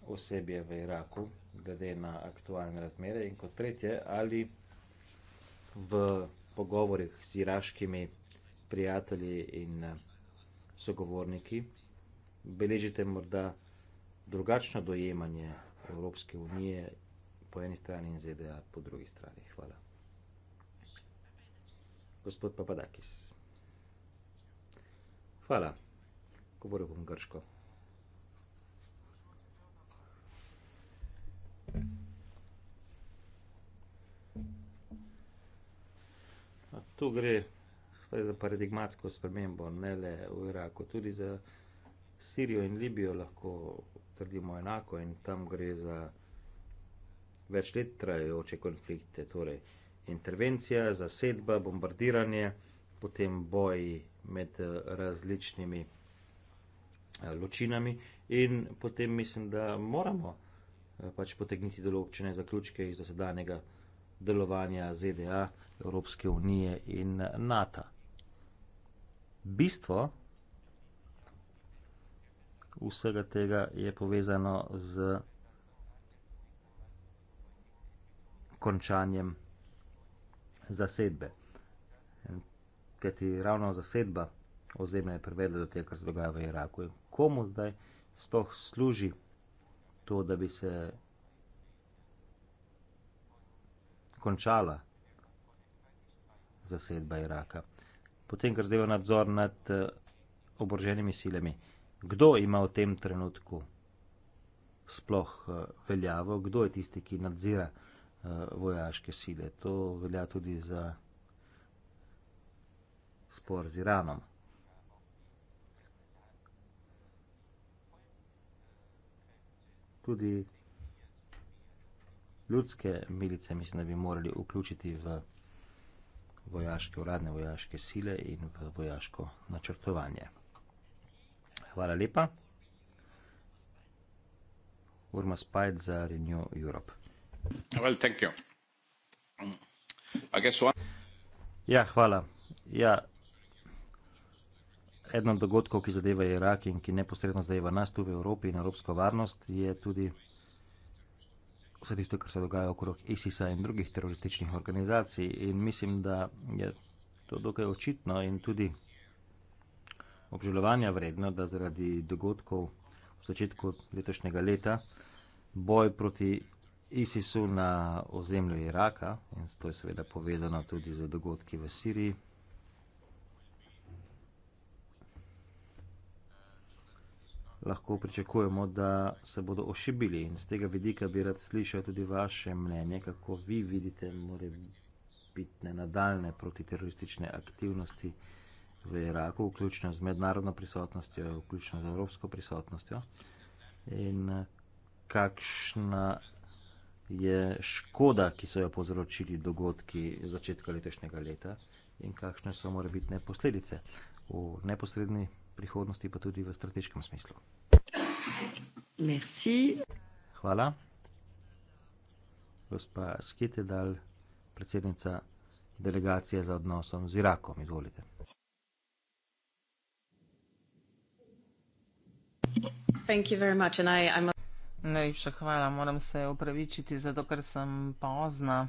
osebje v Iraku, glede na aktualne razmere? In kot tretje, ali v pogovorih z iraškimi prijatelji in eh, sogovorniki, beležite morda drugačno dojemanje Evropske unije po eni strani in ZDA po drugi strani. Hvala. Gospod Papadakis. Hvala. Govoril bom grško. Thank you. Tu gre za paradigmatsko spremembo, ne le v Iraku, tudi za Sirijo in Libijo lahko trdimo enako in tam gre za več let trajajoče konflikte, torej intervencija, zasedba, bombardiranje, potem boji med eh, različnimi eh, ločinami in potem mislim, da moramo eh, pač potegniti določene zaključke iz dosedanjega delovanja ZDA Evropske unije in NATO. Bistvo vsega tega je povezano z končanjem zasedbe. Ker ti ravno zasedba ozemlja je privedla do tega, kar se dogaja v Iraku. In komu zdaj sploh služi to, da bi se končala? zasedba Iraka. Potem, kar zdaj je nadzor nad eh, oboroženimi silami. Kdo ima v tem trenutku sploh eh, veljavo, kdo je tisti, ki nadzira eh, vojaške sile? To velja tudi za spor z Iranom. Tudi ljudske milice mislim, da bi morali vključiti v vojaške, uradne vojaške sile in v vojaško načrtovanje. Hvala lepa. Urma Spajt za Renew Europe. Well, thank you. I guess one... Ja, hvala. Ja, Eden od dogodkov, ki zadeva Irak in ki neposredno zadeva nas tu v Evropi in evropsko varnost, je tudi vse tisto, kar se dogaja okrog ISIS-a in drugih terorističnih organizacij. In mislim, da je to dokaj očitno in tudi obžalovanja vredno, da zaradi dogodkov v začetku letošnjega leta boj proti ISIS-u na ozemlju Iraka, in to je seveda povedano tudi za dogodki v Siriji, lahko pričakujemo, da se bodo ošibili. In z tega vidika bi rad slišal tudi vaše mnenje, kako vi vidite morebitne nadaljne protiteroristične aktivnosti v Iraku, vključno z mednarodno prisotnostjo, vključno z evropsko prisotnostjo. In kakšna je škoda, ki so jo povzročili dogodki začetka letošnjega leta in kakšne so morebitne posledice. V neposredni prihodnosti, pa tudi v strateškem smislu. Merci. Hvala. Gospa Skitedal, predsednica delegacije za odnosom z Irakom, izvolite. Najlepša hvala. Moram se opravičiti, zato ker sem pozna,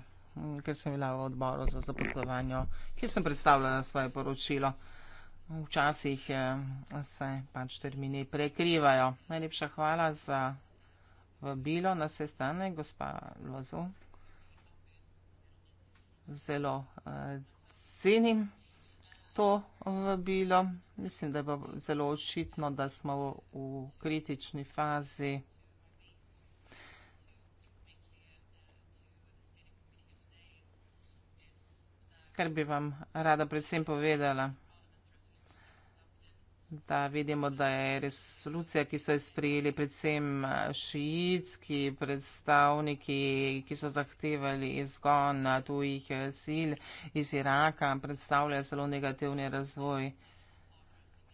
ker sem bila v odboru za zaposlovanje, kjer sem predstavljala svoje poročilo včasih eh, se pač termini prekrivajo. Najlepša hvala za vabilo na sestanek, gospa Lozu. Zelo eh, cenim to vabilo. Mislim, da je bo zelo očitno, da smo v kritični fazi. Kar bi vam rada predvsem povedala da vidimo, da je resolucija, ki so jo sprijeli predvsem eh, šiitski predstavniki, ki so zahtevali izgon eh, tujih eh, sil iz Iraka, predstavlja zelo negativni razvoj,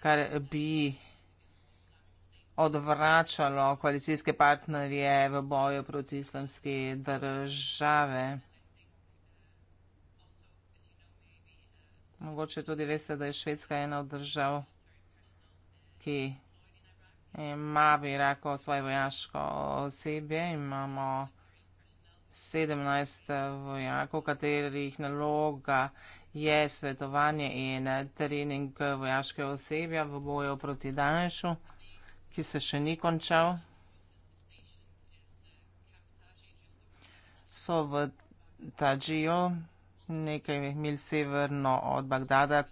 kar bi odvračalo koalicijske partnerje v boju proti islamske države. Mogoče tudi veste, da je Švedska ena od držav, ki ima, bi rekel, svoje vojaško osebje. Imamo 17 vojakov, katerih naloga je svetovanje in trening vojaške osebja v boju proti Danešu, ki se še ni končal. So v Tadžiju, nekaj mil severno od Bagdada.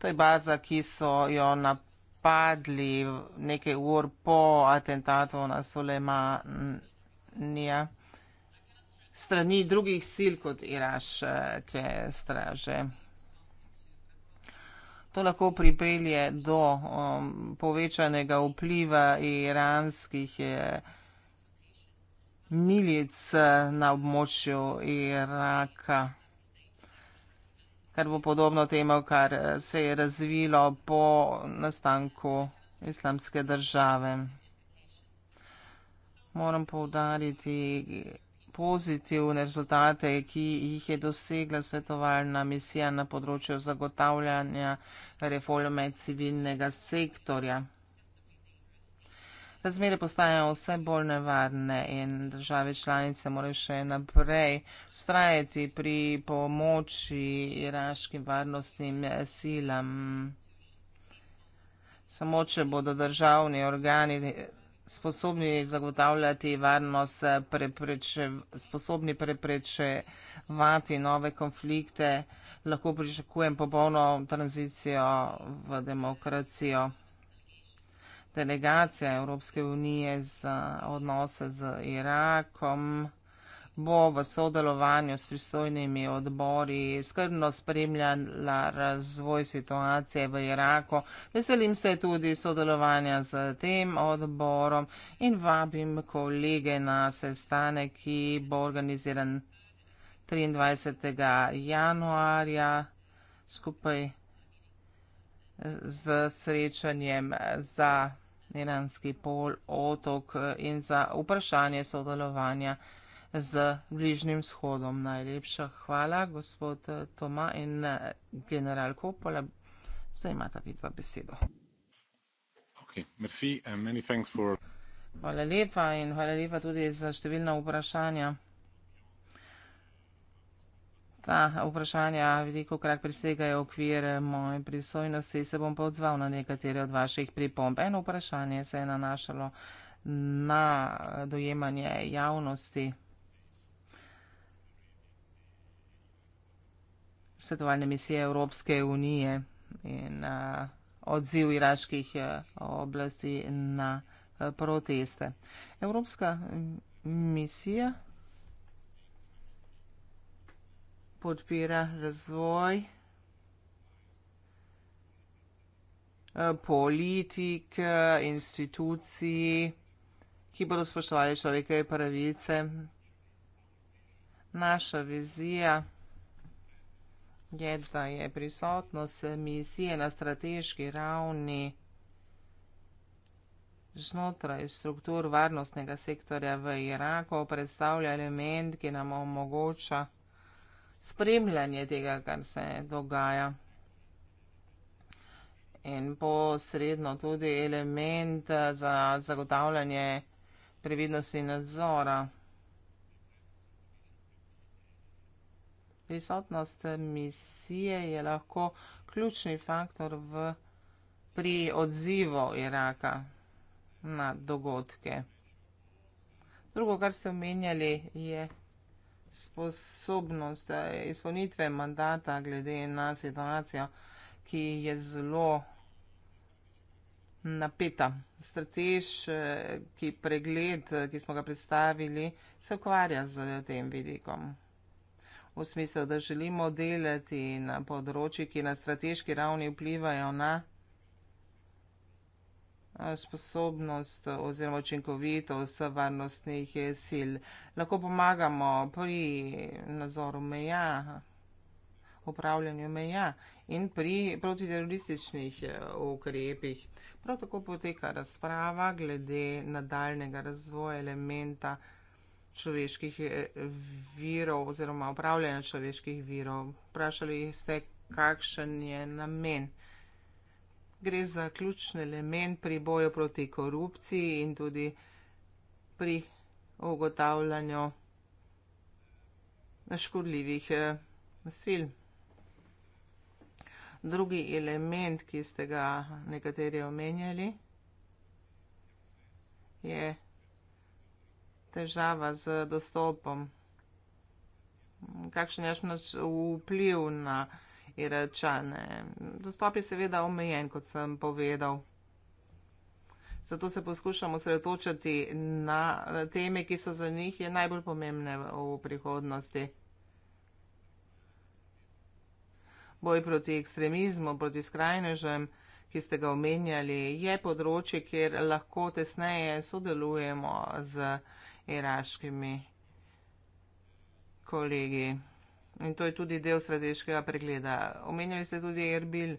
To je baza, ki so jo napravili padli nekaj ur po atentatu na Sulemanija strani drugih sil kot iraške eh, straže. To lahko pripelje do um, povečanega vpliva iranskih eh, milic eh, na območju Iraka kar bo podobno temu, kar eh, se je razvilo po nastanku islamske države. Moram povdariti pozitivne rezultate, ki jih je dosegla svetovalna misija na področju zagotavljanja reforme civilnega sektorja. Razmere postajajo vse bolj nevarne in države članice morajo še naprej ustrajati pri pomoči iraškim varnostnim silam. Samo če bodo državni organi sposobni zagotavljati varnost, prepreče, sposobni preprečevati nove konflikte, lahko pričakujem popolno tranzicijo v demokracijo delegacija Evropske unije za odnose z Irakom bo v sodelovanju s pristojnimi odbori skrbno spremljala razvoj situacije v Iraku. Veselim se tudi sodelovanja z tem odborom in vabim kolege na sestanek, ki bo organiziran 23. januarja skupaj z srečanjem za. Iranski pol, otok in za vprašanje sodelovanja z Bližnjim shodom. Najlepša hvala, gospod Toma in eh, general Kopola. Zdaj imata vidva besedo. Okay, merci and many thanks for... Hvala lepa in hvala lepa tudi za številna vprašanja ta vprašanja veliko krat presegajo okvir moje pristojnosti, se bom pa odzval na nekatere od vaših pripomb. Eno vprašanje se je nanašalo na dojemanje javnosti. Svetovalne misije Evropske unije in uh, odziv iraških uh, oblasti na uh, proteste. Evropska misija podpira razvoj eh, politik, eh, institucij, ki bodo spoštovali človekove pravice. Naša vizija je, da je prisotnost misije na strateški ravni znotraj struktur varnostnega sektorja v Iraku predstavlja element, ki nam omogoča spremljanje tega, kar se dogaja. In posredno tudi element eh, za zagotavljanje previdnosti nadzora. Prisotnost misije je lahko ključni faktor v, pri odzivu Iraka na dogodke. Drugo, kar ste omenjali, je sposobnost eh, izpolnitve mandata glede na situacijo, ki je zelo napeta. Strateški eh, pregled, eh, ki smo ga predstavili, se ukvarja z tem vidikom. V smislu, da želimo delati na področji, ki na strateški ravni vplivajo na Eh, sposobnost oziroma učinkovitost varnostnih sil. Lahko pomagamo pri nazoru meja, upravljanju meja in pri protiterorističnih eh, ukrepih. Prav tako poteka razprava glede nadaljnega razvoja elementa človeških eh, virov oziroma upravljanja človeških virov. Vprašali ste, kakšen je namen gre za ključni element pri boju proti korupciji in tudi pri ugotavljanju škodljivih eh, sil. Drugi element, ki ste ga nekateri omenjali, je težava z dostopom. Kakšen je vpliv na Iračane. Dostop je seveda omejen, kot sem povedal. Zato se poskušamo sretočati na teme, ki so za njih najbolj pomembne v prihodnosti. Boj proti ekstremizmu, proti skrajnežem, ki ste ga omenjali, je področje, kjer lahko tesneje sodelujemo z iraškimi kolegi. In to je tudi del strateškega pregleda. Omenjali ste tudi Erbil,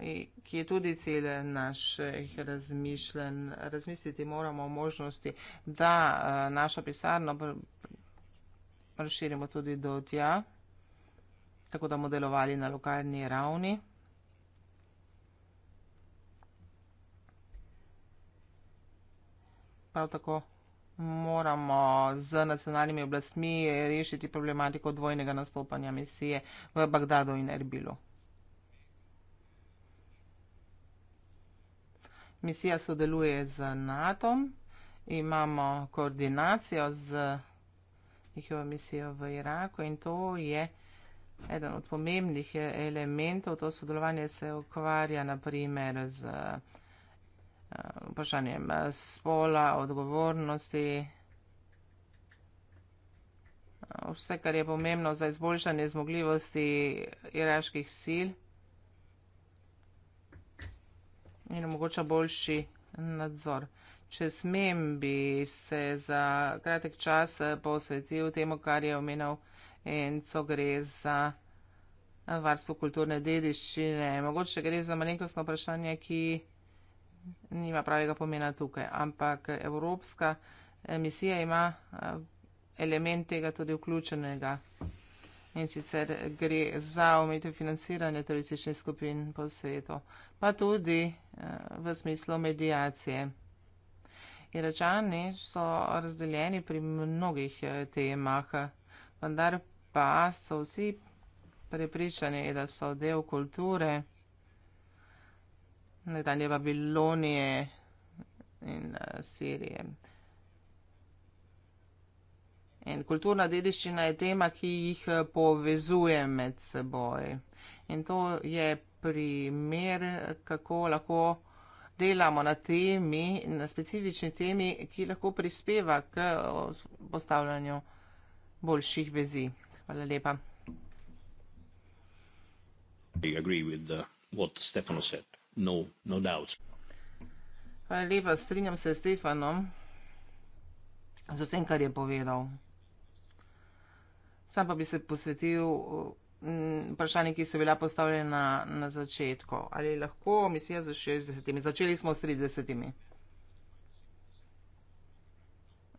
eh, ki je tudi cilj naših razmišljen. Razmisliti moramo o možnosti, da eh, našo pisarno razširimo tudi do tja, tako da bomo delovali na lokalni ravni. Prav tako moramo z nacionalnimi oblastmi rešiti problematiko dvojnega nastopanja misije v Bagdadu in Erbilu. Misija sodeluje z NATO, imamo koordinacijo z njihovo misijo v Iraku in to je eden od pomembnih elementov. To sodelovanje se ukvarja naprimer z. Uh, vprašanjem eh, spola, odgovornosti. Eh, vse, kar je pomembno za izboljšanje zmogljivosti iraških sil in omogoča boljši nadzor. Če smem, bi se za kratek čas eh, posvetil temu, kar je omenil Enco, gre za varstvo kulturne dediščine. Mogoče gre za malenkostno vprašanje, ki nima pravega pomena tukaj, ampak Evropska eh, misija ima eh, element tega tudi vključenega. In sicer gre za omejitev financiranja terorističnih skupin po svetu, pa tudi eh, v smislu medijacije. Iračani so razdeljeni pri mnogih temah, vendar pa so vsi prepričani, da so del kulture nedalje Babilonije in eh, Sirije. In kulturna dediščina je tema, ki jih eh, povezuje med seboj. In to je primer, kako lahko delamo na temi, na specifični temi, ki lahko prispeva k eh, postavljanju boljših vezi. Hvala lepa. I agree with the, uh, what Stefano said nov nadalec. No Hvala lepa, strinjam se s Stefanom z vsem, kar je povedal. Sam pa bi se posvetil mm, vprašanju, ki so bila postavljena na, na začetku. Ali lahko misija za 60? Začeli smo s 30.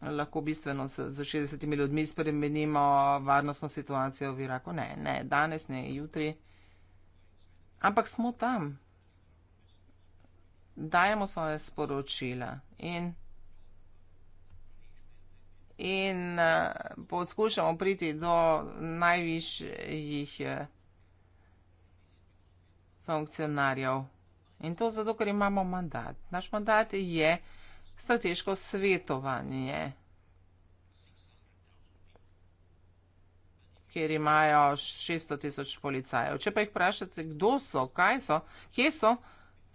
Lahko bistveno s, s 60 ljudmi spremenimo varnostno situacijo v Iraku. Ne, ne, danes ne, jutri. Ampak smo tam dajemo svoje sporočila in, in eh, poskušamo priti do najvišjih eh, funkcionarjev. In to zato, ker imamo mandat. Naš mandat je strateško svetovanje, kjer imajo 600 tisoč policajev. Če pa jih vprašate, kdo so, kaj so, kje so,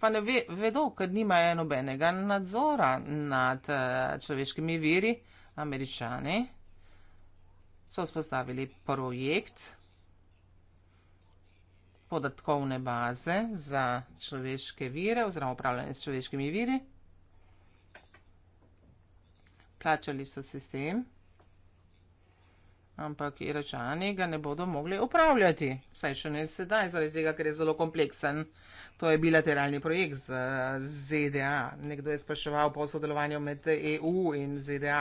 pa ne ve, vedo, ker nimajo nobenega nadzora nad uh, človeškimi viri. Američani so spostavili projekt podatkovne baze za človeške vire oziroma upravljanje s človeškimi viri. Plačali so sistem ampak iračani ga ne bodo mogli upravljati, vsaj še ne sedaj, zaradi tega, ker je zelo kompleksen. To je bilateralni projekt z ZDA. Nekdo je spraševal po sodelovanju med EU in ZDA.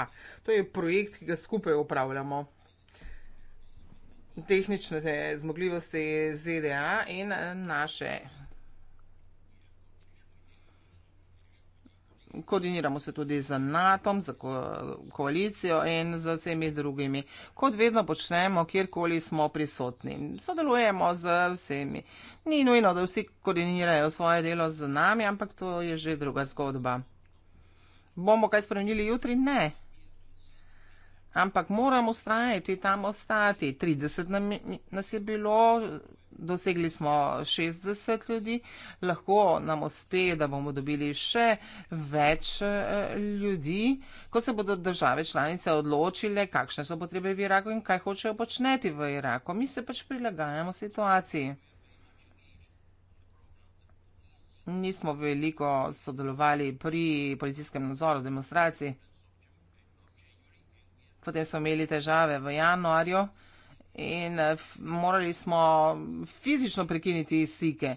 To je projekt, ki ga skupaj upravljamo. Tehnične zmogljivosti ZDA in naše koordiniramo se tudi z NATO, z ko koalicijo in z vsemi drugimi. Kot vedno počnemo, kjerkoli smo prisotni. Sodelujemo z vsemi. Ni nujno, da vsi koordinirajo svoje delo z nami, ampak to je že druga zgodba. Bomo kaj spremenili jutri? Ne. Ampak moramo ustrajati, tam ostati. 30 nas je bilo, Dosegli smo 60 ljudi, lahko nam uspe, da bomo dobili še več eh, ljudi. Ko se bodo države članice odločile, kakšne so potrebe v Iraku in kaj hočejo početi v Iraku, mi se pač prilagajamo situaciji. Nismo veliko sodelovali pri policijskem nadzoru demonstracij. Potem smo imeli težave v januarju in eh, morali smo fizično prekiniti stike.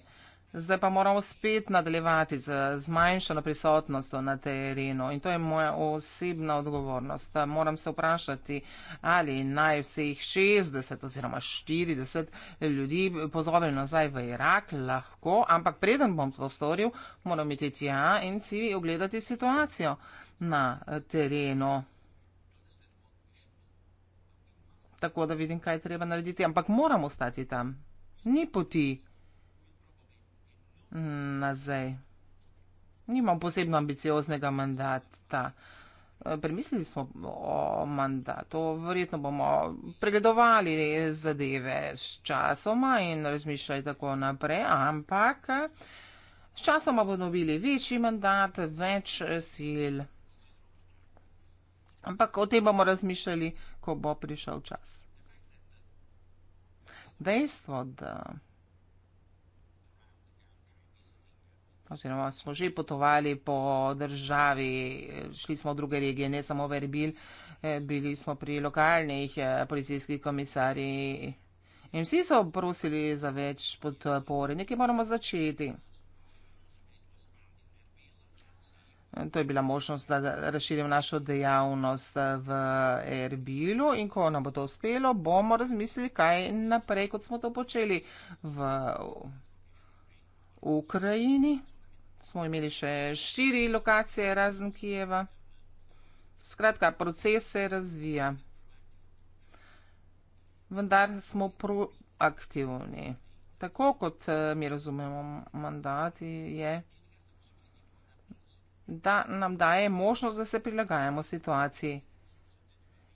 Zdaj pa moramo spet nadaljevati z zmanjšano prisotnostjo na terenu in to je moja osebna odgovornost. Eh, moram se vprašati, ali naj vseh 60 oziroma 40 ljudi pozovem nazaj v Irak, lahko, ampak preden bom to storil, moram iti tja in si ogledati situacijo na terenu tako da vidim, kaj treba narediti, ampak moram ostati tam. Ni poti mm, nazaj. Nimam posebno ambicioznega mandata. E, premislili smo o mandatu, verjetno bomo pregledovali zadeve s časoma in razmišljali tako naprej, ampak s časoma bomo dobili večji mandat, več sil. Ampak o tem bomo razmišljali ko bo prišel čas. Dejstvo, da oziroma smo že potovali po državi, šli smo v druge regije, ne samo v Erbil, eh, bili smo pri lokalnih eh, policijskih komisarjih in vsi so prosili za več podpore, nekaj moramo začeti. To je bila možnost, da razširim našo dejavnost v Erbilu in ko nam bo to uspelo, bomo razmislili, kaj naprej, kot smo to počeli v Ukrajini. Smo imeli še štiri lokacije razen Kijeva. Skratka, proces se razvija. Vendar smo proaktivni. Tako kot eh, mi razumemo mandati je da nam daje možnost, da se prilagajamo situaciji.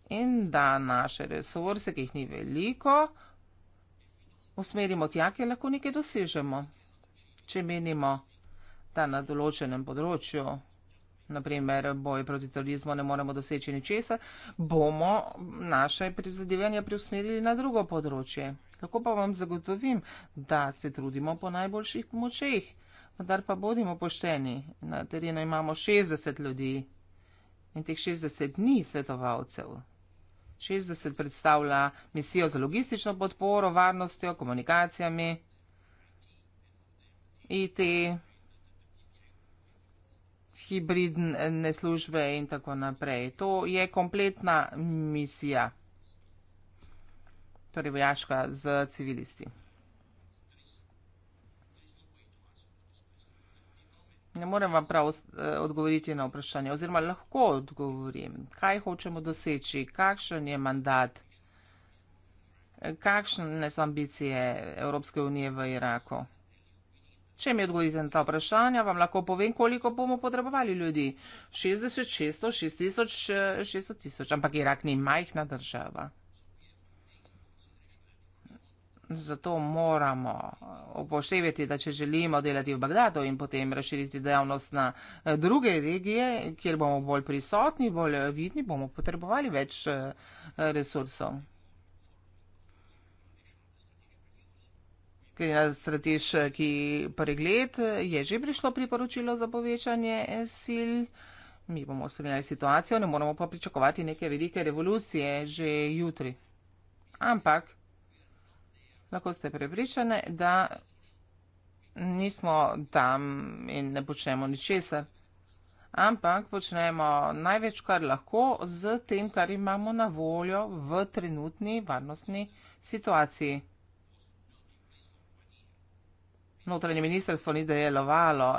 In da naše resurse, ki jih ni veliko, usmerimo tja, kjer lahko nekaj dosežemo. Če menimo, da na določenem področju, naprimer boj proti terorizmu, ne moremo doseči ničesar, bomo naše prizadevanja preusmerili na drugo področje. Lahko pa vam zagotovim, da se trudimo po najboljših močeh. Vendar pa bodimo pošteni, na terenu imamo 60 ljudi in teh 60 dni svetovalcev. 60 predstavlja misijo za logistično podporo, varnostjo, komunikacijami, IT, hibridne službe in tako naprej. To je kompletna misija, torej vojaška z civilisti. Ne morem vam prav eh, odgovoriti na vprašanje, oziroma lahko odgovorim, kaj hočemo doseči, kakšen je mandat, kakšne so ambicije Evropske unije v Iraku. Če mi odgovorite na ta vprašanja, vam lahko povem, koliko bomo potrebovali ljudi. 60, 600, 6000, 600 tisoč, ampak Irak ni majhna država. Zato moramo upoštevati, da če želimo delati v Bagdadu in potem razširiti dejavnost na eh, druge regije, kjer bomo bolj prisotni, bolj vidni, bomo potrebovali več eh, resursov. Glede na strateški pregled je že prišlo priporočilo za povečanje eh, sil. Mi bomo spremljali situacijo, ne moremo pa pričakovati neke velike revolucije že jutri. Ampak lahko ste prepričani, da nismo tam in ne počnemo ničesar. Ampak počnemo največ, kar lahko, z tem, kar imamo na voljo v trenutni varnostni situaciji. Notranje ministrstvo ni delovalo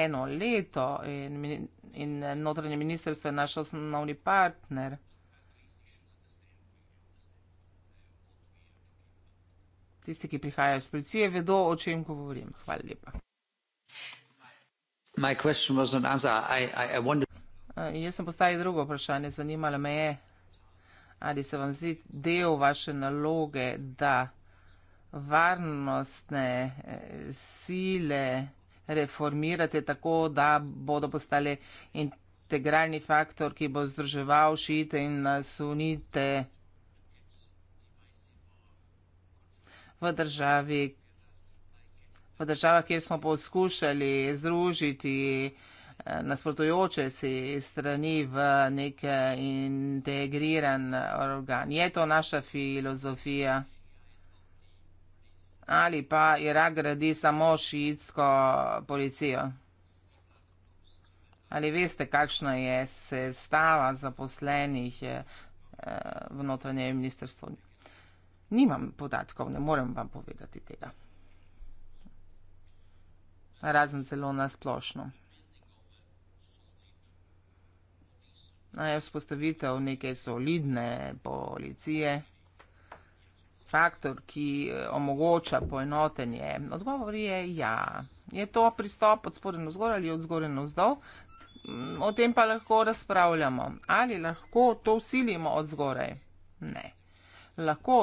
eno leto in, in notranje ministrstvo je naš osnovni partner. tisti, ki prihajajo iz policije, vedo, o čem govorim. Hvala lepa. Jaz sem postavil drugo vprašanje. Zanimalo me je, ali se vam zdi del vaše naloge, da varnostne eh, sile reformirate tako, da bodo postale integralni faktor, ki bo združeval šite in sunite. v državi, v država, kjer smo poskušali združiti eh, nasprotujoče si strani v nek integriran organ. Je to naša filozofija? Ali pa Irak gradi samo šiitsko policijo? Ali veste, kakšna je sestava zaposlenih eh, v notranjem ministrstvu? Nimam podatkov, ne morem vam povedati tega. Razen zelo nasplošno. Naj je vzpostavitev neke solidne policije, faktor, ki eh, omogoča poenotenje. Odgovor je ja. Je to pristop od spodaj na vzgor ali od zgoraj na vzdol? Mm, o tem pa lahko razpravljamo. Ali lahko to usilimo od zgoraj? Ne. Lahko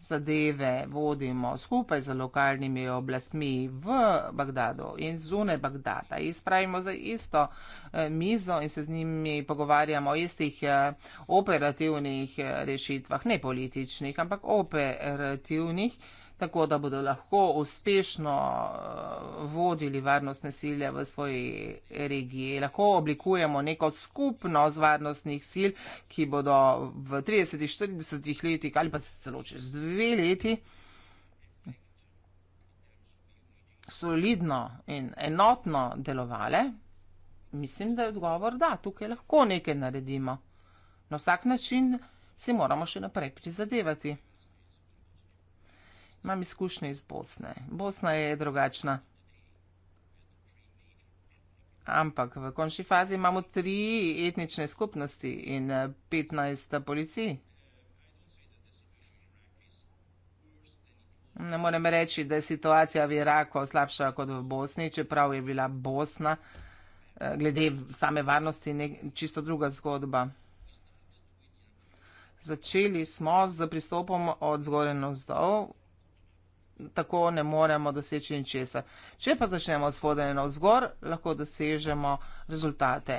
zadeve vodimo skupaj z lokalnimi oblastmi v Bagdadu in zunaj Bagdada. Jih spravimo za isto eh, mizo in se z njimi pogovarjamo o istih eh, operativnih eh, rešitvah, ne političnih, ampak operativnih tako da bodo lahko uspešno eh, vodili varnostne sile v svoji regiji. Lahko oblikujemo neko skupnost varnostnih sil, ki bodo v 30-40 letih ali pa celo čez dve leti solidno in enotno delovale. Mislim, da je odgovor da, tukaj lahko nekaj naredimo. Na vsak način si moramo še naprej prizadevati. Imam izkušnje iz Bosne. Bosna je drugačna. Ampak v končni fazi imamo tri etnične skupnosti in 15 eh, eh, policij. Ne morem reči, da je situacija v Iraku slabša kot v Bosni, čeprav je bila Bosna eh, glede same varnosti ne, čisto druga zgodba. Začeli smo z pristopom od zgore navzdol, tako ne moremo doseči ničesar. Če pa začnemo s vodenjem navzgor, lahko dosežemo rezultate.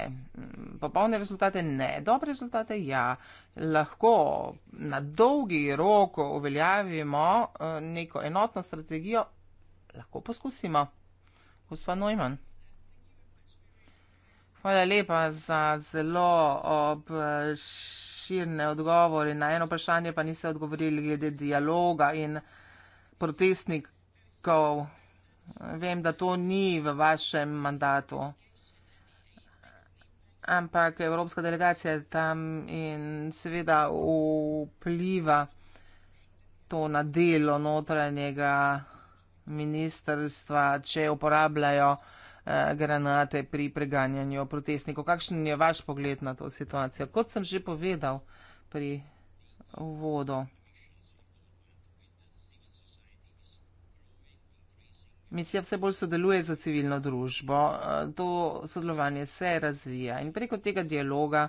Popolne rezultate ne, dobre rezultate ja. Lahko na dolgi rok uveljavimo eh, neko enotno strategijo, lahko poskusimo. Gospa Neumann. Hvala lepa za zelo obširne odgovori. Na eno vprašanje pa niste odgovorili glede dialoga in protestnikov. Vem, da to ni v vašem mandatu, ampak Evropska delegacija je tam in seveda vpliva to na delo notranjega ministrstva, če uporabljajo eh, granate pri preganjanju protestnikov. Kakšen je vaš pogled na to situacijo? Kot sem že povedal pri uvodu. Misija vse bolj sodeluje za civilno družbo, to sodelovanje se razvija in preko tega dialoga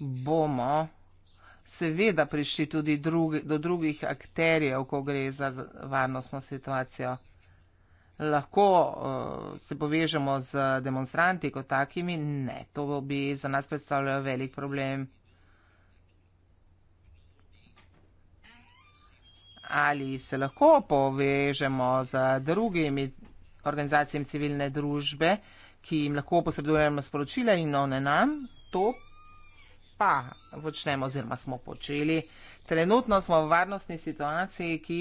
bomo seveda prišli tudi drug, do drugih akterjev, ko gre za varnostno situacijo. Lahko uh, se povežemo z demonstranti kot takimi, ne, to bi za nas predstavljalo velik problem. ali se lahko povežemo z drugimi organizacijami civilne družbe, ki jim lahko posredujemo sporočila in one no, nam, to pa počnemo oziroma smo počeli. Trenutno smo v varnostni situaciji, ki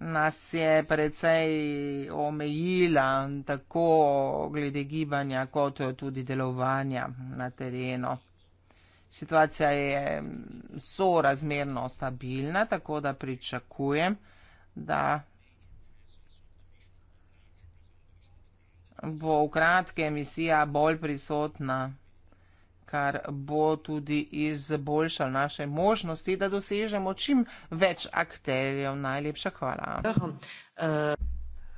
nas je precej omejila tako glede gibanja kot tudi delovanja na terenu situacija je sorazmerno stabilna, tako da pričakujem, da bo v kratke emisija bolj prisotna, kar bo tudi izboljšal naše možnosti, da dosežemo čim več akterjev. Najlepša hvala.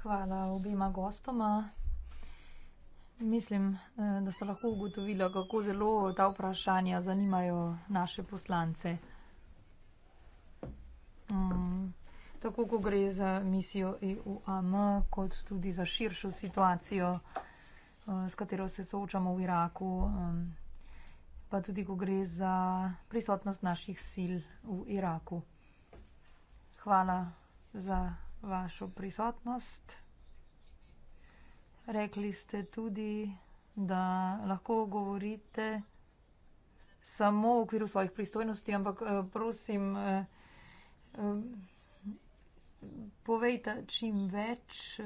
Hvala obima gostoma. Mislim, eh, da ste lahko ugotovili, kako zelo ta vprašanja zanimajo naše poslance. Um, tako, ko gre za misijo EUAM, kot tudi za širšo situacijo, eh, s katero se soočamo v Iraku, um, pa tudi, ko gre za prisotnost naših sil v Iraku. Hvala za vašo prisotnost. Rekli ste tudi, da lahko govorite samo v okviru svojih pristojnosti, ampak eh, prosim, eh, eh, povejte čim več,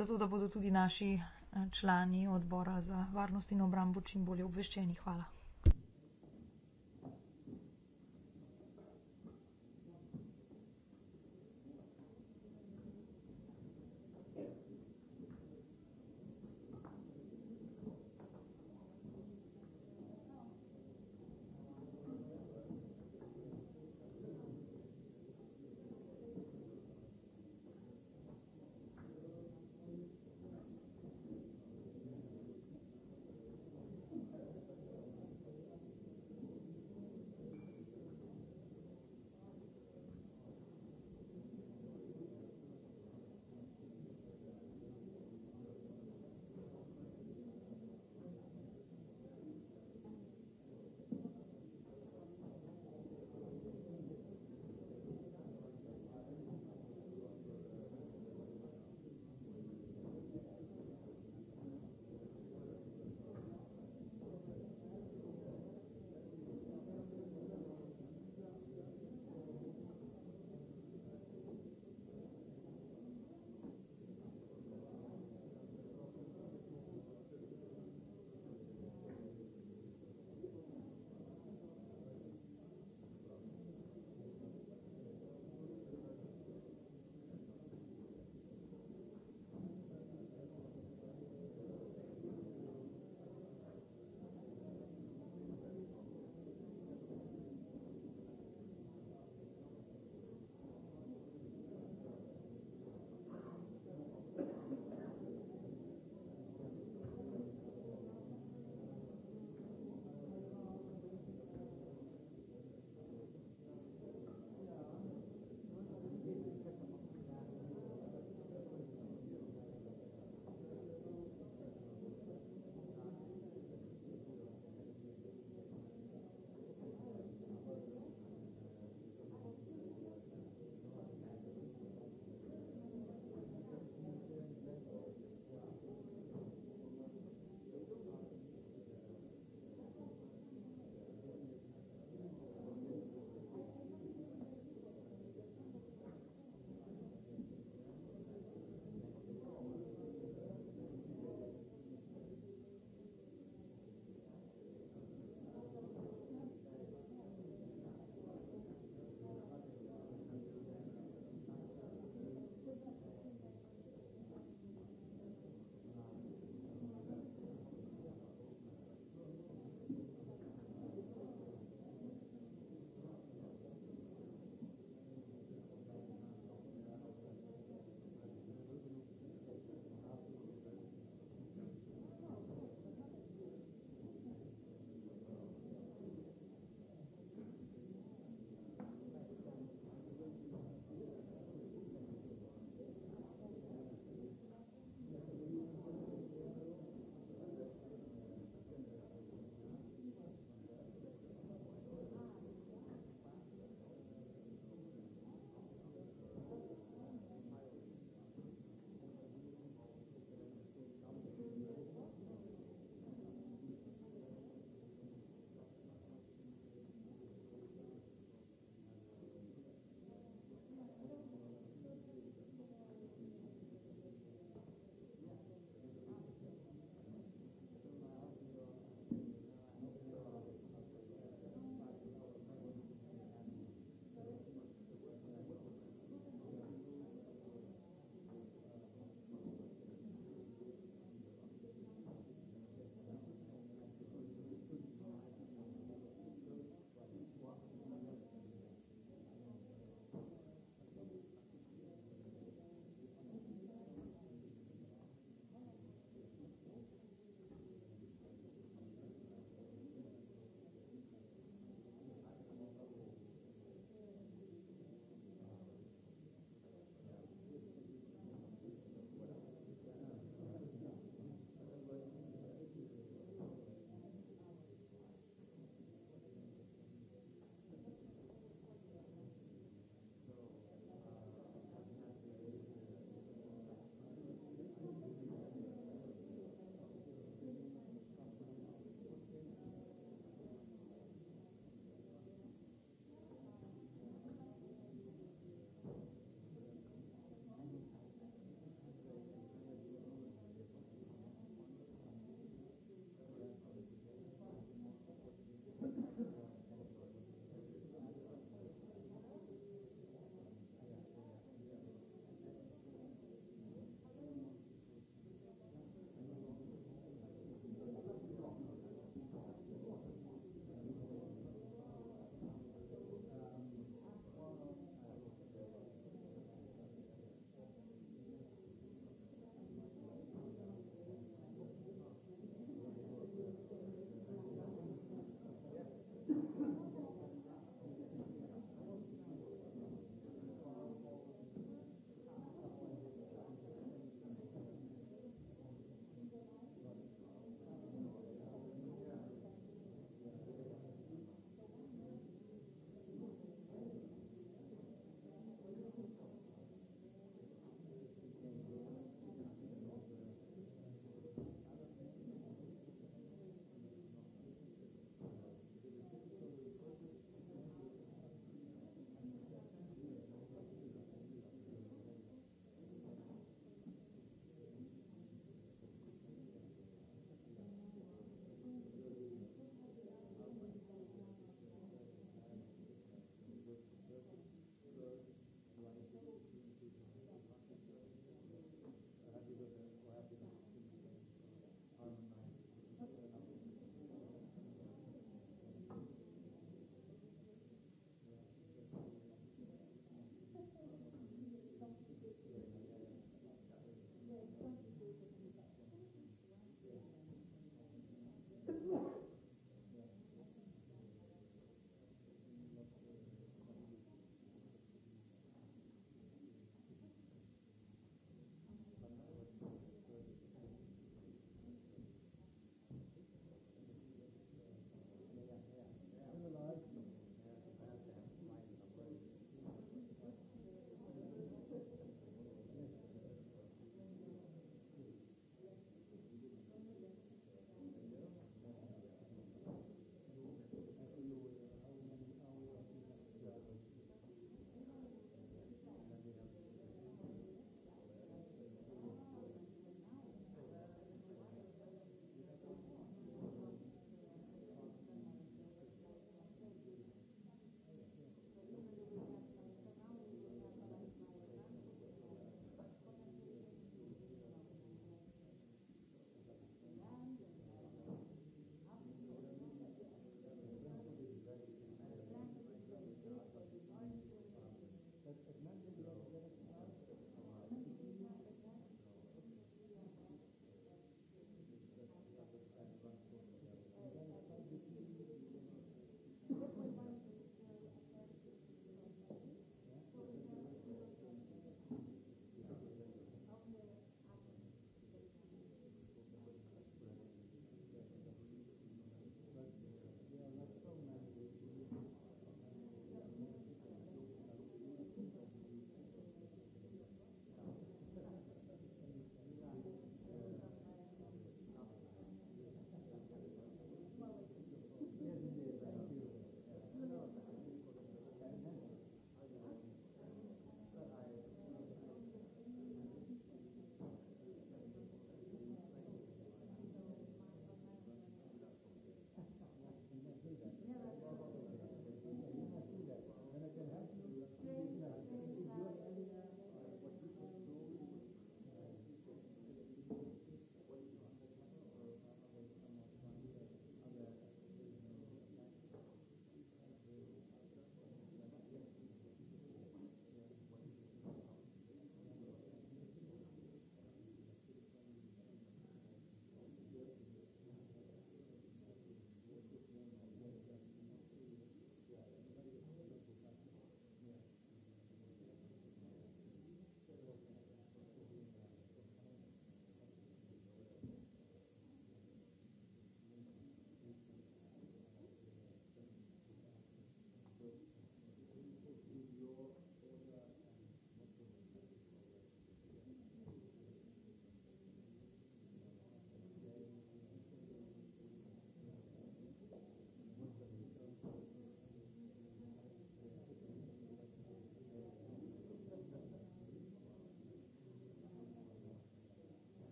zato da bodo tudi naši člani odbora za varnost in obrambo čim bolje obveščeni. Hvala.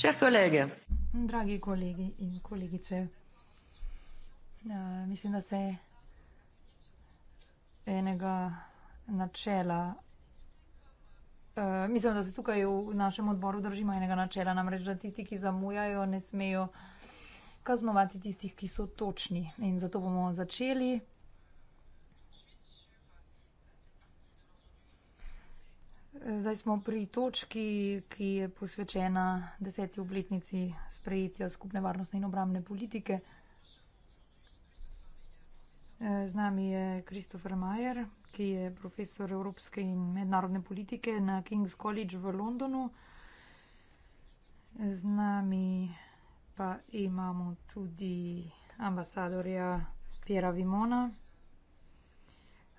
Cher collègue. Dragi colleghi e colleghe, uh, ja, mislim, da se enega načela, uh, mislim, da se tukaj v našem odboru držimo enega načela, namreč, da tisti, ki zamujajo, ne smejo kaznovati tistih, ki so točni. In zato bomo začeli. Zdaj smo pri točki, ki je posvečena deseti obletnici sprejetja skupne varnostne in obramne politike. Z nami je Kristofer Majer, ki je profesor evropske in mednarodne politike na King's College v Londonu. Z nami pa imamo tudi ambasadorja Pjera Vimona.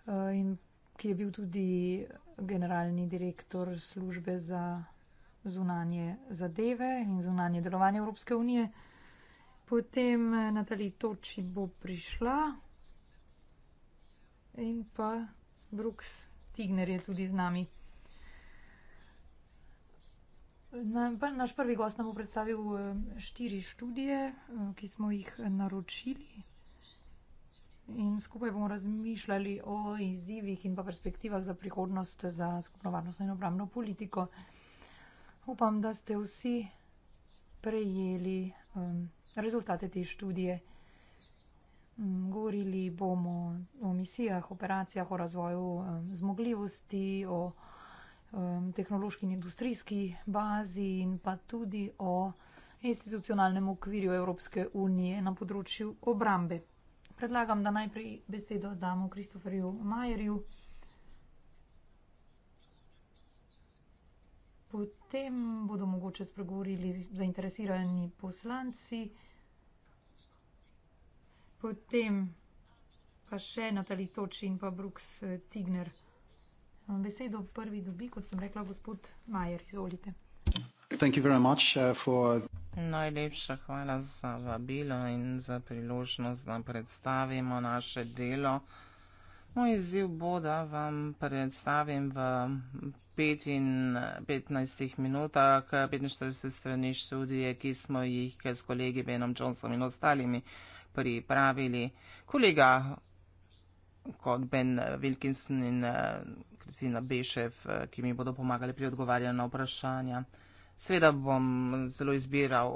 Eh, in ki je bil tudi generalni direktor službe za zunanje zadeve in zunanje delovanje Evropske unije. Potem eh, Natali Toči bo prišla in pa Brooks Tigner je tudi z nami. Na, naš prvi gost nam bo predstavil eh, štiri študije, eh, ki smo jih naročili. In skupaj bomo razmišljali o izzivih in pa perspektivah za prihodnost za skupno varnostno in obramno politiko. Upam, da ste vsi prejeli um, rezultate te študije. Um, govorili bomo o misijah, operacijah, o razvoju um, zmogljivosti, o um, tehnološki in industrijski bazi in pa tudi o institucionalnem okvirju Evropske unije na področju obrambe predlagam, da najprej besedo damo Kristoferju Majerju. Potem bodo mogoče spregovorili zainteresirani poslanci. Potem pa še Natali Toči in pa Bruks Tigner. Besedo prvi dobi, kot sem rekla, gospod Majer. Izvolite. Thank you very much uh, for Najlepša hvala za vabilo in za priložnost, da predstavimo naše delo. Moj izziv bo, da vam predstavim v 15 minutah 45 strani študije, ki smo jih s kolegi Benom Johnsonom in ostalimi pripravili. Kolega kot Ben Wilkinson in eh, Kristina Bešev, eh, ki mi bodo pomagali pri odgovarjanju na vprašanja. Seveda bom zelo izbiral,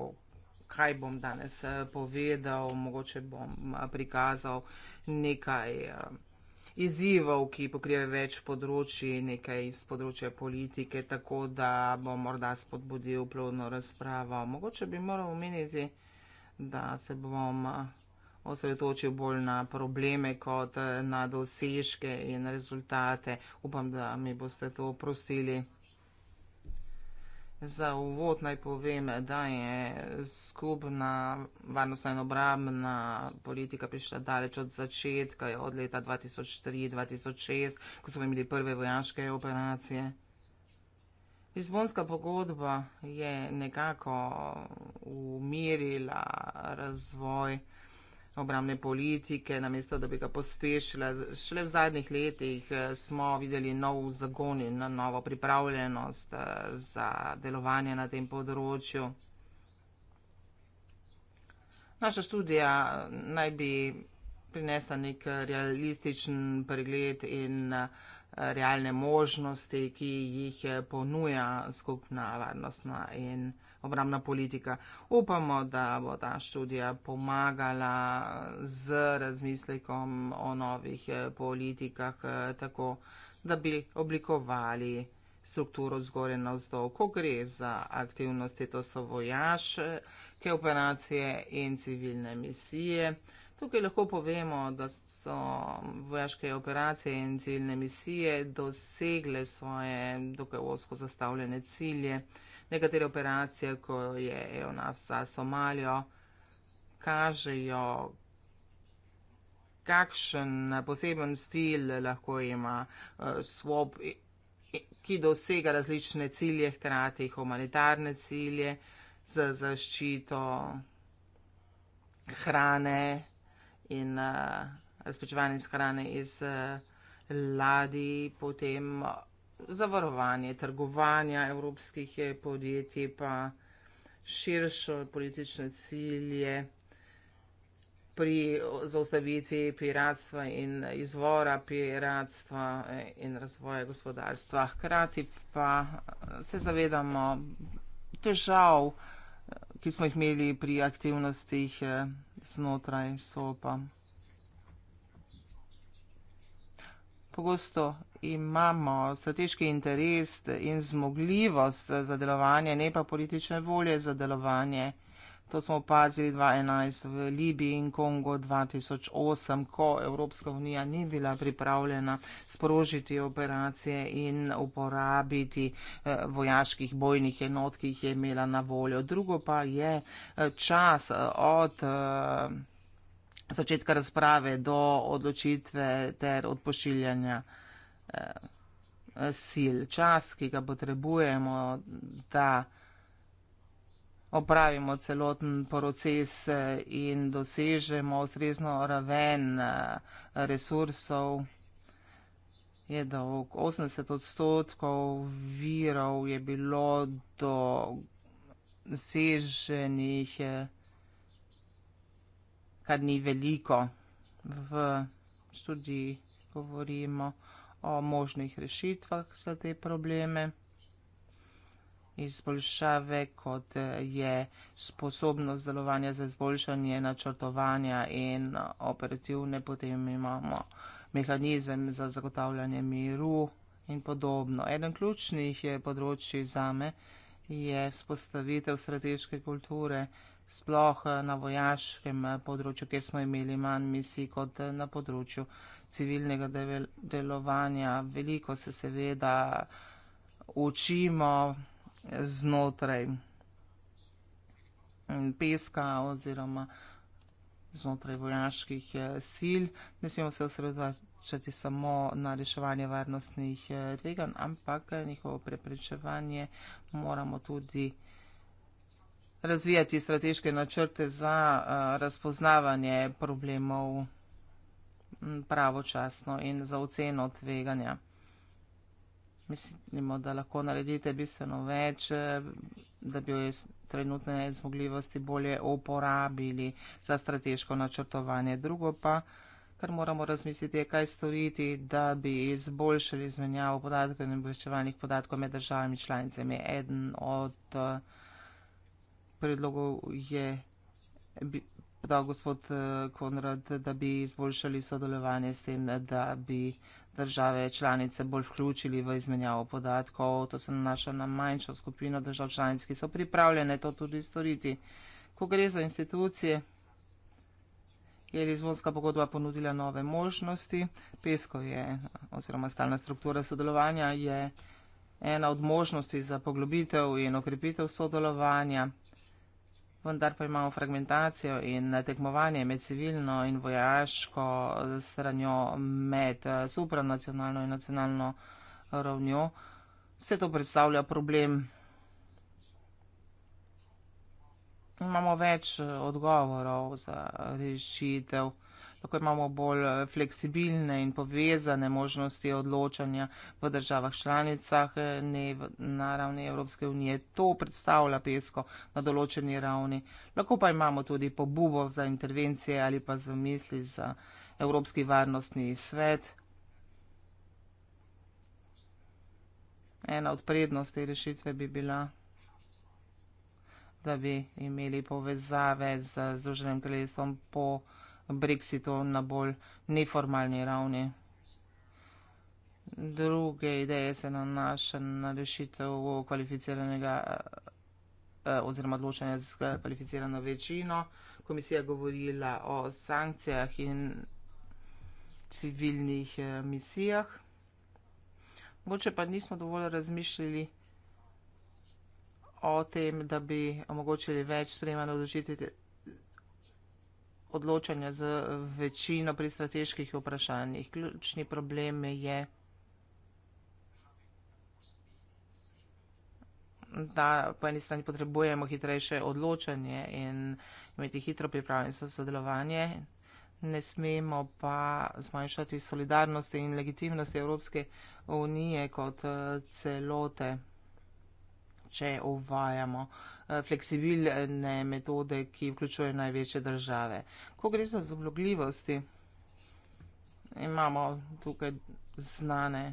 kaj bom danes eh, povedal, mogoče bom eh, prikazal nekaj eh, izzivov, ki pokrivajo več področji, nekaj iz področja politike, tako da bom morda spodbudil plodno razpravo. Mogoče bi moral omeniti, da se bom osredotočil bolj na probleme kot na dosežke in rezultate. Upam, da mi boste to oprostili. Za uvod naj povem, da je skupna varnostna in obrambna politika prišla daleč od začetka, od leta 2003-2006, ko smo imeli prve vojaške operacije. Lizbonska pogodba je nekako umirila razvoj obramne politike, namesto da bi ga pospešila. Šele v zadnjih letih eh, smo videli nov zagon in no- novo pripravljenost eh, za delovanje na tem področju. Naša študija eh, naj bi prinesla nek realističen pregled in realne možnosti, ki jih ponuja skupna varnostna in obramna politika. Upamo, da bo ta študija pomagala z razmislekom o novih eh, politikah, eh, tako da bi oblikovali strukturo zgore na vzdolj, ko gre za aktivnosti, to so vojaške operacije in civilne misije. Tukaj lahko povemo, da so vojaške operacije in civilne misije dosegle svoje dokaj osko zastavljene cilje. Nekatere operacije, ko je EONAS za Somalijo, kažejo, kakšen poseben stil lahko ima eh, SWOP, ki dosega različne cilje, hkrati humanitarne cilje za zaščito hrane in eh, razpečevanje iz hrane iz eh, ladi, potem zavarovanje, trgovanja evropskih eh, podjetij, pa širšo politične cilje pri zaustavitvi piratstva in izvora piratstva eh, in razvoja gospodarstva. Hkrati pa eh, se zavedamo težav, ki smo jih imeli pri aktivnostih znotraj SOPA. pogosto imamo strateški interes in zmogljivost za delovanje, ne pa politične volje za delovanje. To smo opazili 2011 v Libiji in Kongo 2008, ko Evropska unija ni bila pripravljena sprožiti operacije in uporabiti eh, vojaških bojnih enot, ki jih je imela na voljo. Drugo pa je eh, čas eh, od začetka razprave do odločitve ter odpošiljanja eh, sil. Čas, ki ga potrebujemo, da opravimo celoten proces eh, in dosežemo ustrezno raven eh, resursov, je dolg. 80 odstotkov virov je bilo doseženih. Eh, kar ni veliko. V študiji govorimo o možnih rešitvah za te probleme, izboljšave, kot je sposobnost delovanja za izboljšanje načrtovanja in operativne, potem imamo mehanizem za zagotavljanje miru in podobno. Eden ključnih eh, področji za me je spostavitev strateške kulture, sploh eh, na vojaškem eh, področju, kjer smo imeli manj misij kot eh, na področju civilnega delovanja. Veliko se seveda učimo znotraj mm, peska oziroma znotraj vojaških sil. Ne smemo se osredotočati samo na reševanje varnostnih tveganj, ampak njihovo preprečevanje moramo tudi razvijati strateške načrte za eh, razpoznavanje problemov pravočasno in za oceno tveganja. Mislimo, da lahko naredite bistveno več, eh, da bi trenutne zmogljivosti bolje uporabili za strateško načrtovanje. Drugo pa, kar moramo razmisliti, je kaj storiti, da bi izboljšali izmenjavo podatkov in obveščevalnih podatkov med državami članicami. Eden od uh, predlogov je dal gospod eh, Konrad, da bi izboljšali sodelovanje s tem, da bi države članice bolj vključili v izmenjavo podatkov. To se nanaša na manjšo skupino držav članic, ki so pripravljene to tudi storiti. Ko gre za institucije, je Lizbonska pogodba ponudila nove možnosti. PESCO je, oziroma stalna struktura sodelovanja, je ena od možnosti za poglobitev in okrepitev sodelovanja vendar pa imamo fragmentacijo in tekmovanje med civilno in vojaško stranjo, med eh, supranacionalno in nacionalno ravnjo. Vse to predstavlja problem. Imamo več eh, odgovorov za rešitev kako imamo bolj eh, fleksibilne in povezane možnosti odločanja v državah članicah, eh, ne na ravni Evropske unije. To predstavlja pesko na določeni ravni. Lahko pa imamo tudi pobubo za intervencije ali pa za misli za Evropski varnostni svet. Ena od prednosti rešitve bi bila, da bi imeli povezave z Združenim kraljestvom po Brexitu na bolj neformalni ravni. Druge ideje se nanaša na rešitev kvalificiranega eh, eh, oziroma odločanja z kvalificirano večino. Komisija govorila o sankcijah in civilnih eh, misijah. Mogoče pa nismo dovolj razmišljali o tem, da bi omogočili več sprejemanja odločitev odločanja z večino pri strateških vprašanjih. Ključni problem je, da po eni strani potrebujemo hitrejše odločanje in imeti hitro pripravljeno sodelovanje. Ne smemo pa zmanjšati solidarnosti in legitimnosti Evropske unije kot eh, celote če uvajamo eh, fleksibilne metode, ki vključujejo največje države. Ko gre za zmogljivosti, imamo tukaj znane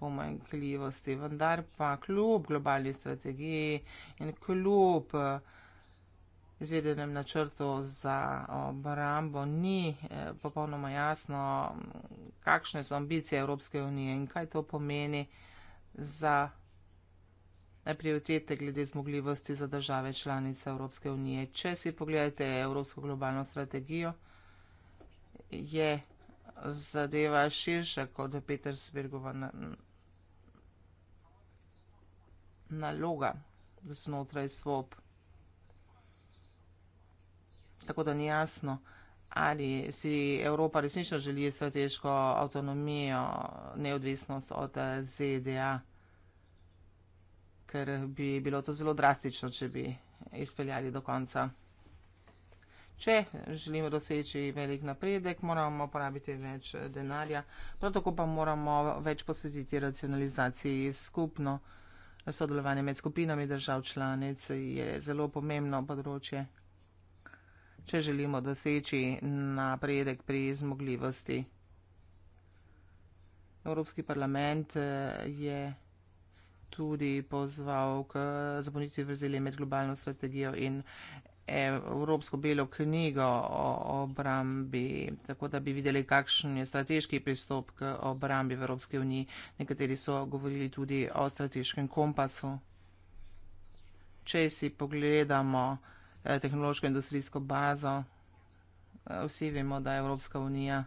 pomankljivosti, vendar pa kljub globalni strategiji in kljub eh, izvedenem načrtu za obrambo ni eh, popolnoma jasno, kakšne so ambicije Evropske unije in kaj to pomeni za obrambo prioritete glede zmogljivosti za države članice Evropske unije. Če si pogledate Evropsko globalno strategijo, je zadeva širša kot Petersbergova naloga znotraj svob. Tako da ni jasno, ali si Evropa resnično želi strateško avtonomijo, neodvisnost od eh, ZDA ker bi bilo to zelo drastično, če bi izpeljali do konca. Če želimo doseči velik napredek, moramo porabiti več denarja, prav tako pa moramo več posvetiti racionalizaciji skupno. Sodelovanje med skupinami držav članic je zelo pomembno področje, če želimo doseči napredek pri zmogljivosti. Evropski parlament je tudi pozval k zapolnitvi vrzeli med globalno strategijo in Evropsko belo knjigo o obrambi, tako da bi videli, kakšen je strateški pristop k obrambi v Evropski uniji. Nekateri so govorili tudi o strateškem kompasu. Če si pogledamo eh, tehnološko-industrijsko bazo, eh, vsi vemo, da je Evropska unija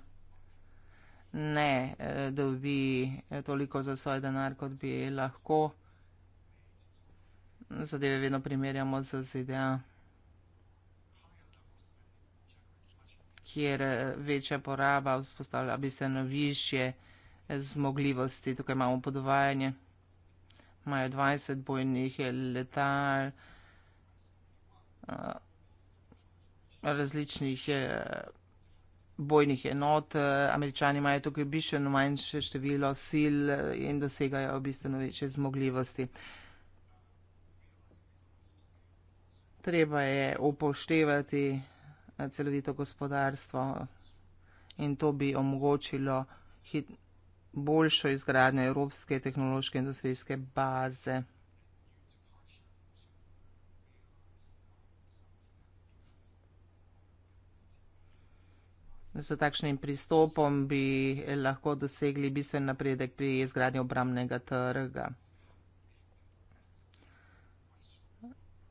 ne eh, dobi eh, toliko za svoj denar, kot bi lahko. Zadeve vedno primerjamo z ZDA, kjer eh, večja poraba vzpostavlja bistveno višje zmogljivosti. Tukaj imamo podvajanje. Imajo 20 bojnih letal, različnih bojnih enot, eh, američani imajo tukaj bistveno manjše število sil eh, in dosegajo bistveno večje zmogljivosti. Treba je upoštevati eh, celovito gospodarstvo in to bi omogočilo boljšo izgradnjo evropske tehnološke industrijske baze. Z takšnim pristopom bi lahko dosegli bistven napredek pri izgradnju obramnega trga.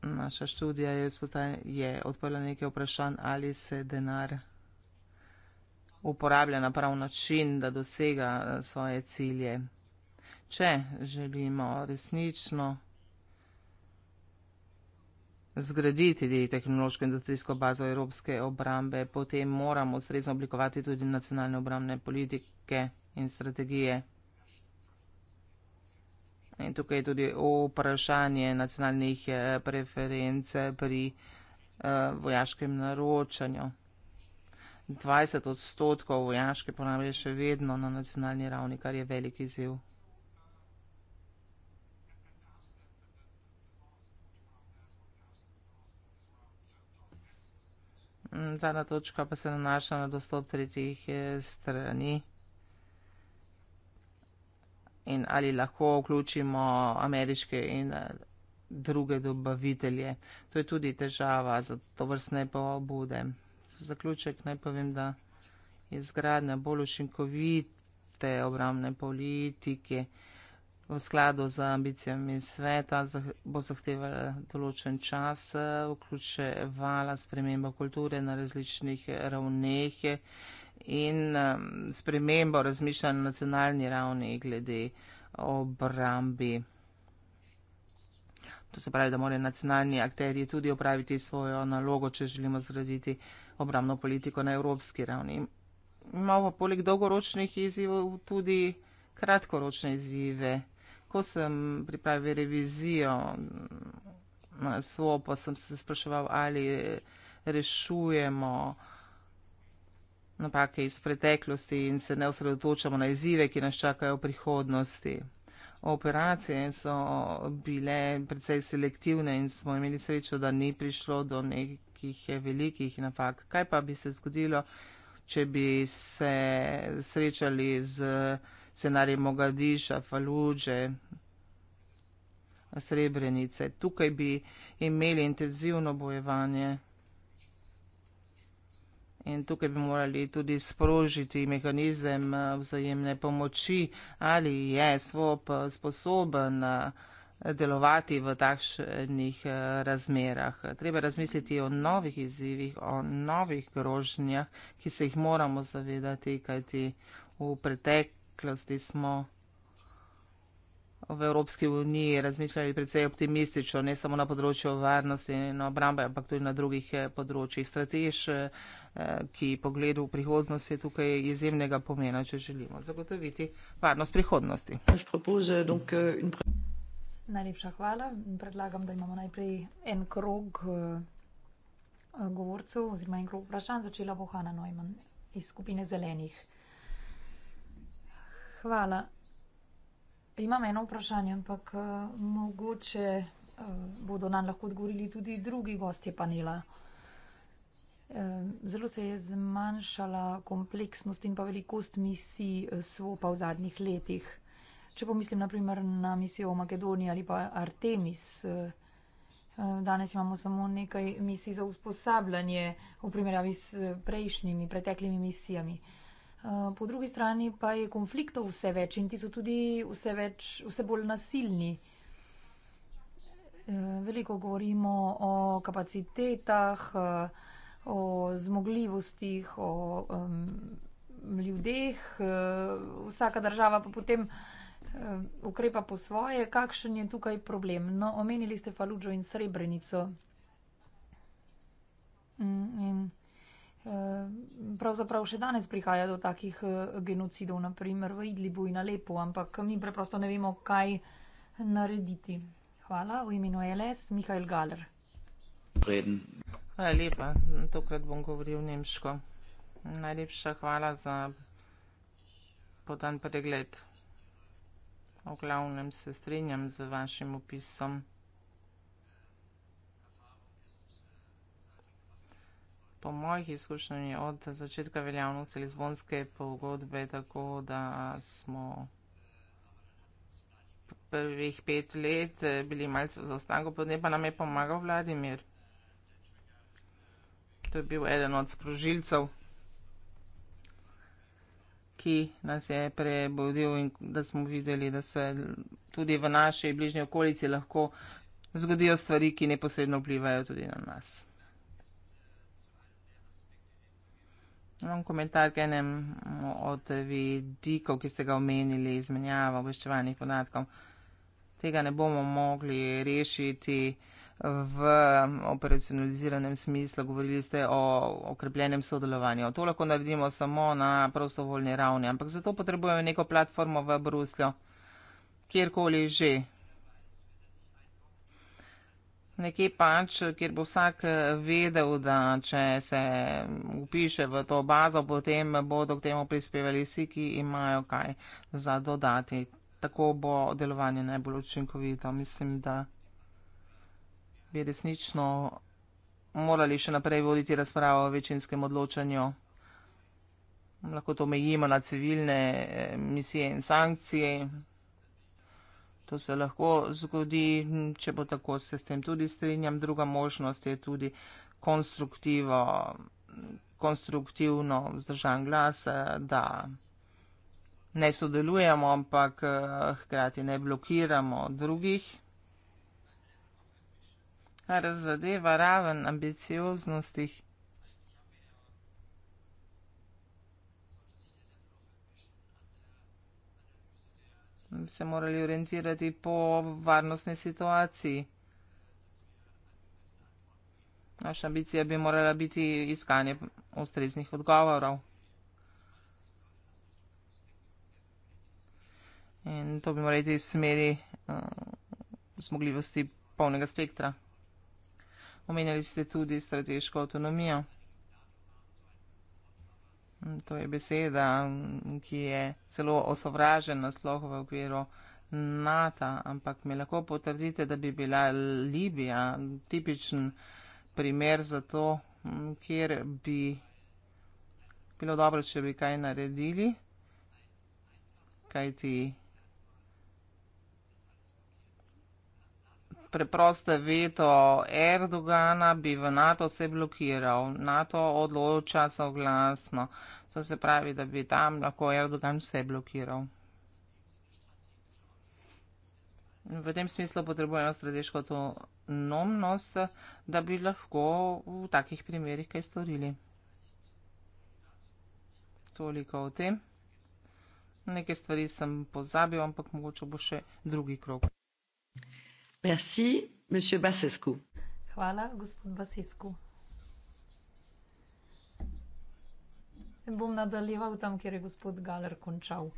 Naša študija je, je odprla nekaj vprašanj, ali se denar uporablja na prav način, da dosega svoje cilje. Če želimo resnično zgraditi tehnološko industrijsko bazo evropske obrambe, potem moramo ustrezno oblikovati tudi nacionalne obrambne politike in strategije. In tukaj je tudi vprašanje nacionalnih eh, preferenc eh, pri eh, vojaškem naročanju. 20 odstotkov vojaške porabe je še vedno na nacionalni ravni, kar je velik izjiv. Mm, zadnja točka pa se nanaša na dostop tretjih eh, strani. In ali lahko vključimo ameriške in eh, druge dobavitelje. To je tudi težava za to vrstne pobude. Zaključek naj povem, da izgradnja bolj učinkovite obramne politike v skladu z ambicijami sveta bo zahtevala določen čas, eh, vključevala spremembo kulture na različnih ravneh in eh, spremembo razmišljanja na nacionalni ravni glede obrambi. To se pravi, da morajo nacionalni akterji tudi opraviti svojo nalogo, če želimo zgraditi obramno politiko na evropski ravni. Imamo pa poleg dolgoročnih izzivov tudi kratkoročne izzive ko sem pripravil revizijo na SWOPO, sem se spraševal, ali rešujemo napake iz preteklosti in se ne osredotočamo na izzive, ki nas čakajo v prihodnosti. Operacije so bile precej selektivne in smo imeli srečo, da ni prišlo do nekih velikih napak. Kaj pa bi se zgodilo, če bi se srečali z scenarij Mogadiša, Faluđe, Srebrenice. Tukaj bi imeli intenzivno bojevanje in tukaj bi morali tudi sprožiti mehanizem eh, vzajemne pomoči, ali je svob eh, sposoben eh, delovati v takšnih razmerah. Treba razmisliti o novih izzivih, o novih grožnjah, ki se jih moramo zavedati, kajti v preteklosti, rekla, zdaj smo v Evropski uniji razmišljali precej optimistično, ne samo na področju varnosti in obrambe, ampak tudi na drugih eh, področjih. Stratež, eh, ki pogled v prihodnost je tukaj izjemnega pomena, če želimo zagotoviti varnost prihodnosti. Euh, Najlepša hvala. Predlagam, da imamo najprej en krog eh, govorcev oziroma en krog vprašanj. Začela bo Hanna Neumann iz skupine zelenih. Hvala. Imam eno vprašanje, ampak uh, mogoče uh, bodo nam lahko odgovorili tudi drugi gostje panela. Zelo se je zmanjšala kompleksnost in pa velikost misij eh, SWOP-a v zadnjih letih. Če pomislim naprimer na misijo v Makedoniji ali pa Artemis, danes imamo samo nekaj misij za usposabljanje v primerjavi s prejšnjimi, preteklimi misijami. Eh, po drugi strani pa je konfliktov vse več in ti so tudi vse, več, vse bolj nasilni. Eh, veliko govorimo o kapacitetah, eh, o zmogljivostih, o um, ljudeh, vsaka država pa potem ukrepa po svoje. Kakšen je tukaj problem? No, omenili ste Faludžo in Srebrenico. Mm, in, in Eh, pravzaprav še danes prihaja do takih eh, genocidov, naprimer v Idlibu in Alepu, ampak mi preprosto ne vemo, kaj narediti. Hvala v imenu LS, Mihajl Galer. Hvala lepa, tokrat bom govoril nemško. Najlepša hvala za podan pregled. V glavnem se strinjam z vašim opisom. po mojih izkušnjah od začetka veljavnosti Lizbonske pogodbe, tako da smo prvih pet let bili malce v zastanku, potem pa nam je pomagal Vladimir. To je bil eden od sprožilcev, ki nas je prebudil in da smo videli, da se tudi v naši bližnji okolici lahko zgodijo stvari, ki neposredno vplivajo tudi na nas. Imam komentar k enemu od vidikov, ki ste ga omenili, izmenjava obveščevalnih podatkov. Tega ne bomo mogli rešiti v operacionaliziranem smislu. Govorili ste o okrepljenem sodelovanju. To lahko naredimo samo na prostovoljni ravni, ampak zato potrebujemo neko platformo v Bruslju, kjerkoli že nekje pač, kjer bo vsak eh, vedel, da če se upiše v to bazo, potem bodo k temu prispevali vsi, ki imajo kaj za dodati. Tako bo delovanje najbolj učinkovito. Mislim, da bi resnično morali še naprej voditi razpravo o večinskem odločanju. Lahko to omejimo na civilne eh, misije in sankcije. To se lahko zgodi, hm, če bo tako, se s tem tudi strinjam. Druga možnost je tudi konstruktivo, konstruktivno vzdržan glas, eh, da ne sodelujemo, ampak eh, hkrati ne blokiramo drugih. Kar zadeva raven ambicioznosti. se morali orientirati po varnostni situaciji. Naša ambicija bi morala biti iskanje ustreznih odgovorov. In to bi morali biti v smeri uh, zmogljivosti polnega spektra. Omenjali ste tudi strateško avtonomijo. To je beseda, ki je zelo osovražena sploh v okviru NATO, ampak mi lahko potrdite, da bi bila Libija tipičen primer za to, kjer bi bilo dobro, če bi kaj naredili, kajti preproste veto Erdogana bi v NATO vse blokiral. NATO odloča soglasno. To se pravi, da bi tam lahko Erdogan vse blokiral. V tem smislu potrebujemo strateško autonomnost, da bi lahko v takih primerih kaj storili. Toliko o tem. Neke stvari sem pozabil, ampak mogoče bo še drugi krok. Merci, monsieur Basescu. Hvala, gospod Basescu. Bom nadaljeval tam, kjer je gospod Galer končal.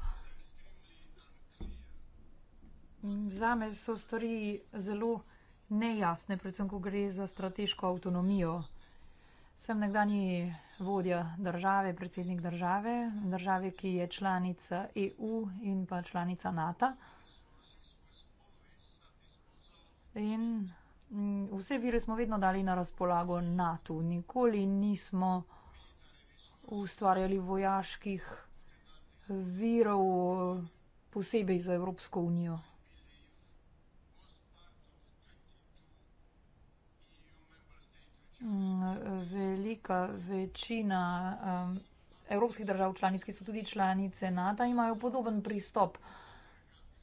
Za me so stvari zelo nejasne, predvsem, ko gre za strateško avtonomijo. Sem nekdani vodja države, predsednik države, države, ki je članica EU in pa članica NATO. In mm, vse vire smo vedno dali na razpolago NATO. Nikoli nismo ustvarjali vojaških virov posebej za Evropsko unijo. Mm, velika večina um, evropskih držav članic, ki so tudi članice NATO, imajo podoben pristop. Uh,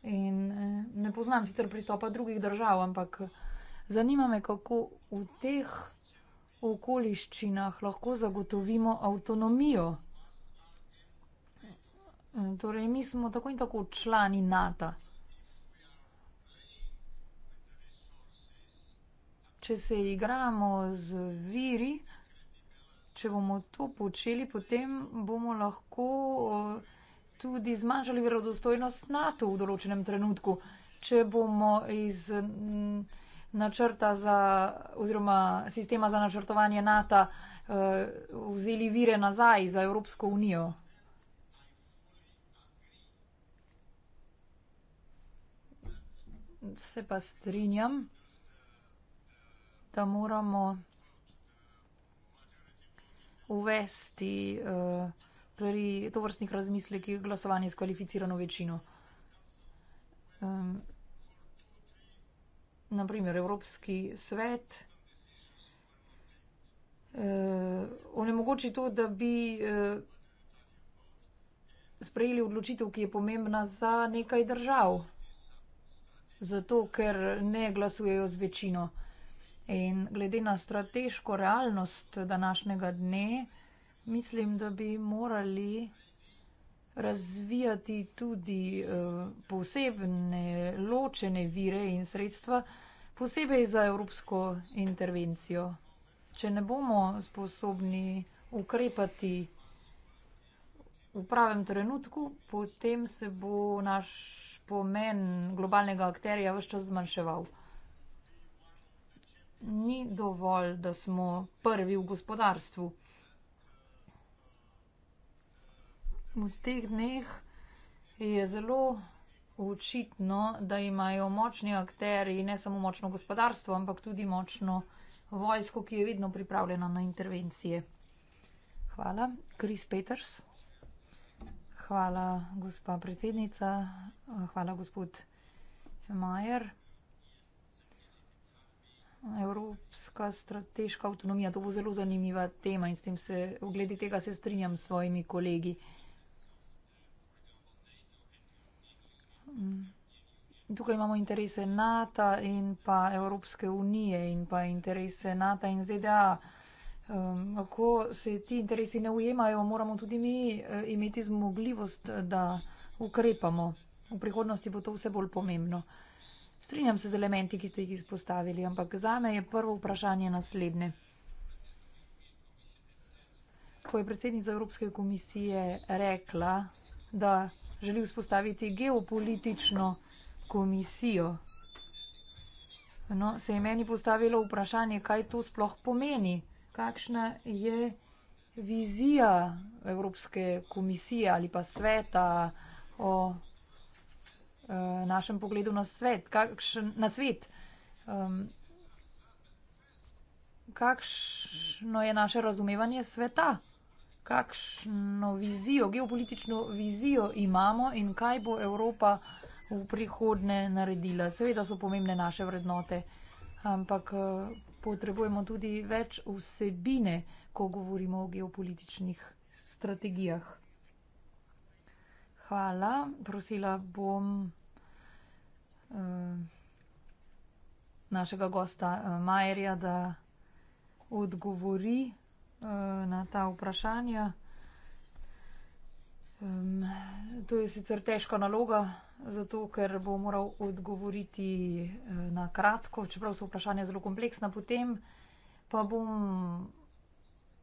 In, eh, ne poznam sicer pristopa drugih držav, ampak zanima me, kako v teh okoliščinah lahko zagotovimo avtonomijo. Eh, torej, mi smo tako in tako člani NATO. Če se igramo z viri, če bomo to počeli, potem bomo lahko. Uh, tudi zmanjšali verodostojnost NATO v določenem trenutku, če bomo iz mm, načrta za oziroma sistema za načrtovanje NATO eh, vzeli vire nazaj za Evropsko unijo. Se pa strinjam, da moramo uvesti uh, pri tovrstnih razmislekih glasovanje s kvalificirano večino. Um, naprimer, Evropski svet e, onemogoči uh, to, da bi uh, sprejeli odločitev, ki je pomembna za nekaj držav, zato ker ne glasujejo z večino. In glede na strateško realnost današnjega dne, uh, Mislim, da bi morali razvijati tudi eh, posebne ločene vire in sredstva, posebej za evropsko intervencijo. Če ne bomo sposobni ukrepati v pravem trenutku, potem se bo naš pomen globalnega akterja vse čas zmanjševal. Ni dovolj, da smo prvi v gospodarstvu. v teh dneh je zelo očitno, da imajo močni akteri ne samo močno gospodarstvo, ampak tudi močno vojsko, ki je vedno pripravljena na intervencije. Hvala, Kris Peters. Hvala, gospa predsednica. Hvala, gospod Majer. Evropska strateška avtonomija, to bo zelo zanimiva tema in s tem se, v glede tega se strinjam s svojimi kolegi. Tukaj imamo interese NATO in pa Evropske unije in pa interese NATO in ZDA. Ehm, Ko se ti interesi ne ujemajo, moramo tudi mi e, imeti zmogljivost, da ukrepamo. V prihodnosti bo to vse bolj pomembno. Strinjam se z elementi, ki ste jih izpostavili, ampak zame je prvo vprašanje naslednje. Ko je predsednica Evropske komisije rekla, da želi vzpostaviti geopolitično komisijo. No, se je meni postavilo vprašanje, kaj to sploh pomeni, kakšna je vizija Evropske komisije ali pa sveta o e, našem pogledu na svet, kakšen na svet. Um, kakšno je naše razumevanje sveta? kakšno vizijo, geopolitično vizijo imamo in kaj bo Evropa v prihodne naredila. Seveda so pomembne naše vrednote, ampak potrebujemo tudi več vsebine, ko govorimo o geopolitičnih strategijah. Hvala. Prosila bom eh, našega gosta eh, Majerja, da odgovori. Eh, na ta vprašanja. Um, to je sicer težka naloga, zato ker bo moral odgovoriti eh, na kratko, čeprav so vprašanja zelo kompleksna. Potem pa bom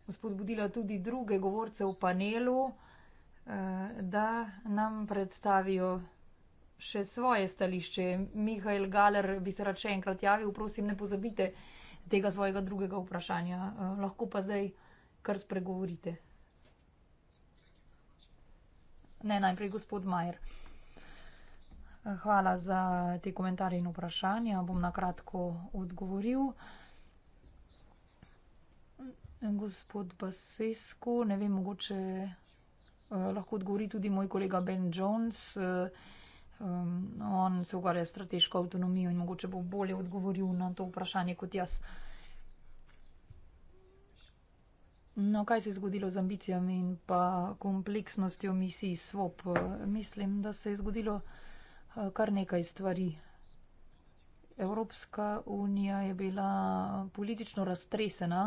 spodbudila tudi druge govorce v panelu, eh, da nam predstavijo še svoje stališče. Mihajl Galer bi se rad še enkrat javil, prosim, ne pozabite tega svojega drugega vprašanja. Lahko pa zdaj kar spregovorite. Ne, najprej gospod Majer. Hvala za te komentarje in vprašanja. Bom na kratko odgovoril. Gospod Basesko, ne vem, mogoče eh, lahko odgovori tudi moj kolega Ben Jones. Eh, mm, on se ukvarja s strateško avtonomijo in mogoče bo bolje odgovoril na to vprašanje kot jaz. Eh, No, kaj se je zgodilo z ambicijami in pa kompleksnostjo misij SWOP? Mislim, da se je zgodilo eh, kar nekaj stvari. Evropska unija je bila politično raztresena,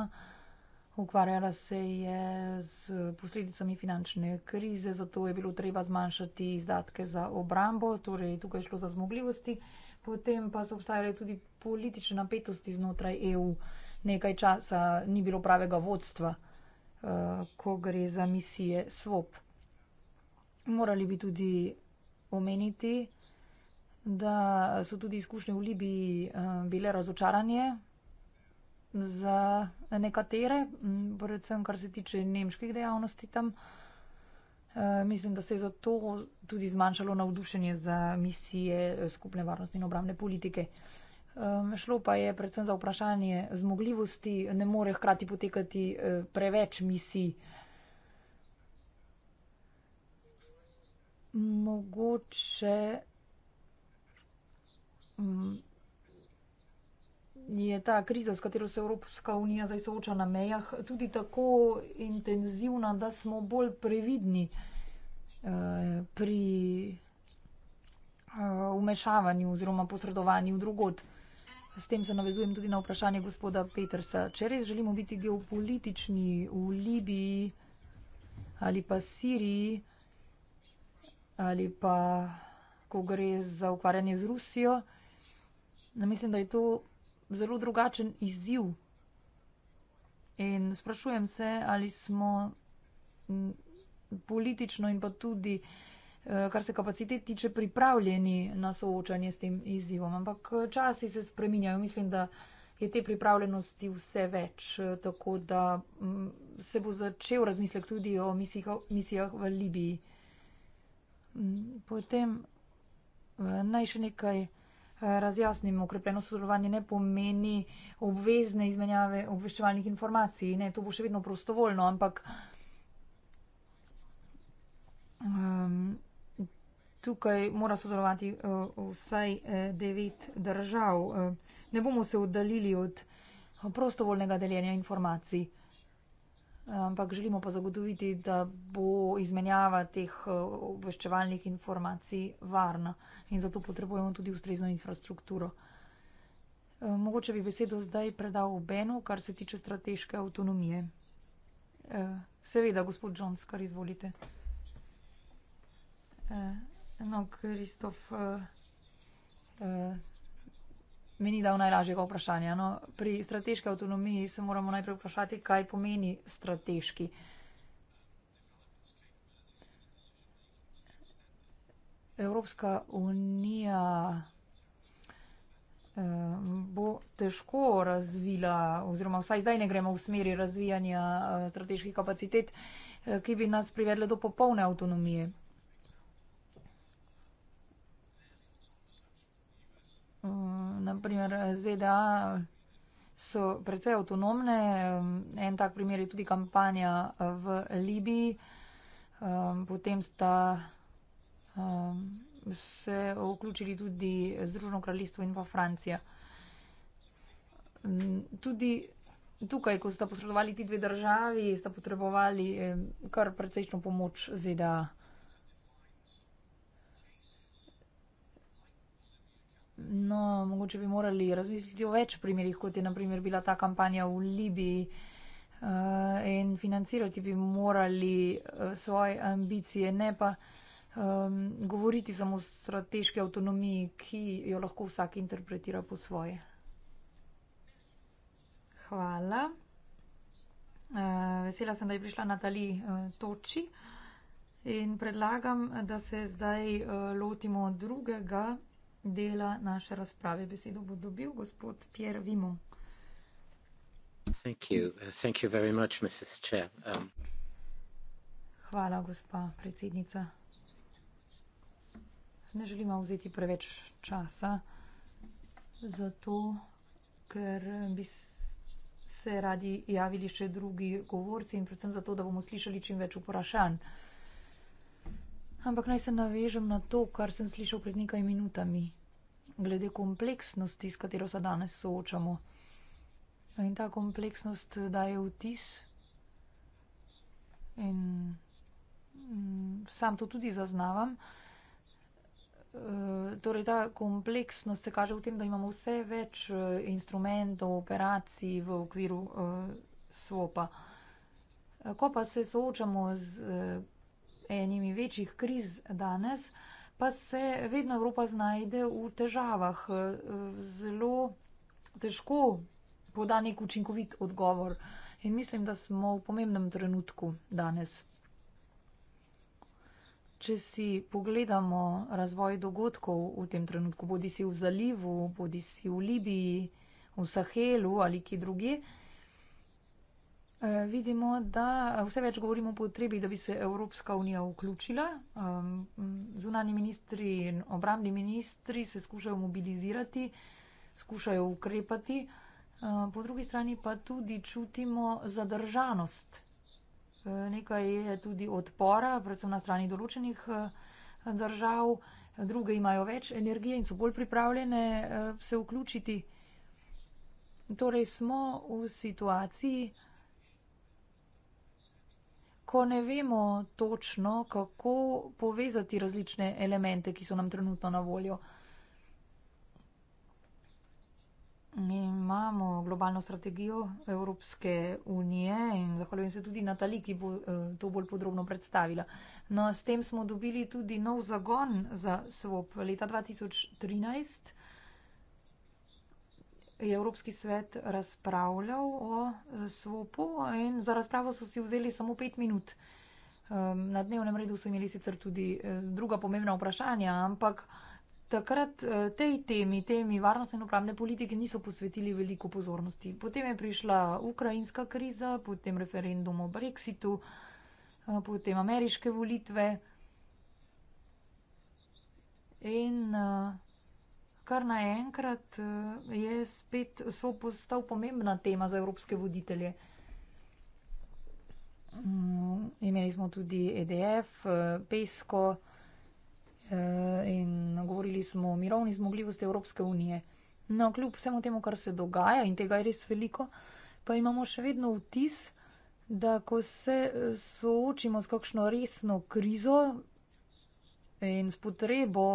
ukvarjala se je z posledicami finančne krize, zato je bilo treba zmanjšati izdatke za obrambo, torej tukaj je šlo za zmogljivosti. Potem pa so obstajale tudi politične napetosti znotraj EU. Nekaj časa ni bilo pravega vodstva. Eh, ko gre za misije SWOP. Morali bi tudi omeniti, da so tudi izkušnje v Libiji eh, bile razočaranje za nekatere, predvsem kar se tiče nemških dejavnosti tam. Eh, mislim, da se je zato tudi zmanjšalo navdušenje za misije skupne varnostne in obramne politike. Um, šlo pa je predvsem za vprašanje zmogljivosti, ne more hkrati potekati uh, preveč misij. Mogoče um, je ta kriza, s katero se Evropska unija zdaj sooča na mejah, tudi tako intenzivna, da smo bolj previdni uh, pri uh, eh, umešavanju oziroma posredovanju drugot. S tem se navezujem tudi na vprašanje gospoda Petersa. Če res želimo biti geopolitični v Libiji ali pa Siriji ali pa ko gre za ukvarjanje z Rusijo, mislim, da je to zelo drugačen izziv. In sprašujem se, ali smo politično in pa tudi uh, Eh, kar se kapacitet tiče, pripravljeni na soočanje s tem izzivom. Ampak eh, časi se spreminjajo. Mislim, da je te pripravljenosti vse več, eh, tako da mm, se bo začel razmislek tudi o misijah, misijah v Libiji. Mm, potem naj še nekaj razjasnim. Okrepljeno sodelovanje ne pomeni obvezne izmenjave obveščevalnih informacij. Ne, to bo še vedno prostovoljno, ampak. Um, tukaj mora sodelovati eh, vsaj eh, devet držav. Eh, ne bomo se oddaljili od prostovoljnega deljenja informacij, ampak želimo pa zagotoviti, da bo izmenjava teh obveščevalnih informacij varna in zato potrebujemo tudi ustrezno infrastrukturo. Mogoče bi besedo zdaj predal Benu, kar se tiče strateške avtonomije. Seveda, gospod Johnskar, izvolite. No, Kristof, uh, uh, mi ni dal najlažjega vprašanja. No, pri strateški avtonomiji se moramo najprej vprašati, kaj pomeni strateški. Evropska unija eh, bo težko razvila oziroma vsaj zdaj ne gremo v smeri razvijanja strateških kapacitet, ki bi nas privedle do popolne avtonomije. Mm, naprimer ZDA so precej avtonomne. En tak primer je tudi kampanja eh, v Libiji. Eh, potem sta eh, se vključili tudi Združeno kraljestvo in pa Francija. Mm, tudi tukaj, ko sta posredovali ti dve državi, sta potrebovali kar precejšno pomoč ZDA. No, mogoče bi morali razmisliti o več primerih, kot je naprimer bila ta kampanja v Libiji uh, in financirati bi morali uh, svoje ambicije, ne pa um, govoriti samo o strateški avtonomiji, ki jo lahko vsak interpretira po svoje. Hvala. Uh, vesela sem, da je prišla Natali uh, Toči in predlagam, da se zdaj uh, lotimo drugega dela naše razprave. Besedo bo dobil gospod Pierre Vimon. Thank you. Thank you very much, Mrs. Chair. Um... Hvala, gospa predsednica. Ne želimo vzeti preveč časa, zato ker bi se radi javili še drugi govorci in predvsem zato, da bomo slišali čim več vprašanj. Ampak naj se navežem na to, kar sem slišal pred nekaj minutami, glede kompleksnosti, s katero se danes soočamo. In ta kompleksnost daje vtis. In mm, sam to tudi zaznavam. Eh, torej, ta kompleksnost se kaže v tem, da imamo vse več eh, instrumentov, operacij v okviru uh, eh, SWOP-a. Ko pa se soočamo z uh, enimi večjih kriz danes, pa se vedno Evropa znajde v težavah. Zelo težko poda nek učinkovit odgovor in mislim, da smo v pomembnem trenutku danes. Če si pogledamo razvoj dogodkov v tem trenutku, bodi si v zalivu, bodi si v Libiji, v Sahelu ali ki drugi, Eh, vidimo, da eh, vse več govorimo o potrebi, da bi se Evropska unija vključila. Zunani ministri in obramni ministri se skušajo mobilizirati, skušajo ukrepati. Eh, po drugi strani pa tudi čutimo zadržanost. Nekaj je tudi odpora, predvsem na strani določenih držav, druge imajo več energije in so bolj pripravljene se vključiti. Torej smo v situaciji, ko ne vemo točno, kako povezati različne elemente, ki so nam trenutno na voljo. Imamo globalno strategijo Evropske unije in zahvaljujem se tudi Natali, ki bo eh, to bolj podrobno predstavila. No, s tem smo dobili tudi nov zagon za SWOP leta 2013 je Evropski svet razpravljal o eh, SWOP-u in za razpravo so si vzeli samo pet minut. Ehm, na dnevnem redu so imeli sicer tudi eh, druga pomembna vprašanja, ampak takrat eh, tej temi, temi varnostne in upravne politike niso posvetili veliko pozornosti. Potem je prišla ukrajinska kriza, potem referendum o Brexitu, potem ameriške volitve. In uh, kar naenkrat eh, je spet so postal pomembna tema za evropske voditelje. Mm, imeli smo tudi EDF, eh, PESCO eh, in govorili smo o mirovni zmogljivosti Evropske unije. No, kljub vsemu temu, kar se dogaja in tega je res veliko, pa imamo še vedno vtis, da ko se soočimo s kakšno resno krizo in s potrebo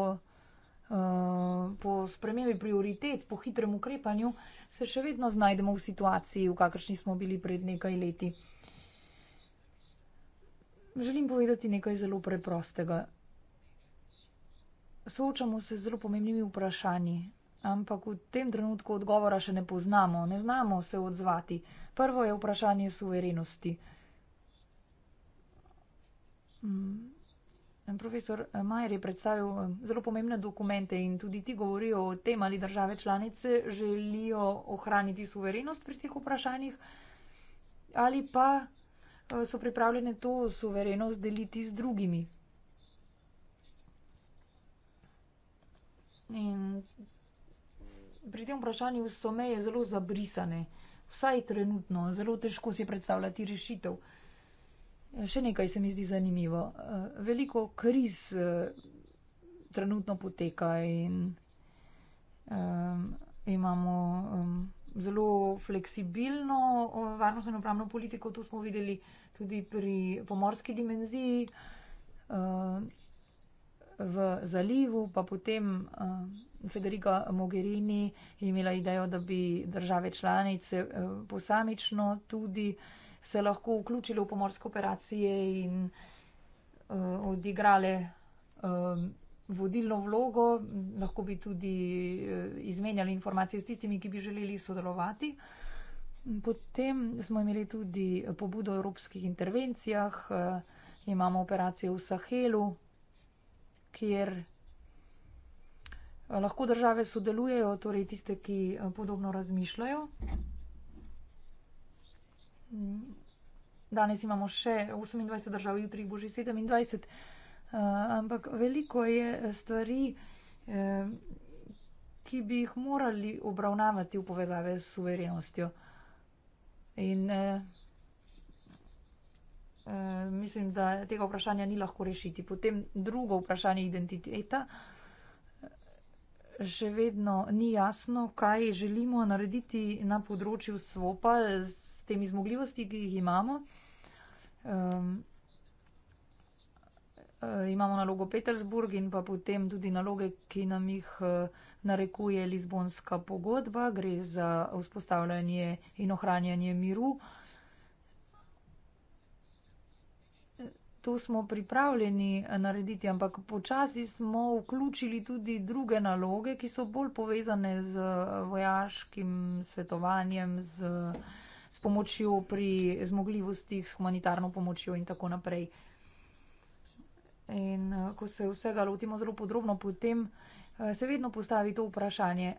po spremembi prioritet, po hitrem ukrepanju, se še vedno znajdemo v situaciji, v kakršni smo bili pred nekaj leti. Želim povedati nekaj zelo preprostega. Soočamo se z zelo pomembnimi vprašanji, ampak v tem trenutku odgovora še ne poznamo, ne znamo se odzvati. Prvo je vprašanje suverenosti. Hmm. Profesor eh, Majer je predstavil eh, zelo pomembne dokumente in tudi ti govorijo o tem, ali države članice želijo ohraniti suverenost pri teh vprašanjih ali pa eh, so pripravljene to suverenost deliti z drugimi. In pri tem vprašanju so meje zelo zabrisane, vsaj trenutno, zelo težko si predstavljati rešitev. Še nekaj se mi zdi zanimivo. Eh, veliko kriz eh, trenutno poteka in um, imamo um, zelo fleksibilno eh, varnostno in upravno politiko. To smo videli tudi pri pomorski dimenziji um, v zalivu, pa potem um, Federica Mogherini je imela idejo, da bi države članice um, posamično tudi se lahko vključile v pomorske operacije in uh, odigrale um, vodilno vlogo, lahko bi tudi uh, izmenjali informacije s tistimi, ki bi želeli sodelovati. Potem smo imeli tudi pobudo o evropskih intervencijah, uh, imamo operacije v Sahelu, kjer. Lahko države sodelujejo, torej tiste, ki podobno razmišljajo. Danes imamo še 28 držav, jutri bo že 27, eh, ampak veliko je eh, stvari, eh, ki bi jih morali obravnavati v povezave s suverenostjo. In mislim, da tega vprašanja ni lahko rešiti. Potem drugo vprašanje identiteta še vedno ni jasno, kaj želimo narediti na področju SWOP-a s temi zmogljivosti, ki jih imamo. Um, imamo nalogo Petersburg in pa potem tudi naloge, ki nam jih e, narekuje Lizbonska pogodba. Gre za vzpostavljanje in ohranjanje miru. to smo pripravljeni eh, narediti, ampak počasi smo vključili tudi druge naloge, ki so bolj povezane z eh, vojaškim svetovanjem, z, s pomočjo pri zmogljivostih, s humanitarno pomočjo in tako naprej. In eh, ko se vsega lotimo zelo podrobno, potem se vedno postavi to vprašanje,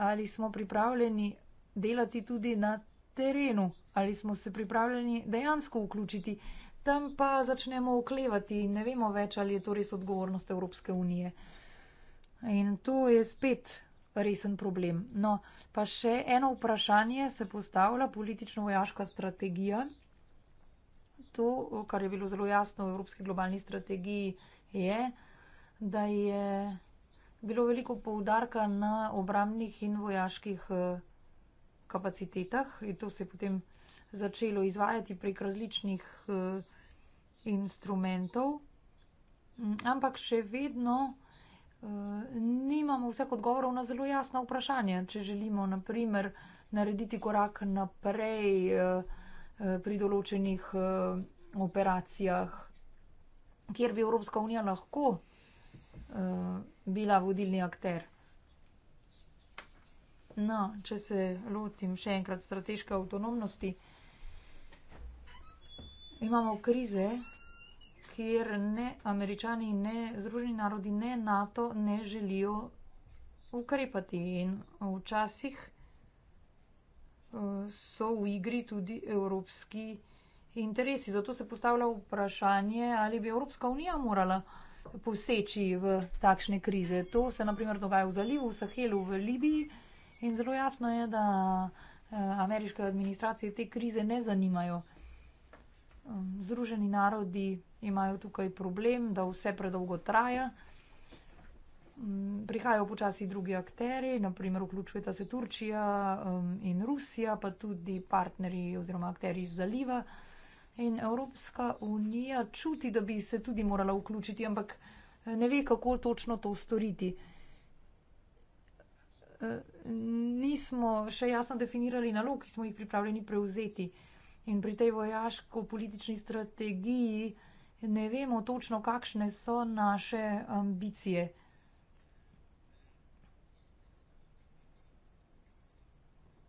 ali smo pripravljeni delati tudi na terenu, ali smo se pripravljeni dejansko vključiti tam pa začnemo oklevati in ne vemo več, ali je to res odgovornost Evropske unije. In to je spet resen problem. No, pa še eno vprašanje se postavlja, politično-vojaška strategija. To, kar je bilo zelo jasno v Evropski globalni strategiji, je, da je bilo veliko poudarka na obramnih in vojaških eh, kapacitetah in to se je potem začelo izvajati prek različnih uh, instrumentov, mm, ampak še vedno uh, nimamo vseh odgovorov na zelo jasna vprašanja. Če želimo, na primer, narediti korak naprej uh, uh, pri določenih uh, operacijah, kjer bi Evropska unija lahko uh, bila vodilni akter. No, če se lotim še enkrat strateške avtonomnosti, imamo krize, kjer ne američani, ne združeni narodi, ne NATO ne želijo ukrepati. In včasih eh, so v igri tudi evropski interesi. Zato se postavlja vprašanje, ali bi Evropska unija morala poseči v takšne krize. To se naprimer dogaja v zalivu, v Sahelu, v Libiji in zelo jasno je, da eh, ameriške administracije te krize ne zanimajo. Združeni narodi imajo tukaj problem, da vse predolgo traja. Prihajajo počasi drugi akteri, naprimer vključujeta se Turčija in Rusija, pa tudi partnerji oziroma akteri iz zaliva. In Evropska unija čuti, da bi se tudi morala vključiti, ampak eh, ne ve, kako točno to storiti. Eh, nismo še jasno definirali nalog, ki smo jih pripravljeni prevzeti. In pri tej vojaško-politični strategiji ne vemo točno, kakšne so naše ambicije.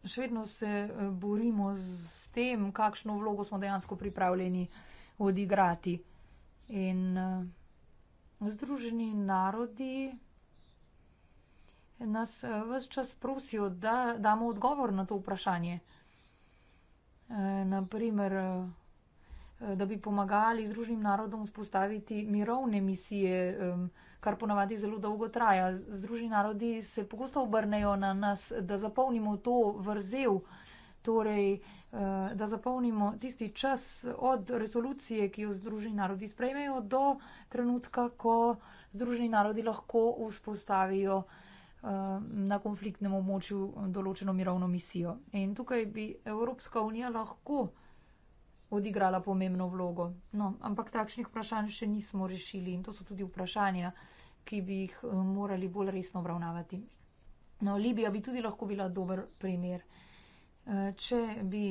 Še vedno se eh, borimo s tem, kakšno vlogo smo dejansko pripravljeni odigrati. In eh, Združeni narodi nas eh, vse čas prosijo, da damo odgovor na to vprašanje. Eh, naprimer, eh, eh, da bi pomagali Združenim narodom vzpostaviti mirovne misije, kar ponavadi zelo dolgo traja. Združeni narodi se pogosto obrnejo na nas, da zapolnimo to vrzel, torej, da zapolnimo tisti čas od resolucije, ki jo Združeni narodi sprejmejo, do trenutka, ko Združeni narodi lahko vzpostavijo mirovne misije. Eh, na konfliktnem območju določeno mirovno misijo. In tukaj bi Evropska unija lahko odigrala pomembno vlogo. No, ampak takšnih vprašanj še nismo rešili in to so tudi vprašanja, ki bi jih eh, morali bolj resno obravnavati. No, Libija bi tudi lahko bila dober primer. Eh, če bi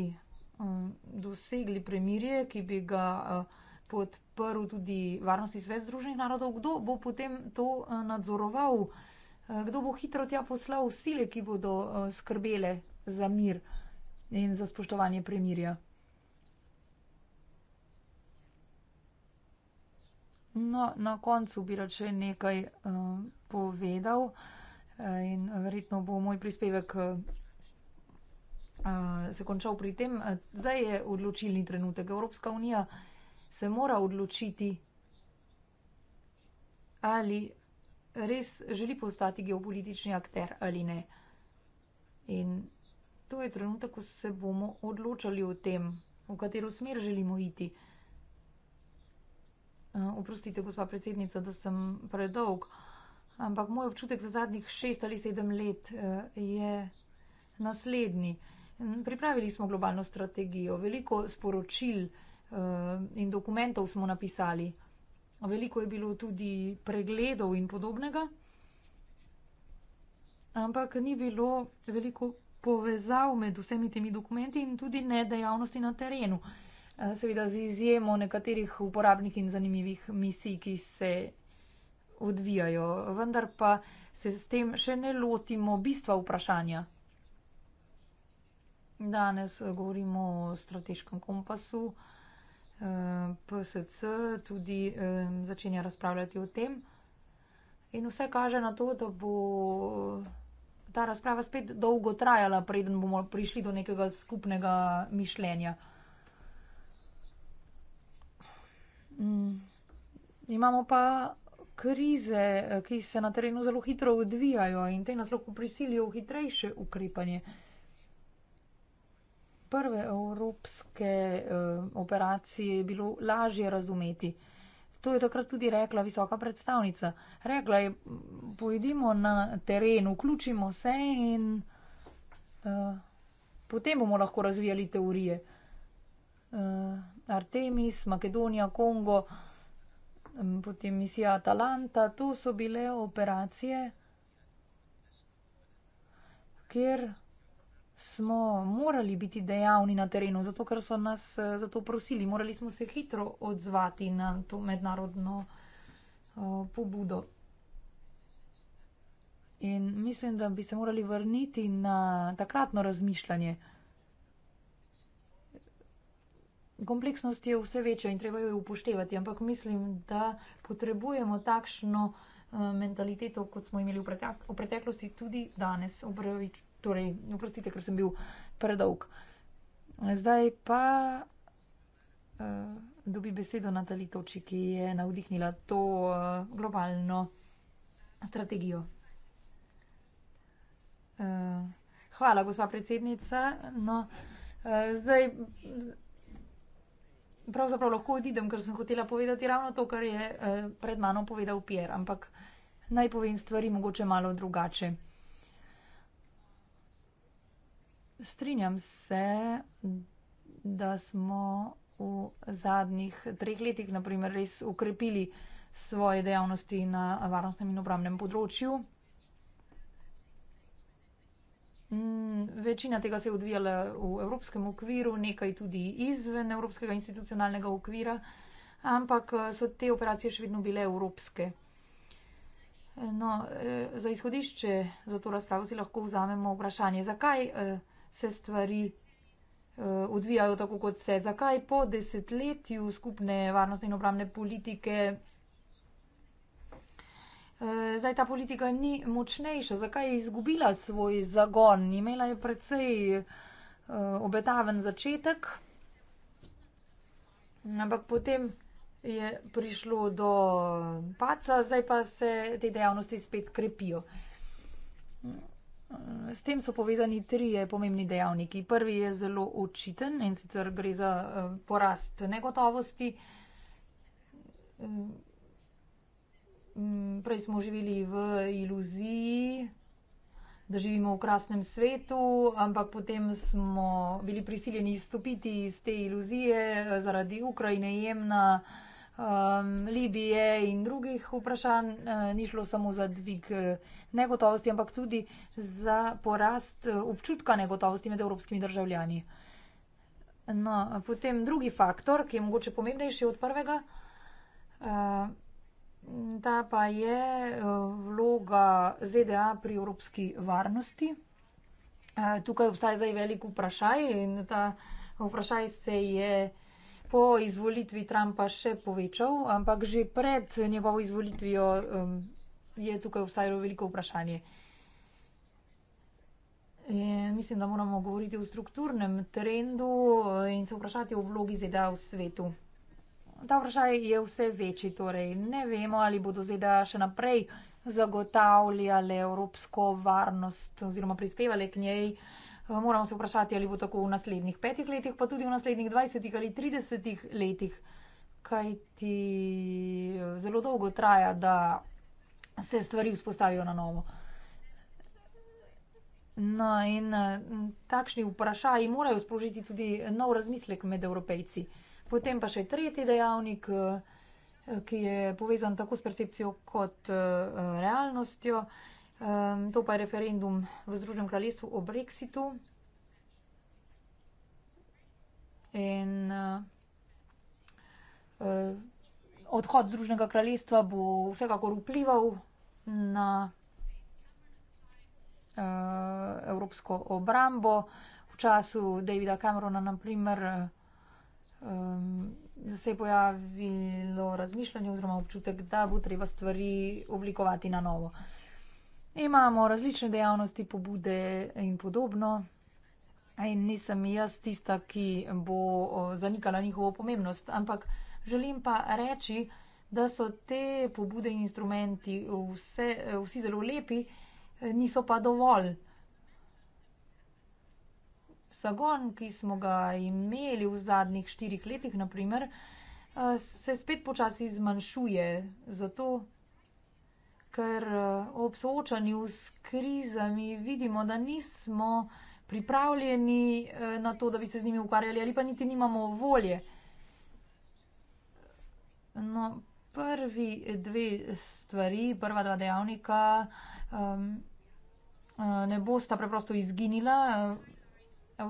dosegli premirje, ki bi ga podprl tudi Varnostni svet Združenih narodov, kdo bo potem to nadzoroval? Eh, kdo bo hitro tja poslal sile, ki bodo eh, skrbele za mir in za spoštovanje premirja. No, na koncu bi rad še nekaj eh, povedal in verjetno bo moj prispevek se končal pri tem. Zdaj je odločilni trenutek. Evropska unija se mora odločiti ali res želi postati geopolitični akter ali ne. In to je trenutek, ko se bomo odločali o tem, v katero smer želimo iti. Eh, oprostite, gospa predsednica, da sem predolg, ampak moj občutek za zadnjih šest ali sedem let eh, je naslednji. Pripravili smo globalno strategijo, veliko sporočil eh, in dokumentov smo napisali. Veliko je bilo tudi pregledov in podobnega, ampak ni bilo veliko povezav med vsemi temi dokumenti in tudi ne dejavnosti na terenu. Eh, seveda z izjemo nekaterih uporabnih in zanimivih misij, ki se odvijajo, vendar pa se s tem še ne lotimo bistva vprašanja. Danes govorimo o strateškem kompasu. PSC tudi začenja razpravljati o tem. In vse kaže na to, da bo ta razprava spet dolgo trajala, preden bomo prišli do nekega skupnega mišljenja. Mm. Imamo pa krize, ki se na terenu zelo hitro odvijajo in te nas lahko prisilijo v hitrejše ukrepanje. Uh, prve evropske uh, operacije je bilo lažje razumeti. To je takrat tudi rekla visoka predstavnica. Rekla je, pojedimo na teren, vključimo se in uh, potem bomo lahko razvijali teorije. Uh, Artemis, Makedonija, Kongo, um, potem misija Atalanta, to so bile operacije, kjer smo morali biti dejavni na terenu, zato ker so nas eh, za to prosili. Morali smo se hitro odzvati na to mednarodno o, eh, pobudo. In mislim, da bi se morali vrniti na takratno razmišljanje. Kompleksnost je vse večja in treba jo upoštevati, ampak mislim, da potrebujemo takšno eh, mentaliteto, kot smo imeli v preteklosti, tudi danes. Upravičujem torej, oprostite, ker sem bil predolg. Zdaj pa uh, dobi besedo Natali Toči, ki je navdihnila to uh, globalno strategijo. Uh, hvala, gospa predsednica. No, uh, zdaj, pravzaprav lahko odidem, ker sem hotela povedati ravno to, kar je uh, pred mano povedal Pierre, ampak naj povem stvari mogoče malo drugače. Strinjam se, da smo v zadnjih treh letih naprimer, res ukrepili svoje dejavnosti na varnostnem in obramnem področju. Mm, večina tega se je odvijala v evropskem okviru, nekaj tudi izven evropskega institucionalnega okvira, ampak so te operacije še vedno bile evropske. No, eh, za izhodišče za to razpravo si lahko vzamemo vprašanje, zakaj eh, se stvari eh, odvijajo tako, kot se. Zakaj po desetletju skupne varnostne in obramne politike eh, zdaj ta politika ni močnejša? Zakaj je izgubila svoj zagon? Imela je precej eh, obetaven začetek, ampak potem je prišlo do paca, zdaj pa se te dejavnosti spet krepijo. S tem so povezani tri pomembni dejavniki. Prvi je zelo očiten in sicer gre za eh, porast negotovosti. Mm, prej smo živeli v iluziji, da živimo v krasnem svetu, ampak potem smo bili prisiljeni izstopiti iz te iluzije eh, zaradi Ukrajine jemna um, Libije in drugih vprašanj. Uh, ni šlo samo za dvig eh, negotovosti, ampak tudi za porast eh, občutka negotovosti med evropskimi državljani. No, potem drugi faktor, ki je mogoče pomembnejši od prvega, uh, ta pa je vloga ZDA pri evropski varnosti. Uh, tukaj obstaja zdaj velik vprašaj in ta vprašaj se je uh, po izvolitvi Trumpa še povečal, ampak že pred njegovo izvolitvijo um, je tukaj vsaj veliko vprašanje. E, mislim, da moramo govoriti o strukturnem trendu eh, in se vprašati o vlogi ZDA v svetu. Ta vprašaj je vse večji, torej ne vemo, ali bodo ZDA še naprej zagotavljale evropsko varnost oziroma prispevale k njej moramo se vprašati, ali bo tako v naslednjih petih letih, pa tudi v naslednjih dvajsetih ali tridesetih letih, kaj ti eh, zelo dolgo traja, da se stvari vzpostavijo na novo. No, in eh, takšni vprašaji morajo sprožiti tudi nov razmislek med evropejci. Potem pa še tretji dejavnik, eh, ki je povezan tako s percepcijo kot realnostjo. Um, to pa je referendum v Združenem kraljestvu o Brexitu. In, uh, uh, odhod Združenega kraljestva bo vsekakor vplival na uh, evropsko obrambo. V času Davida Camerona, na primer, um, se je pojavilo razmišljanje oziroma občutek, da bo treba stvari oblikovati na novo. Uh, imamo različne dejavnosti, pobude in podobno. In nisem jaz tista, ki bo zanikala njihovo pomembnost, ampak želim pa reči, da so te pobude in instrumenti vse, vsi zelo lepi, niso pa dovolj. Zagon, ki smo ga imeli v zadnjih štirih letih, naprimer, se spet počasi zmanjšuje. Zato ker eh, ob soočanju s krizami vidimo, da nismo pripravljeni eh, na to, da bi se z njimi ukvarjali ali pa niti nimamo volje. No, prvi dve stvari, prva dva dejavnika um, ne bosta preprosto izginila,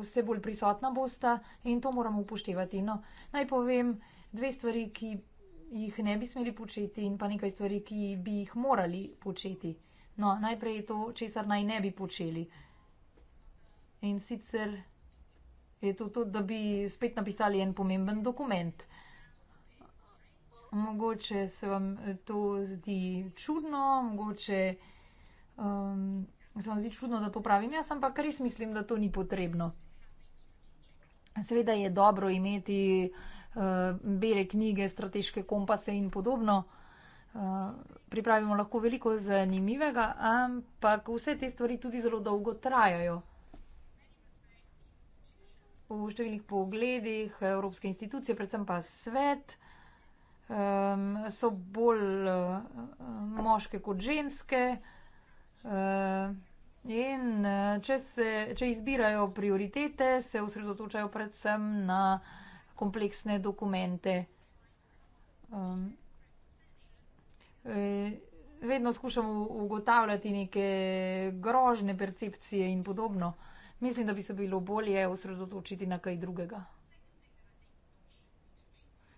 vse bolj prisotna bosta in to moramo upoštevati. No, naj povem dve stvari, ki jih ne bi smeli početi in pa nekaj stvari, ki bi jih morali početi. No, najprej je to, česar naj ne bi počeli. In sicer je to to, da bi spet napisali en pomemben dokument. Mogoče se vam eh, to zdi čudno, mogoče um, se vam zdi čudno, da to pravim jaz, ampak res mislim, da to ni potrebno. Seveda je dobro imeti Eh, bele knjige, strateške kompase in podobno. Eh, pripravimo lahko veliko zanimivega, ampak vse te stvari tudi zelo dolgo trajajo. V številnih pogledih Evropske institucije, predvsem pa svet, so bolj eh, moške kot ženske. In če, se, če izbirajo prioritete, se osredotočajo predvsem na uh, kompleksne dokumente. Um, e, vedno skušamo ugotavljati neke grožne percepcije in podobno. Mislim, da bi se bilo bolje osredotočiti na kaj drugega.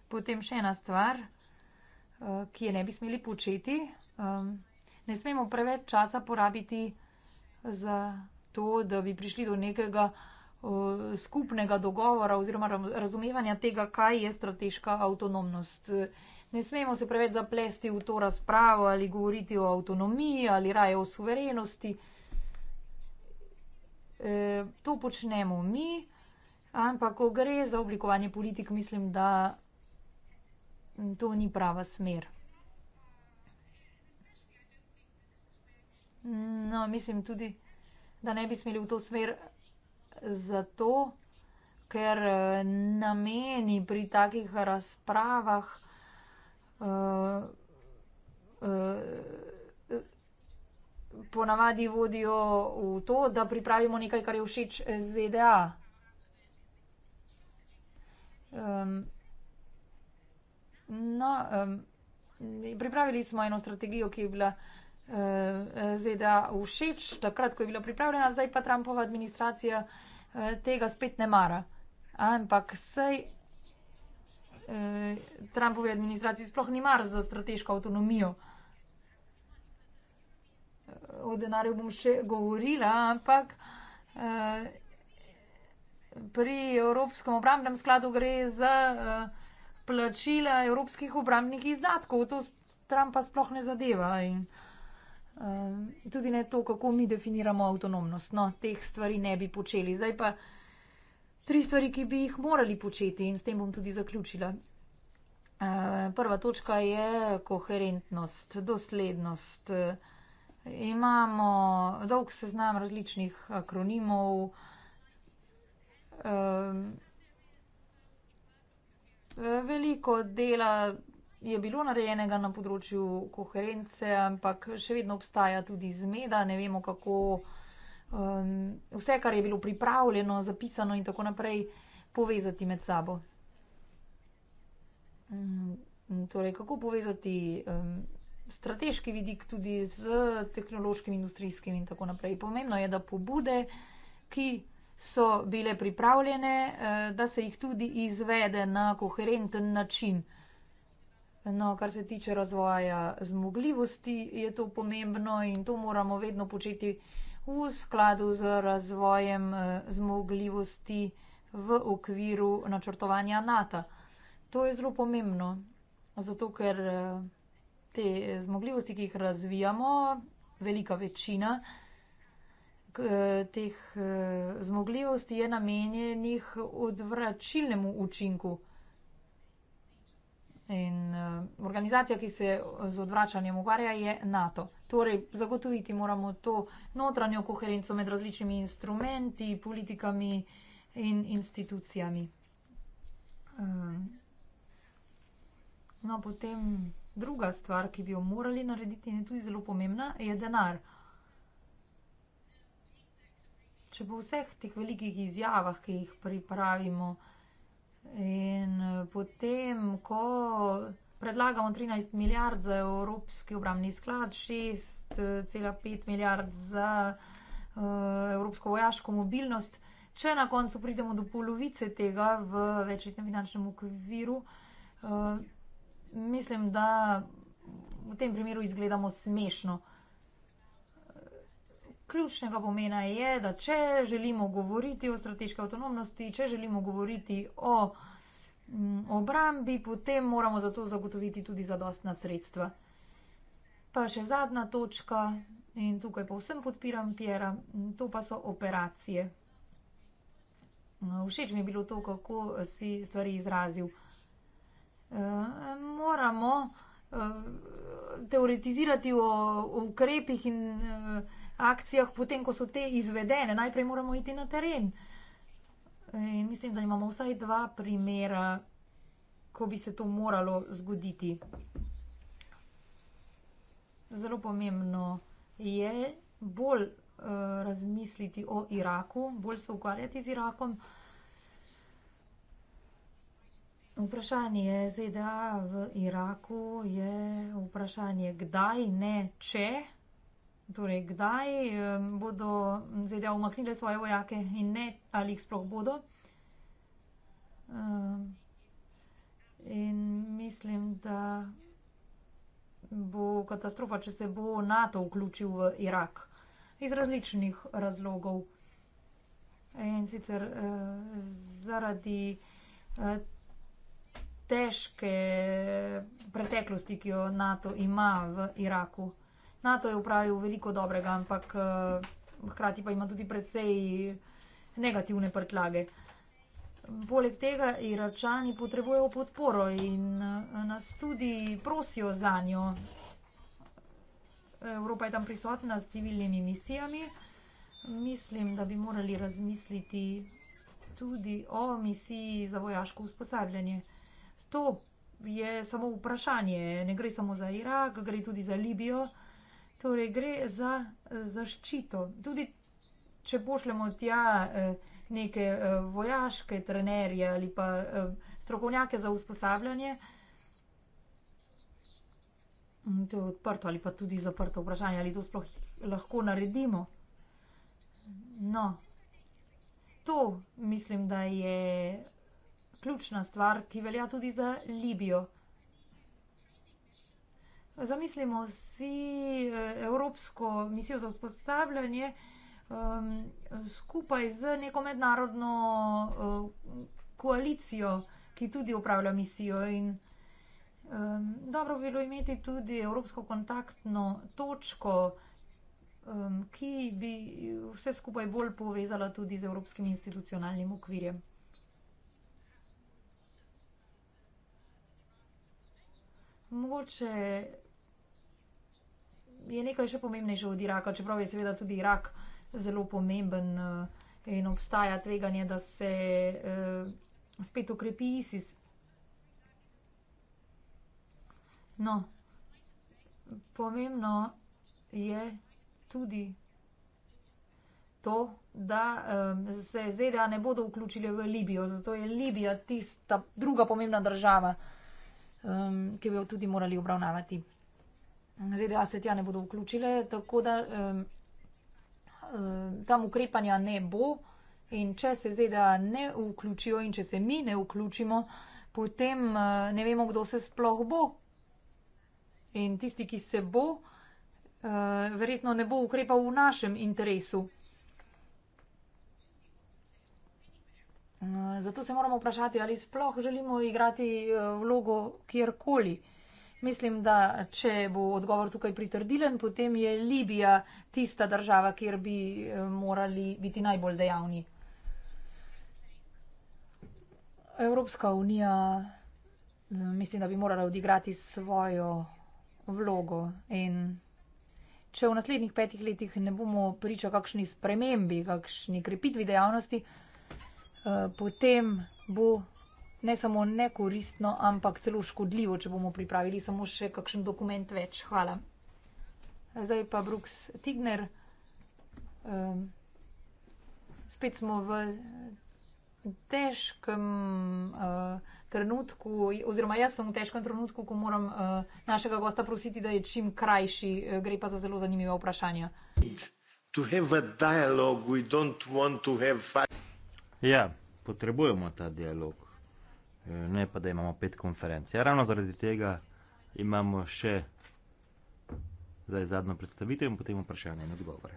Potem še ena stvar, eh, ki je ne bi smeli početi. Um, ne smemo preveč časa porabiti za to, da bi prišli do nekega skupnega dogovora oziroma razumevanja tega, kaj je strateška avtonomnost. Ne smemo se preveč zaplesti v to razpravo ali govoriti o avtonomiji ali raje o suverenosti. E, to počnemo mi, ampak ko gre za oblikovanje politik, mislim, da to ni prava smer. No, mislim tudi, da ne bi smeli v to smer zato, ker eh, nameni pri takih razpravah uh, uh, ponavadi vodijo v to, da pripravimo nekaj, kar je všeč ZDA. Um, no, um, pripravili smo eno strategijo, ki je bila uh, ZDA všeč, takrat, ko je bila pripravljena, zdaj pa Trumpova administracija. Eh, tega spet ne mara. Ampak sej eh, Trumpovi administraciji sploh ni mar za strateško avtonomijo. Eh, o denarju bom še govorila, ampak pri Evropskem obramnem skladu gre za plačila evropskih obramnih izdatkov. To Trumpa sploh ne zadeva in vsega. Ehm, tudi ne to, kako mi definiramo avtonomnost. No, teh stvari ne bi počeli. Zdaj pa tri stvari, ki bi jih morali početi in s tem bom tudi zaključila. Ehm, prva točka je koherentnost, doslednost. Imamo dolg seznam različnih akronimov. Ehm, veliko dela je bilo narejenega na področju koherence, ampak še vedno obstaja tudi zmeda, ne vemo kako. Um, vse, kar je bilo pripravljeno, zapisano in tako naprej, povezati med sabo. Um, torej, kako povezati um, strateški vidik tudi z tehnološkim, industrijskim in tako naprej. Pomembno je, da pobude, ki so bile pripravljene, uh, da se jih tudi izvede na koherenten način. Uh, No, kar se tiče razvoja zmogljivosti, je to pomembno in to moramo vedno početi v skladu z razvojem eh, zmogljivosti v okviru načrtovanja NATO. To je zelo pomembno, zato ker eh, te zmogljivosti, ki jih razvijamo, velika večina eh, teh zmogljivosti je namenjenih odvračilnemu učinku. In uh, organizacija, ki se z odvračanjem ukvarja, je NATO. Torej, zagotoviti moramo to notranjo koherenco med različnimi instrumenti, politikami in institucijami. Um, no, potem druga stvar, ki bi jo morali narediti in je tudi zelo pomembna, je denar. Če po vseh teh velikih izjavah, ki jih pripravimo, In eh, potem, ko predlagamo 13 milijard za Evropski obramni sklad, 6,5 eh, milijard za uh, Evropsko vojaško mobilnost, če na koncu pridemo do polovice tega v večletnem finančnem okviru, uh, mislim, da v tem primeru izgledamo smešno. Ključnega pomena je, da če želimo govoriti o strateški avtonomnosti, če želimo govoriti o mm, obrambi, potem moramo za to zagotoviti tudi zadostna sredstva. Pa še zadnja točka, in tukaj povsem podpiram Pjera, mm, to pa so operacije. Všeč mi je bilo to, kako si stvari izrazil. Eh, moramo eh, teoretizirati o ukrepih in. Eh, akcijah, potem ko so te izvedene, najprej moramo iti na teren. In mislim, da imamo vsaj dva primera, ko bi se to moralo zgoditi. Zelo pomembno je bolj uh, razmisliti o Iraku, bolj se ukvarjati z Irakom. Vprašanje je ZDA v Iraku, je vprašanje kdaj, ne če. Torej, kdaj bodo ZDA umaknile svoje vojake in ne, ali jih sploh bodo. In mislim, da bo katastrofa, če se bo NATO vključil v Irak iz različnih razlogov. In sicer eh, zaradi eh, težke preteklosti, ki jo NATO ima v Iraku. NATO je upravil veliko dobrega, ampak eh, hkrati pa ima tudi precej negativne prtlage. Poleg tega iračani potrebujejo podporo in eh, nas tudi prosijo za njo. Evropa je tam prisotna s civilnimi misijami. Mislim, da bi morali razmisliti tudi o misiji za vojaško usposabljanje. To je samo vprašanje. Ne gre samo za Irak, gre tudi za Libijo. Torej, gre za eh, zaščito. Tudi če pošljemo tja eh, neke eh, vojaške trenerje ali pa strokovnjake za usposabljanje, mm, to je odprto ali pa tudi zaprto vprašanje, ali to sploh lahko naredimo. No, to mislim, da je ključna stvar, ki velja tudi za Libijo. Zamislimo si eh, evropsko misijo za vzpostavljanje um, skupaj z neko mednarodno um, koalicijo, ki tudi upravlja misijo. In, um, dobro bi bilo imeti tudi evropsko kontaktno točko, um, ki bi vse skupaj bolj povezala tudi z evropskim institucionalnim okvirjem. Mogoče je nekaj še pomembnejše od Iraka, čeprav je seveda tudi Irak zelo pomemben eh, in obstaja tveganje, da se eh, spet ukrepi ISIS. No, pomembno je tudi to, da eh, se ZDA ne bodo vključili v Libijo, zato je Libija tista druga pomembna država, ki bi jo tudi morali obravnavati. ZDA se tja ne bodo vključile, tako da tam ukrepanja ne bo in če se ZDA ne vključijo in če se mi ne vključimo, potem ne vemo, kdo se sploh bo. In tisti, ki se bo, verjetno ne bo ukrepal v našem interesu. Zato se moramo vprašati, ali sploh želimo igrati vlogo kjerkoli. Mislim, da če bo odgovor tukaj pritrdilen, potem je Libija tista država, kjer bi eh, morali biti najbolj dejavni. Evropska unija eh, mislim, da bi morala odigrati svojo vlogo in če v naslednjih petih letih ne bomo priča kakšni spremembi, kakšni krepitvi dejavnosti, eh, potem bo ne samo nekoristno, ampak celo škodljivo, če bomo pripravili samo še kakšen dokument več. Hvala. Zdaj pa Brooks Tigner. Um, spet smo v težkem uh, trenutku, oziroma jaz sem v težkem trenutku, ko moram uh, našega gosta prositi, da je čim krajši, uh, gre pa za zelo zanimive vprašanja. Dialogue, ja, potrebujemo ta dialog ne pa da imamo pet konferenc. Ja, ravno zaradi tega imamo še zdaj zadnjo predstavitev in potem vprašanje in odgovore.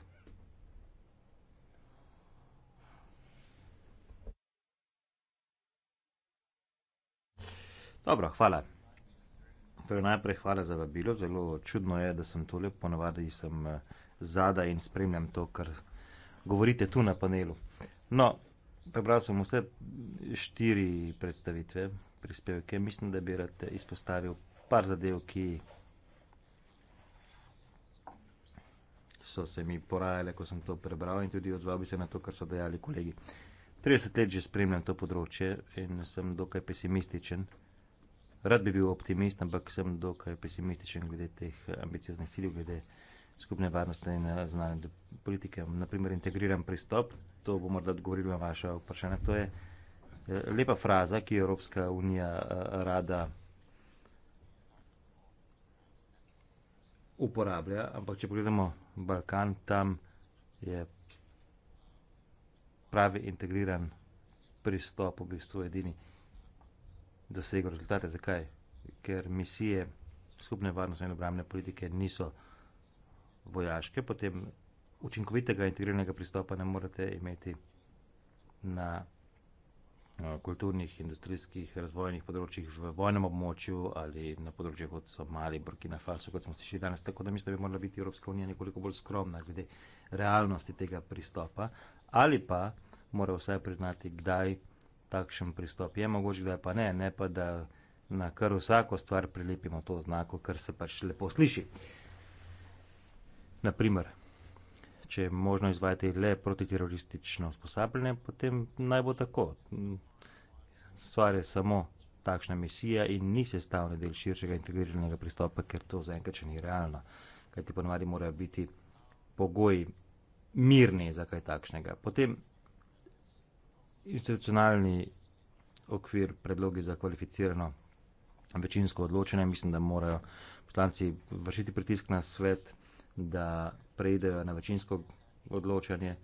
Dobro, hvala. Torej najprej hvala za vabilo, zelo čudno je, da sem tole, ponavadi sem eh, zada in spremljam to, kar govorite tu na panelu. No, Prebral sem vse štiri predstavitve, prispevke. Mislim, da bi rad izpostavil par zadev, ki so se mi porajale, ko sem to prebral in tudi odzval bi se na to, kar so dejali kolegi. 30 let že spremljam to področje in sem dokaj pesimističen. Rad bi bil optimist, ampak sem dokaj pesimističen glede teh ambicioznih ciljev, glede skupne varnosti in zunanje politike. Naprimer, integriran pristop to bo morda odgovorilo na vaše vprašanje. To je eh, lepa fraza, ki jo Evropska unija eh, rada uporablja, ampak če pogledamo Balkan, tam je pravi integriran pristop v bistvu edini dosegel rezultate. Zakaj? Ker misije skupne varnostne in obramne politike niso vojaške, potem učinkovitega integriranega pristopa ne morete imeti na eh, kulturnih, industrijskih, razvojnih področjih v vojnem območju ali na področjih, kot so Mali, Burkina Faso, kot smo slišali danes. Tako da mislim, da bi morala biti Evropska unija nekoliko bolj skromna glede realnosti tega pristopa ali pa mora vsaj priznati, kdaj takšen pristop je mogoče, kdaj pa ne, ne pa da na kar vsako stvar prilepimo to znako, kar se pač lepo sliši. Naprimer, če je možno izvajati le protiteroristično usposabljanje, potem naj bo tako. Stvar je samo takšna misija in ni sestavni del širšega integriranega pristopa, ker to zaenkrat še ni realno. Kaj ti ponavadi morajo biti pogoji mirni za kaj takšnega. Potem institucionalni okvir predlogi za kvalificirano večinsko odločenje, mislim, da morajo poslanci vršiti pritisk na svet da preidejo na večinsko odločanje.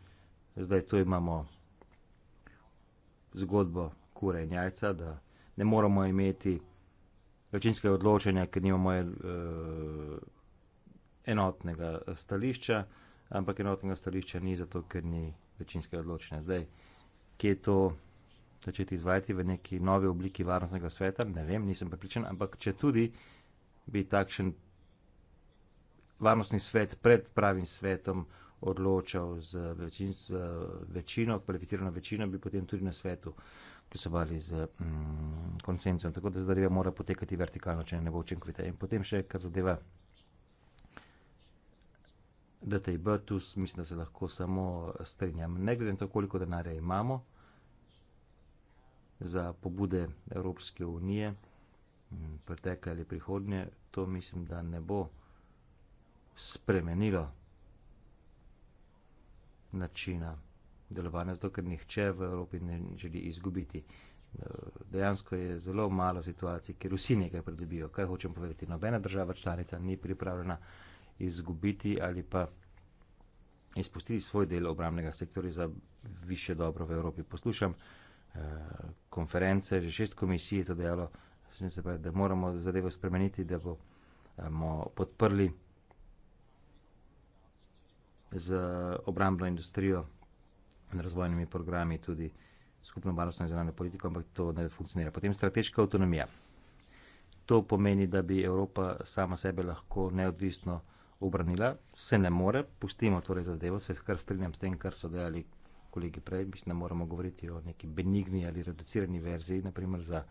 Zdaj tu imamo zgodbo kure in jajca, da ne moramo imeti večinskega odločanja, ker nimamo eh, enotnega stališča, ampak enotnega stališča ni zato, ker ni večinskega odločanja. Zdaj, kje je to začeti izvajati v neki novi obliki varnostnega sveta, ne vem, nisem pripričan, ampak če tudi bi takšen varnostni svet pred pravim svetom odločal z, večin, z eh, večino, kvalificirano večino, bi potem tudi na svetu glasovali z mm, konsencem. Tako da zadeva mora potekati vertikalno, če ne bo učinkovita. In potem še, kar zadeva DTIB, tu mislim, da se lahko samo strinjam. Ne glede na to, koliko denarja imamo za pobude Evropske unije, pretekle ali prihodnje, to mislim, da ne bo spremenilo načina delovanja, zato ker nihče v Evropi ne želi izgubiti. Dejansko je zelo malo situacij, ker vsi nekaj pridobijo. Kaj hočem povedati? Nobena država članica ni pripravljena izgubiti ali pa izpustiti svoj del obramnega sektorja za više dobro v Evropi. Poslušam eh, konference, že šest komisij je to dejalo, da moramo zadevo spremeniti, da bomo podprli z obrambno industrijo in razvojnimi programi tudi skupno varnostno in zunanjo politiko, ampak to ne funkcionira. Potem strateška avtonomija. To pomeni, da bi Evropa sama sebe lahko neodvisno obranila, se ne more, pustimo torej za zdevo, se kar strinjam s tem, kar so dejali kolegi prej, mislim, da moramo govoriti o neki benigni ali reducirani verziji, naprimer za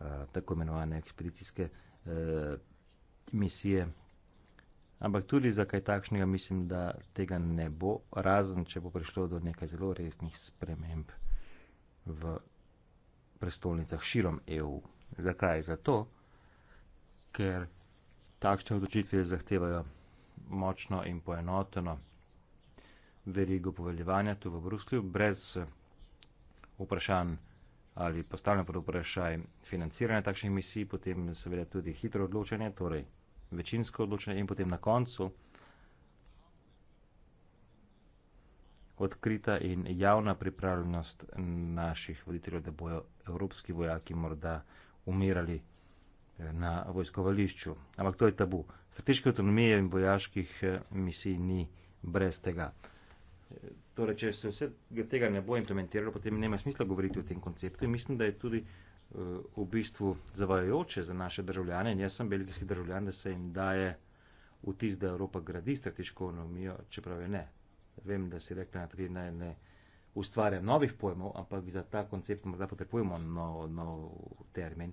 uh, tako imenovane ekspedicijske uh, misije Ampak tudi za kaj takšnega mislim, da tega ne bo, razen če bo prišlo do nekaj zelo resnih sprememb v prestolnicah širom EU. Zakaj? Zato, ker takšne odločitve zahtevajo močno in poenoteno verigo poveljevanja tu v Bruslju, brez vprašanj ali postavljanja pod vprašaj financiranja takšnih misij, potem seveda tudi hitro odločanje, torej večinsko odločanje in potem na koncu odkrita in javna pripravljenost naših voditeljev, da bojo evropski vojaki morda umirali eh, na vojskovališču. Ampak to je tabu. Strateške avtonomije in vojaških eh, misij ni brez tega. Eh, torej, če se vse tega ne bo implementiralo, potem nema smisla govoriti o tem konceptu in mislim, da je tudi Eh, v bistvu zavajajoče za naše državljane, in jaz sem belgijski državljan, da se jim daje vtis, da Evropa gradi strateško ekonomijo, čeprav je ne. Vem, da si rekli, da ne, ne ustvarja novih pojmov, ampak za ta koncept morda potrebujemo nov, nov termin.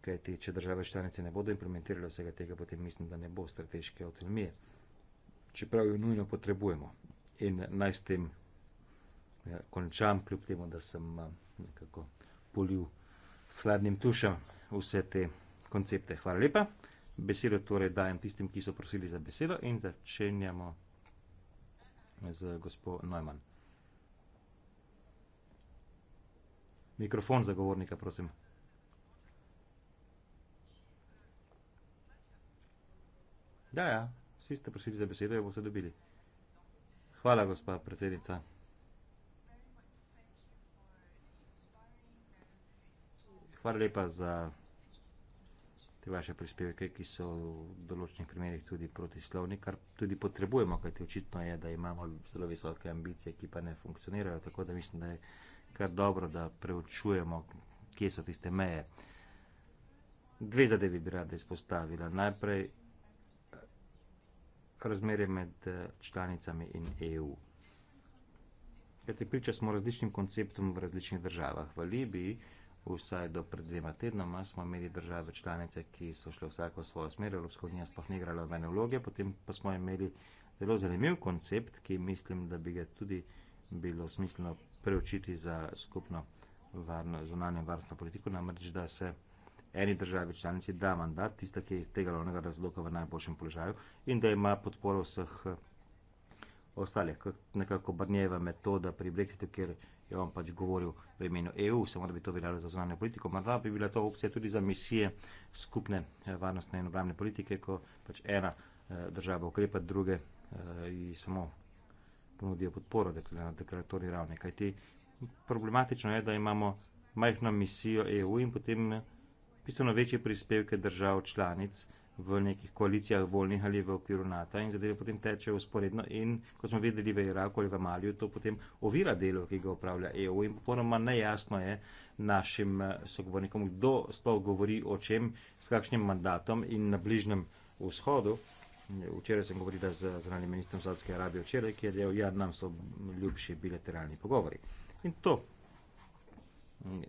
Kajti, če države članice ne bodo implementirale vsega tega, potem mislim, da ne bo strateške avtonomije. Čeprav jo nujno potrebujemo. In eh, naj s tem eh, končam, kljub temu, da sem nekako polil sladnim tušem vse te koncepte. Hvala lepa. Besedo torej dajem tistim, ki so prosili za besedo in začenjamo z gospod Neumann. Mikrofon za govornika, prosim. Da, ja, vsi ste prosili za besedo, jo boste dobili. Hvala, gospa predsednica. Hvala lepa za te vaše prispevke, ki so v določenih primerjih tudi protislovni, kar tudi potrebujemo, kajti očitno je, da imamo zelo visoke ambicije, ki pa ne funkcionirajo, tako da mislim, da je kar dobro, da preučujemo, kje so tiste meje. Dve zadevi bi rada izpostavila. Najprej razmerje med članicami in EU. Kajte priča smo različnim konceptom v različnih državah. V Libiji vsaj do pred dvema tednoma smo imeli države članice, ki so šle vsako v svojo smer, Evropska unija sploh ni igrala nobene vloge, potem pa smo imeli zelo zanimiv koncept, ki mislim, da bi ga tudi bilo smiselno preučiti za skupno varno, zunanje varstvo politiko, namreč da se eni državi članici da mandat, tista, ki je iz tega glavnega razloga v najboljšem položaju in da ima podporo vseh ostalih. Nekako barnjeva metoda pri Brexitu, kjer je on pač govoril v imenu EU, samo da bi to veljalo za zunanjo politiko, morda bi bila to opcija tudi za misije skupne eh, varnostne in obramne politike, ko pač ena eh, država ukrepa, druge eh, ji samo ponudijo podporo na deklaratorni ravni. Kajti problematično je, da imamo majhno misijo EU in potem pisano večje prispevke držav članic, v nekih koalicijah voljnih ali v okviru NATO in zadeve potem tečejo usporedno in kot smo videli v Iraku ali v Maliju, to potem ovira delo, ki ga upravlja EU in popolnoma nejasno je našim eh, sogovornikom, kdo sploh govori o čem, s kakšnim mandatom in na bližnjem vzhodu. Včeraj sem govorila z zunanjim ministrom Saudske Arabije, včeraj, ki je dejal, ja, nam so ljubši bilateralni pogovori. In to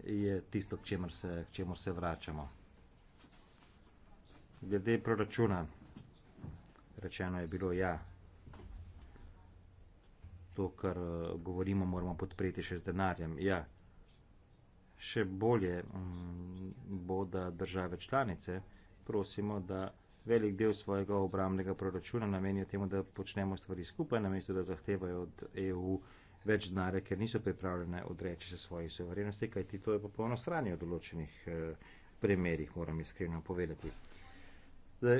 je tisto, k čemu se, k čemu se vračamo glede proračuna, rečeno je bilo ja, to, kar govorimo, moramo podpreti še z denarjem. Ja, še bolje mm, bo, da države članice prosimo, da velik del svojega obramnega proračuna namenijo temu, da počnemo stvari skupaj, namesto da zahtevajo od EU več denarja, ker niso pripravljene odreči se svoji suverenosti, kajti to je popolno sranje v določenih eh, primerih, moram iskreno povedati. Zdaj,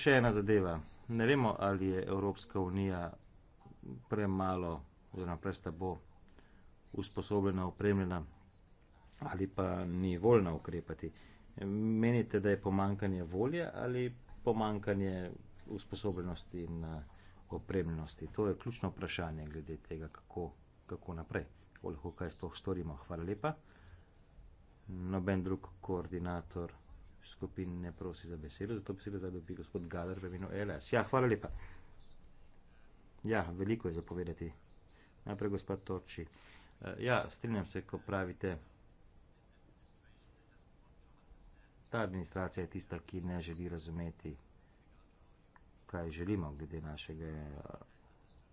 še ena zadeva. Ne vemo, ali je Evropska unija premalo, oziroma prestabo usposobljena, opremljena, ali pa ni voljna ukrepati. Menite, da je pomankanje volje ali pomankanje usposobljenosti in eh, opremljenosti? To je ključno vprašanje glede tega, kako, kako naprej, koliko kaj sploh storimo. Hvala lepa. Noben drug koordinator skupin ne prosi za besedo, zato besedo zdaj dobi gospod Gadar v imenu e LS. Ja, hvala lepa. Ja, veliko je zapovedati. Najprej gospod Torči. Eh, ja, strinjam se, ko pravite, ta administracija je tista, ki ne želi razumeti, kaj želimo glede našega,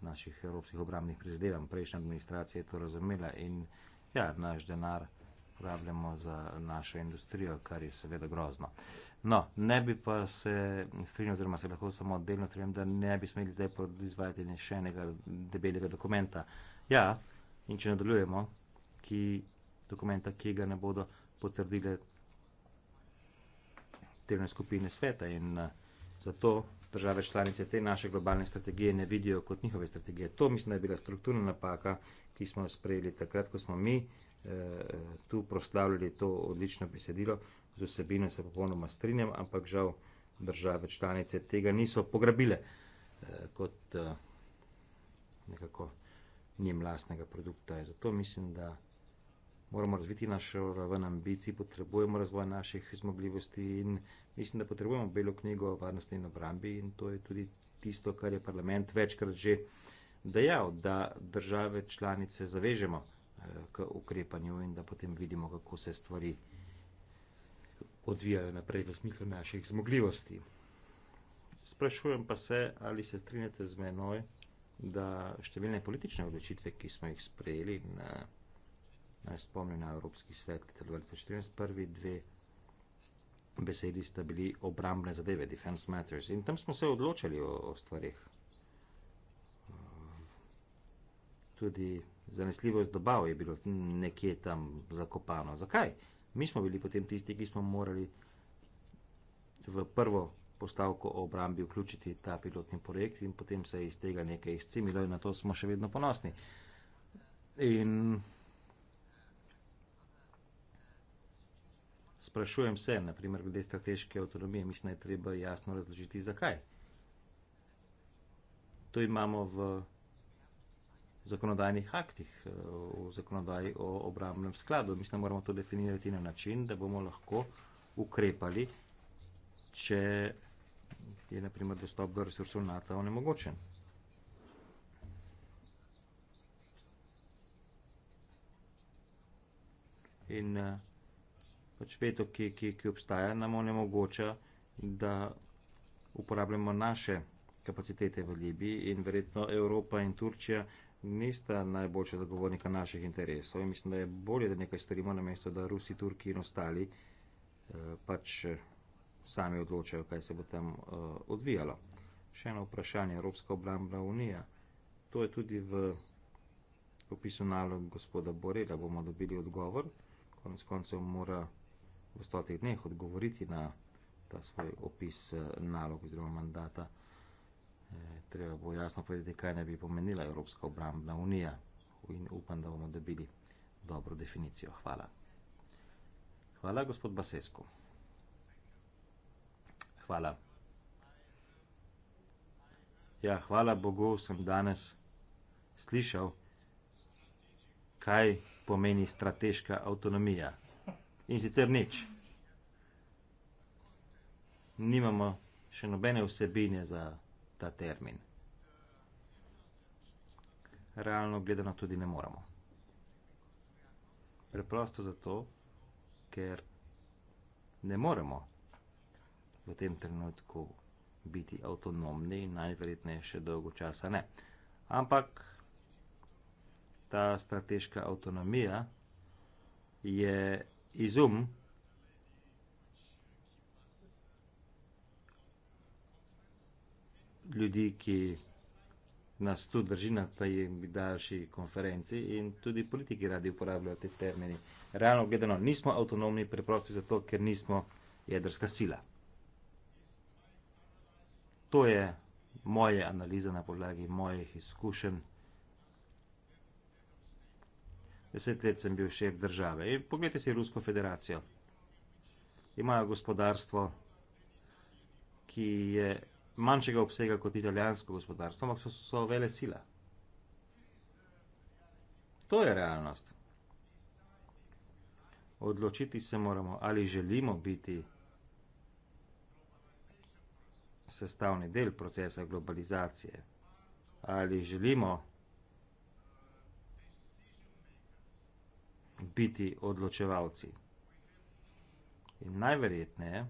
naših evropskih obramnih prizadevanj. Prejšnja administracija je to razumela in ja, naš denar, uporabljamo za našo industrijo, kar je seveda grozno. No, ne bi pa se strinjal, oziroma se lahko samo delno strinjam, da ne bi smeli te proizvajati še enega debelega dokumenta. Ja, in če nadaljujemo, ki dokumenta, ki ga ne bodo potrdile delne skupine sveta in eh, zato države članice te naše globalne strategije ne vidijo kot njihove strategije. To mislim, da je bila strukturna napaka, ki smo jo sprejeli takrat, ko smo mi tu proslavljali to odlično besedilo, z vsebino se popolnoma strinjam, ampak žal države članice tega niso pograbile eh, kot eh, nekako njim lastnega produkta. Zato mislim, da moramo razviti našo raven ambicij, potrebujemo razvoj naših zmogljivosti in mislim, da potrebujemo belo knjigo o varnosti in obrambi in to je tudi tisto, kar je parlament večkrat že dejal, da države članice zavežemo. Eh, k ukrepanju in da potem vidimo, kako se stvari odvijajo naprej v smislu naših zmogljivosti. Sprašujem pa se, ali se strinjate z menoj, da številne politične odločitve, ki smo jih sprejeli na, na spomni na Evropski svet leta 2014, prvi dve besedi sta bili obrambne zadeve, defense matters. In tam smo se odločali o, o stvarih. Tudi zanesljivost dobav je bilo nekje tam zakopano. Zakaj? Mi smo bili potem tisti, ki smo morali v prvo postavko o obrambi vključiti ta pilotni projekt in potem se je iz tega nekaj izcimilo in na to smo še vedno ponosni. In sprašujem se, naprimer, glede strateške avtonomije, mislim, da je treba jasno razložiti, zakaj. To imamo v zakonodajnih aktih, eh, v zakonodaji o obramnem skladu. Mislim, da moramo to definirati na način, da bomo lahko ukrepali, če je naprimer dostop do resursov NATO onemogočen. In eh, pač veto, ki, ki, ki obstaja, nam onemogoča, da uporabljamo naše kapacitete v Libiji in verjetno Evropa in Turčija nista najboljša zagovornika naših interesov. In mislim, da je bolje, da nekaj storimo na mesto, da Rusi, Turki in ostali eh, pač sami odločajo, kaj se bo tam eh, odvijalo. Še eno vprašanje, Evropska obrambna unija. To je tudi v popisu nalog gospoda Borela, bomo dobili odgovor. Konec koncev mora v stotih dneh odgovoriti na ta svoj opis eh, nalog oziroma mandata Evropske obrambne unije treba bo jasno povedati, kaj ne bi pomenila Evropska obrambna unija in upam, da bomo dobili dobro definicijo. Hvala. Hvala, gospod Basesko. Hvala. Ja, hvala Bogu, sem danes slišal, kaj pomeni strateška avtonomija. In sicer nič. Nimamo še nobene vsebine za vsebine, ta termin. Realno gledano tudi ne moramo. Preprosto zato, ker ne moremo v tem trenutku biti avtonomni, najverjetneje še dolgo časa ne. Ampak ta strateška avtonomija je izum, ljudi, ki nas tu drži na tej daljši konferenci in tudi politiki radi uporabljajo te termini. Realno gledano, nismo avtonomni preprosti zato, ker nismo jedrska sila. To je moje analiza na podlagi mojih izkušenj. Deset let sem bil šef države. In poglejte si Rusko federacijo. Imajo gospodarstvo, ki je manjšega obsega kot italijansko gospodarstvo, ampak so, so vele sile. To je realnost. Odločiti se moramo, ali želimo biti sestavni del procesa globalizacije, ali želimo biti odločevalci. In najverjetneje,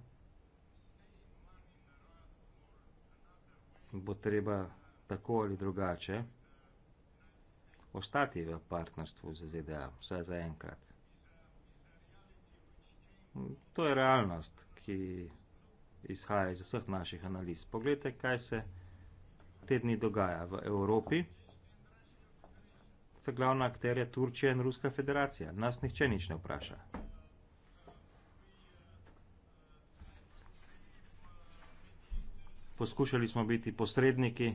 bo treba tako ali drugače ostati v partnerstvu z ZDA, vsaj za enkrat. To je realnost, ki izhaja iz vseh naših analiz. Poglejte, kaj se te dni dogaja v Evropi. Glavna akter je Turčija in Ruska federacija. Nas nihče nič ne vpraša. poskušali smo biti posredniki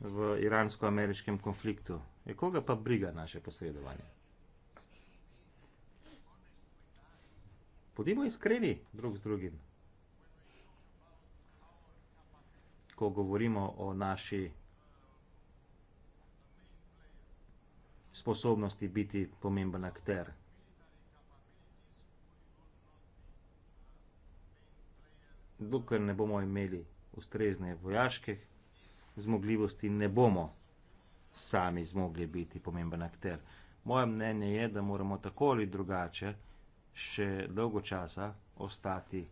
v iransko-ameriškem konfliktu. Je koga pa briga naše posredovanje? Podimo iskreni drug z drugim. Ko govorimo o naši sposobnosti biti pomemben akter. Dokler ne bomo imeli ustrezne vojaške zmogljivosti, ne bomo sami zmogli biti pomemben akter. Moje mnenje je, da moramo tako ali drugače še dolgo časa ostati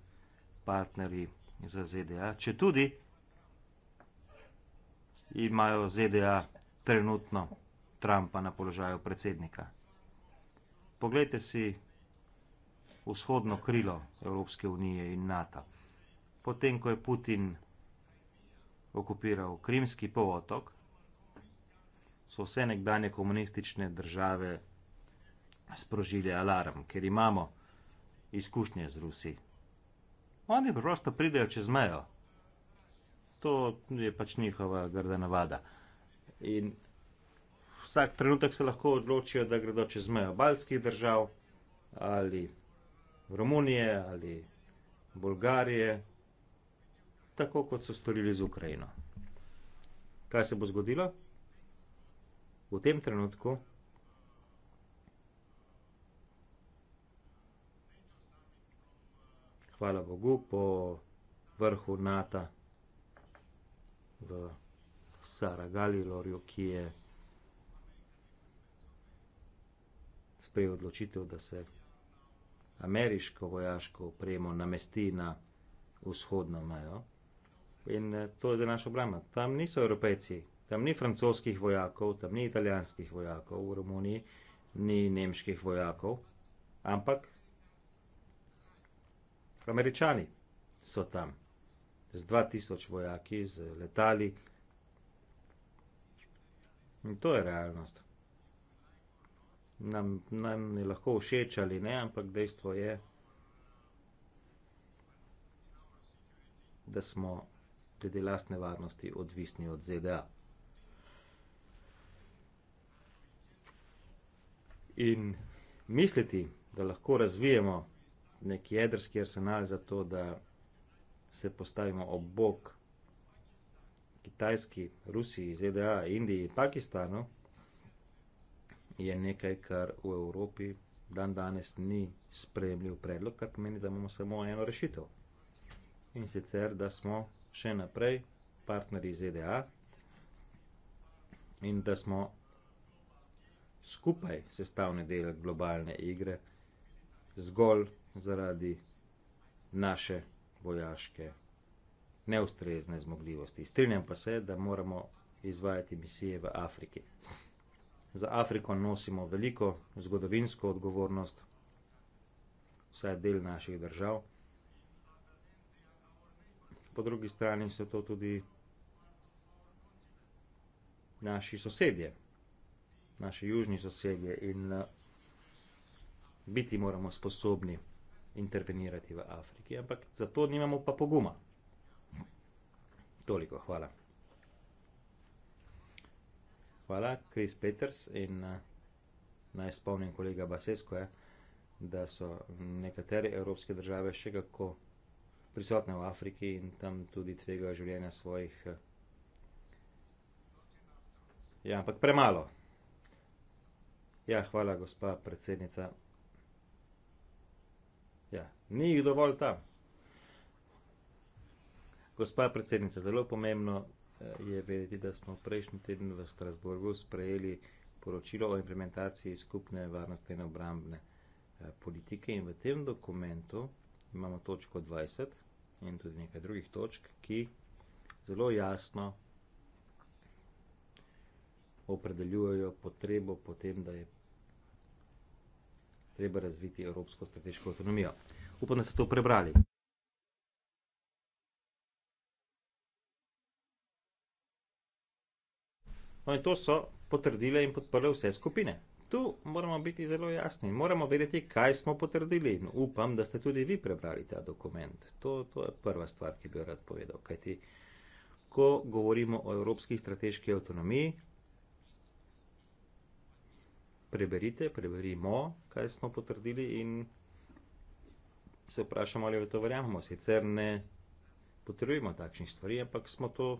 partnerji za ZDA, če tudi imajo ZDA trenutno Trumpa na položaju predsednika. Poglejte si vzhodno krilo Evropske unije in NATO. Potem, ko je Putin vzhodno okupiral Krimski polotok, so vse nekdanje komunistične države sprožile alarm, ker imamo izkušnje z Rusi. Oni preprosto pridejo čez mejo. To je pač njihova grda navada. In vsak trenutek se lahko odločijo, da gredo čez mejo balskih držav ali Romunije ali Bolgarije, tako kot so storili z Ukrajino. Kaj se bo zgodilo? V tem trenutku hvala Bogu po vrhu NATO v Saragalilorju, ki je sprejel odločitev, da se ameriško vojaško opremo namesti na vzhodno mejo. In eh, to je naša obramba. Tam niso evropejci, tam ni francoskih vojakov, tam ni italijanskih vojakov, v Romuniji ni nemških vojakov, ampak američani so tam z 2000 vojaki, z letali. In to je realnost. Nam, nam je lahko všeč ali ne, ampak dejstvo je, da smo glede lastne varnosti odvisni od ZDA. In misliti, da lahko razvijemo nek jedrski arsenal za to, da se postavimo ob bok Kitajski, Rusiji, ZDA, Indiji in Pakistanu, je nekaj, kar v Evropi dan danes ni spremljiv predlog, kar pomeni, da imamo samo eno rešitev. In sicer, da smo še naprej partnerji ZDA e in da smo skupaj sestavni del globalne igre zgolj zaradi naše vojaške neustrezne zmogljivosti. Strinjam pa se, da moramo izvajati misije v Afriki. Za Afriko nosimo veliko zgodovinsko odgovornost, vsaj del naših držav po drugi strani so to tudi naši sosedje, naši južni sosedje in eh, biti moramo sposobni intervenirati v Afriki, ampak za to nimamo pa poguma. Toliko, hvala. Hvala, Chris Peters in eh, naj spomnim kolega Basesko, eh, da so nekatere evropske države še kako vsega, prisotne v Afriki in tam tudi tvegajo življenja svojih. Eh, ja, ampak premalo. Ja, hvala, gospa predsednica. Ja, ni jih dovolj tam. Gospa predsednica, zelo pomembno eh, je vedeti, da smo prejšnji teden v Strasburgu sprejeli poročilo o implementaciji skupne varnostne in obrambne eh, politike in v tem dokumentu imamo točko 20 in tudi nekaj drugih točk, ki zelo jasno opredeljujejo potrebo potem, da je treba razviti evropsko strateško autonomijo. Upam, da ste to prebrali. No in to so potrdile in podprle vse skupine. Tu moramo biti zelo jasni, moramo vedeti, kaj smo potrdili. Upam, da ste tudi vi prebrali ta dokument. To, to je prva stvar, ki bi jo rad povedal. Kajti, ko govorimo o evropski strateški avtonomiji, preberite, preberimo, kaj smo potrdili in se vprašamo, ali jo to verjamemo. Sicer ne potrebujemo takšnih stvari, ampak smo to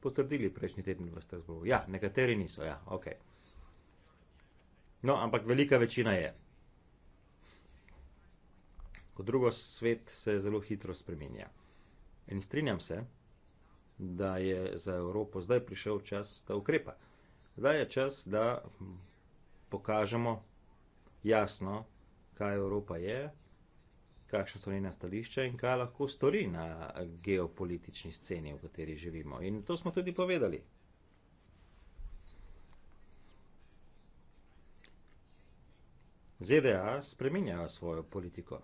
potrdili prejšnji teden v Strasbourgu. Ja, nekateri niso, ja, okej. Okay. No, ampak velika večina je. Kot drugo, svet se zelo hitro spremenja. In strinjam se, da je za Evropo zdaj prišel čas, da ukrepa. Zdaj je čas, da pokažemo jasno, kaj Evropa je, kakšna so njena stališča in kaj lahko stori na geopolitični sceni, v kateri živimo. In to smo tudi povedali. ZDA spreminjajo svojo politiko.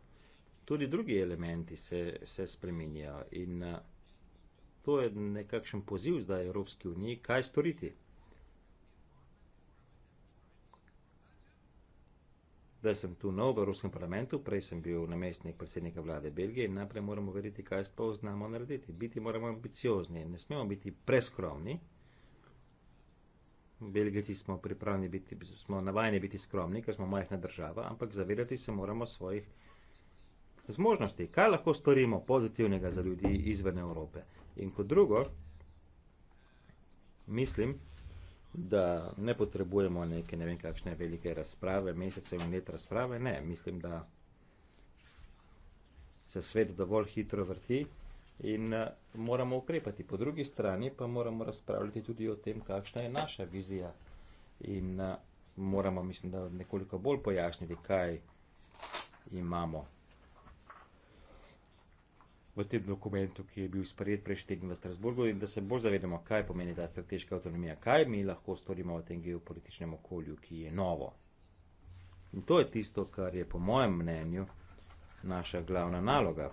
Tudi drugi elementi se, se spreminjajo in eh, to je nekakšen poziv zdaj Evropski uniji, kaj storiti. Zdaj sem tu nov v Evropskem parlamentu, prej sem bil namestnik predsednika vlade Belgije in naprej moramo veriti, kaj sploh znamo narediti. Biti moramo ambiciozni, ne smemo biti preskromni. Belgijci smo pripravljeni biti, smo navajeni biti skromni, ker smo majhna država, ampak zavedati se moramo svojih zmožnosti, kaj lahko storimo pozitivnega za ljudi izven Evrope. In kot drugo, mislim, da ne potrebujemo neke, ne vem kakšne velike razprave, mesece in let razprave, ne, mislim, da se svet dovolj hitro vrti, in eh, moramo ukrepati. Po drugi strani pa moramo razpravljati tudi o tem, kakšna je naša vizija in eh, moramo, mislim, da nekoliko bolj pojasniti, kaj imamo v tem dokumentu, ki je bil sprejet prejšnji teden v Strasburgu in da se bolj zavedamo, kaj pomeni ta strateška avtonomija, kaj mi lahko storimo v tem geopolitičnem okolju, ki je novo. In to je tisto, kar je po mojem mnenju naša glavna naloga.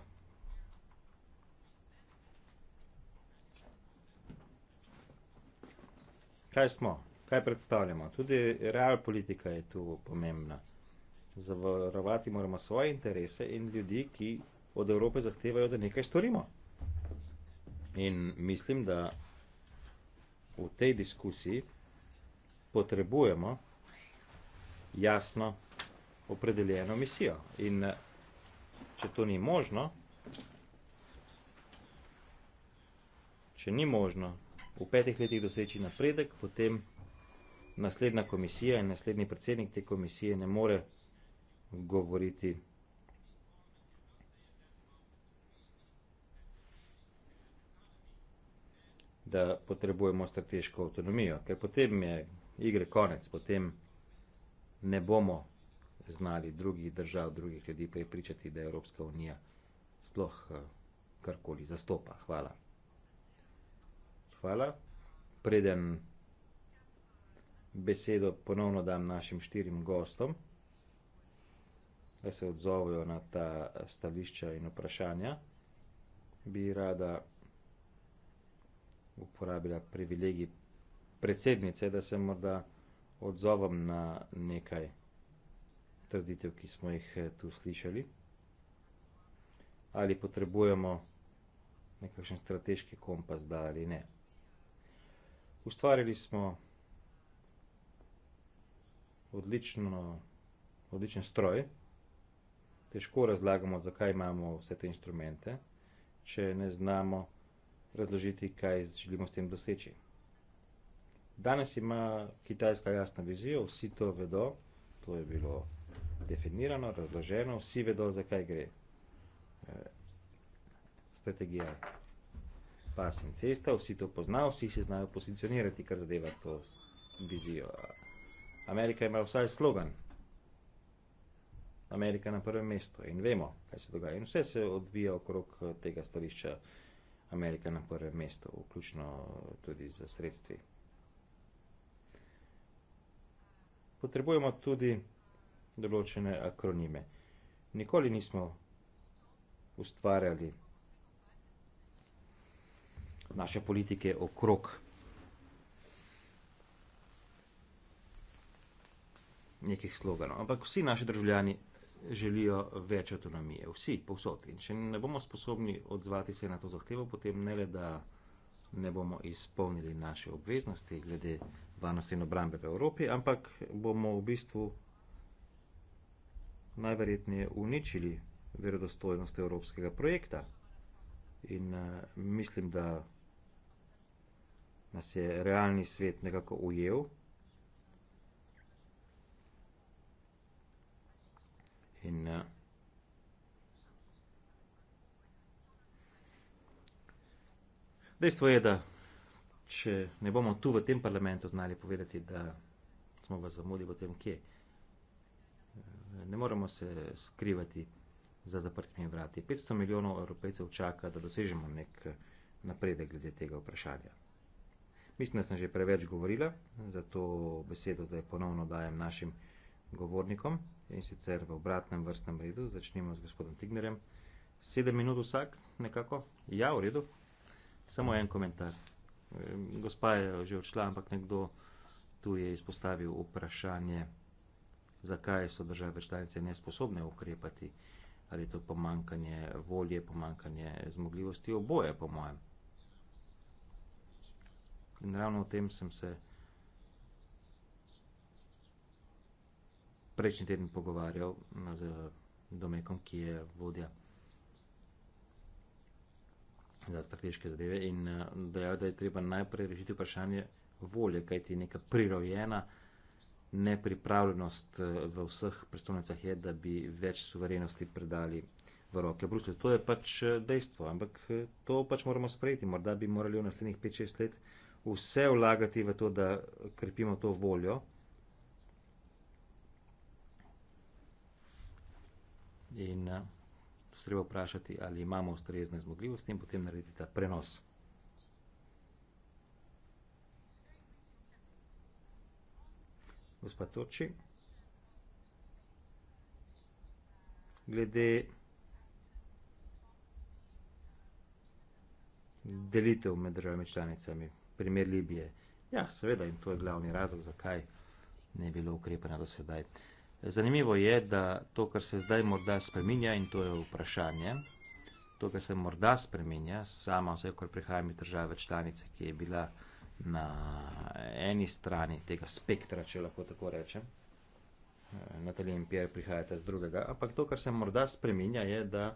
kaj smo, kaj predstavljamo. Tudi real politika je tu pomembna. Zavarovati moramo svoje interese in ljudi, ki od Evrope zahtevajo, da nekaj storimo. In mislim, da v tej diskusiji potrebujemo jasno opredeljeno misijo. In če to ni možno, če ni možno v petih letih doseči napredek, potem naslednja komisija in naslednji predsednik te komisije ne more govoriti da potrebujemo strateško avtonomijo, ker potem je igre konec, potem ne bomo znali drugih držav, drugih ljudi prepričati, da Evropska unija sploh eh, karkoli zastopa. Hvala hvala. Preden besedo ponovno dam našim štirim gostom, da se odzovejo na ta eh, stališča in vprašanja, bi rada uporabila privilegij predsednice, da se morda odzovem na nekaj trditev, ki smo jih eh, tu slišali. Ali potrebujemo nekakšen strateški kompas, da ali ne ustvarili smo odlično, odličen stroj. Težko razlagamo, zakaj imamo vse te instrumente, če ne znamo razložiti, kaj želimo s tem doseči. Danes ima Kitajska jasno vizijo, vsi to vedo, to je bilo definirano, razloženo, vsi vedo, zakaj gre. Eh, strategija pas in cesta, vsi to poznajo, vsi se znajo pozicionirati, kar zadeva to vizijo. Amerika ima vsaj slogan. Amerika na prvem mestu in vemo, kaj se dogaja. In vse se odvija okrog eh, tega stališča Amerika na prvem mestu, vključno tudi za sredstvi. Potrebujemo tudi določene akronime. Nikoli nismo ustvarjali naše politike okrog nekih sloganov. Ampak vsi naši državljani želijo več avtonomije, vsi, povsod. In če ne bomo sposobni odzvati se na to zahtevo, potem ne le, da ne bomo izpolnili naše obveznosti glede varnosti in obrambe v Evropi, ampak bomo v bistvu najverjetneje uničili verodostojnost evropskega projekta. In uh, mislim, da nas je realni svet nekako ujel. In eh, dejstvo je, da če ne bomo tu v tem parlamentu znali povedati, da smo v zamudi v tem kje, eh, ne moramo se skrivati za zaprtimi vrati. 500 milijonov evropejcev čaka, da dosežemo nek eh, napredek glede tega vprašanja. Mislim, da sem že preveč govorila, zato besedo zdaj ponovno dajem našim govornikom in sicer v obratnem vrstnem redu. Začnimo z gospodom Tignerjem. Sedem minut vsak, nekako. Ja, v redu. Samo en komentar. Gospa je že odšla, ampak nekdo tu je izpostavil vprašanje, zakaj so države članice nesposobne ukrepati. Ali je to pomankanje volje, pomankanje zmogljivosti, oboje, po mojem. In ravno o tem sem se prejšnji teden pogovarjal no, z Domekom, ki je vodja za strateške zadeve in eh, dejal, da je treba najprej rešiti vprašanje volje, kaj ti neka prirojena nepripravljenost eh, v vseh predstavnicah je, da bi več suverenosti predali v roke Bruslju. To je pač eh, dejstvo, ampak to pač moramo sprejeti. Morda bi morali v naslednjih 5-6 let vse vlagati v to, da krepimo to voljo. In to eh, se treba vprašati, ali imamo ustrezne zmogljivosti in potem narediti ta prenos. Gospod Toči, glede delitev med državami članicami primer Libije. Ja, seveda, in to je glavni razlog, zakaj ne je bilo ukrepeno do sedaj. Zanimivo je, da to, kar se zdaj morda spremenja, in to je vprašanje, to, kar se morda spremenja, sama vse, kar prihajam iz države članice, ki je bila na eni strani tega spektra, če lahko tako rečem, Natalija in Pierre prihajate z drugega, ampak to, kar se morda spremenja, je, da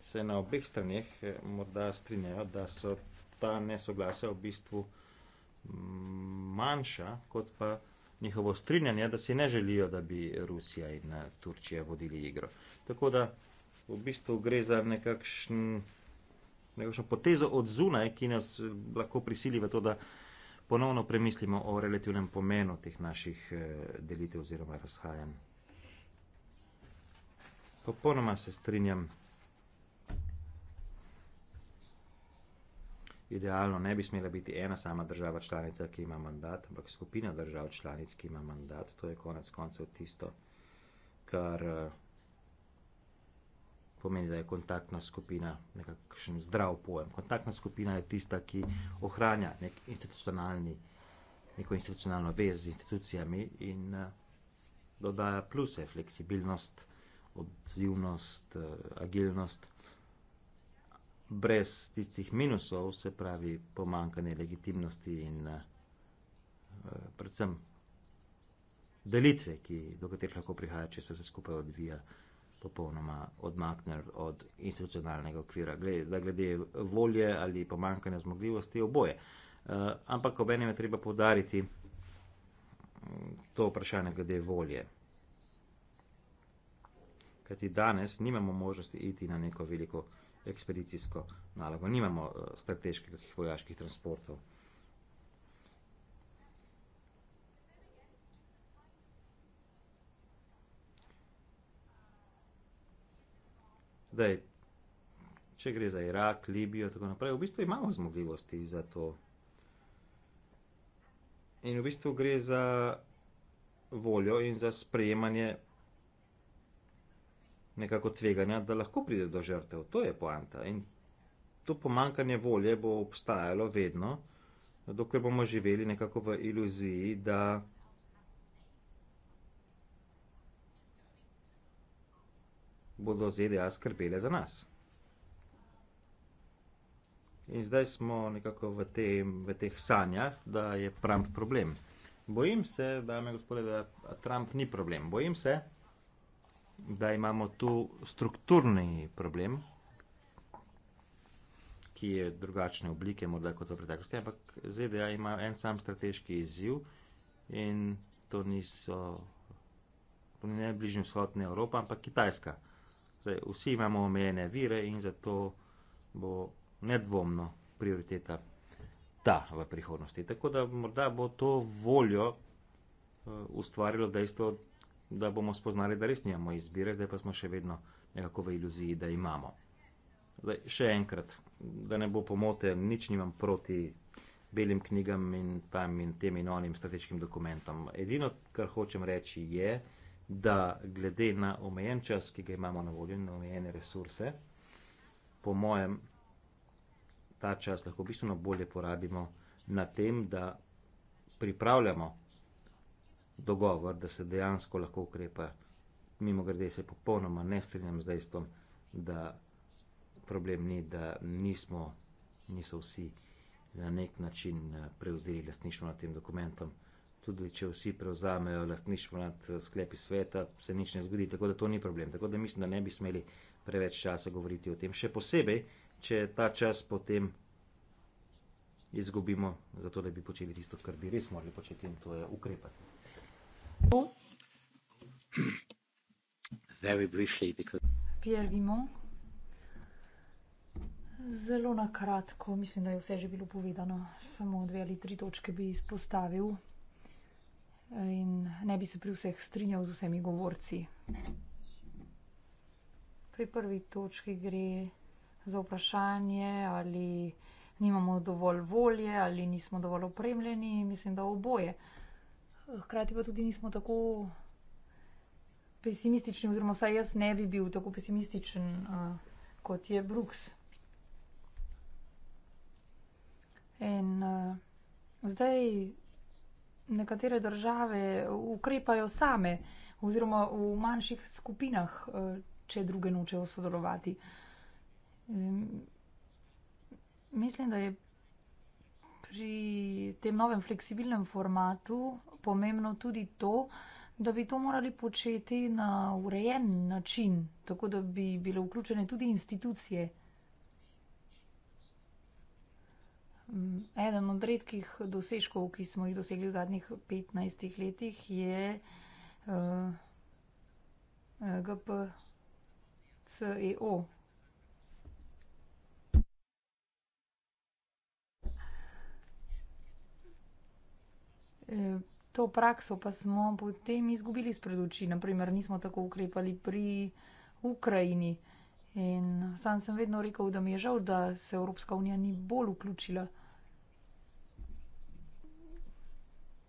se na obeh stranih eh, morda strinjajo, da so ta nesoglasja v bistvu mm, manjša, kot pa njihovo strinjanje, da si ne želijo, da bi Rusija in eh, Turčija vodili igro. Tako da v bistvu gre za nekakšen, nekakšno potezo od zunaj, ki nas eh, lahko prisili v to, da ponovno premislimo o relativnem pomenu teh naših eh, delitev oziroma razhajanj. Popolnoma se strinjam. idealno ne bi smela biti ena sama država članica, ki ima mandat, ampak skupina držav članic, ki ima mandat. To je konec koncev tisto, kar eh, pomeni, da je kontaktna skupina nekakšen zdrav pojem. Kontaktna skupina je tista, ki ohranja nek institucionalni, neko institucionalno vez z institucijami in eh, dodaja pluse, fleksibilnost, odzivnost, eh, agilnost brez tistih minusov, se pravi pomankanje legitimnosti in eh, predvsem delitve, ki, do katerih lahko prihaja, če se vse skupaj odvija popolnoma odmaknjen od institucionalnega okvira, glede, glede volje ali pomankanja zmogljivosti oboje. Eh, ampak ob enem je treba povdariti mm, to vprašanje glede volje. Kajti danes nimamo možnosti iti na neko veliko ekspedicijsko nalogo. Nimamo eh, strateških vojaških transportov. Zdaj, če gre za Irak, Libijo, tako naprej, v bistvu imamo zmogljivosti za to. In v bistvu gre za voljo in za sprejemanje nekako tveganja, da lahko pride do žrtev. To je poanta. In to pomankanje volje bo obstajalo vedno, dokler bomo živeli nekako v iluziji, da. bodo ZDA skrbele za nas. In zdaj smo nekako v, tem, v teh sanjah, da je Trump problem. Bojim se, dame gospode, da Trump ni problem. Bojim se, da imamo tu strukturni problem, ki je drugačne oblike, morda kot v preteklosti, ampak ZDA imajo en sam strateški izziv in to niso to ni ne bližnji vzhod, ne Evropa, ampak Kitajska. Zdaj, vsi imamo omejene vire in zato bo nedvomno prioriteta ta v prihodnosti. Tako da morda bo to voljo eh, ustvarilo dejstvo, da bomo spoznali, da res nimamo izbire, zdaj pa smo še vedno nekako v iluziji, da imamo. Zdaj, še enkrat, da ne bo pomote, nič nimam proti belim knjigam in tam in tem in onim strateškim dokumentom. Edino, kar hočem reči, je, da glede na omejen čas, ki ga imamo na voljo, na omejene resurse, po mojem, ta čas lahko bistveno bolje porabimo na tem, da pripravljamo dogovor, da se dejansko lahko ukrepa. Mimo grede se popolnoma ne strinjam z dejstvom, da problem ni, da nismo, niso vsi na nek način eh, prevzeli lastništvo nad tem dokumentom. Tudi če vsi prevzamejo lastništvo nad eh, sklepi sveta, se nič ne zgodi, tako da to ni problem. Tako da mislim, da ne bi smeli preveč časa govoriti o tem. Še posebej, če ta čas potem izgubimo, zato da bi počeli tisto, kar bi res morali početi in to je ukrepati. Pierre Vimon. Zelo na kratko, mislim, da je vse že bilo povedano. Samo dve ali tri točke bi izpostavil in ne bi se pri vseh strinjal z vsemi govorci. Pri prvi točki gre za vprašanje, ali nimamo dovolj volje, ali nismo dovolj opremljeni. Mislim, da oboje. Uh, hkrati pa tudi nismo tako pesimistični, oziroma vsaj jaz ne bi bil tako pesimističen, uh, kot je Brooks. In uh, zdaj nekatere države ukrepajo same, oziroma v manjših skupinah, uh, če druge nočejo sodelovati. Um, mislim, da je pri tem novem fleksibilnem formatu pomembno tudi to, da bi to morali početi na urejen način, tako da bi bile vključene tudi institucije. Eden od redkih dosežkov, ki smo jih dosegli v zadnjih 15 letih, je uh, eh, eh, GPCEO. Eh, to prakso pa smo potem izgubili spred oči. Naprimer, nismo tako ukrepali pri Ukrajini. In sam sem vedno rekel, da mi je žal, da se Evropska unija ni bolj vključila.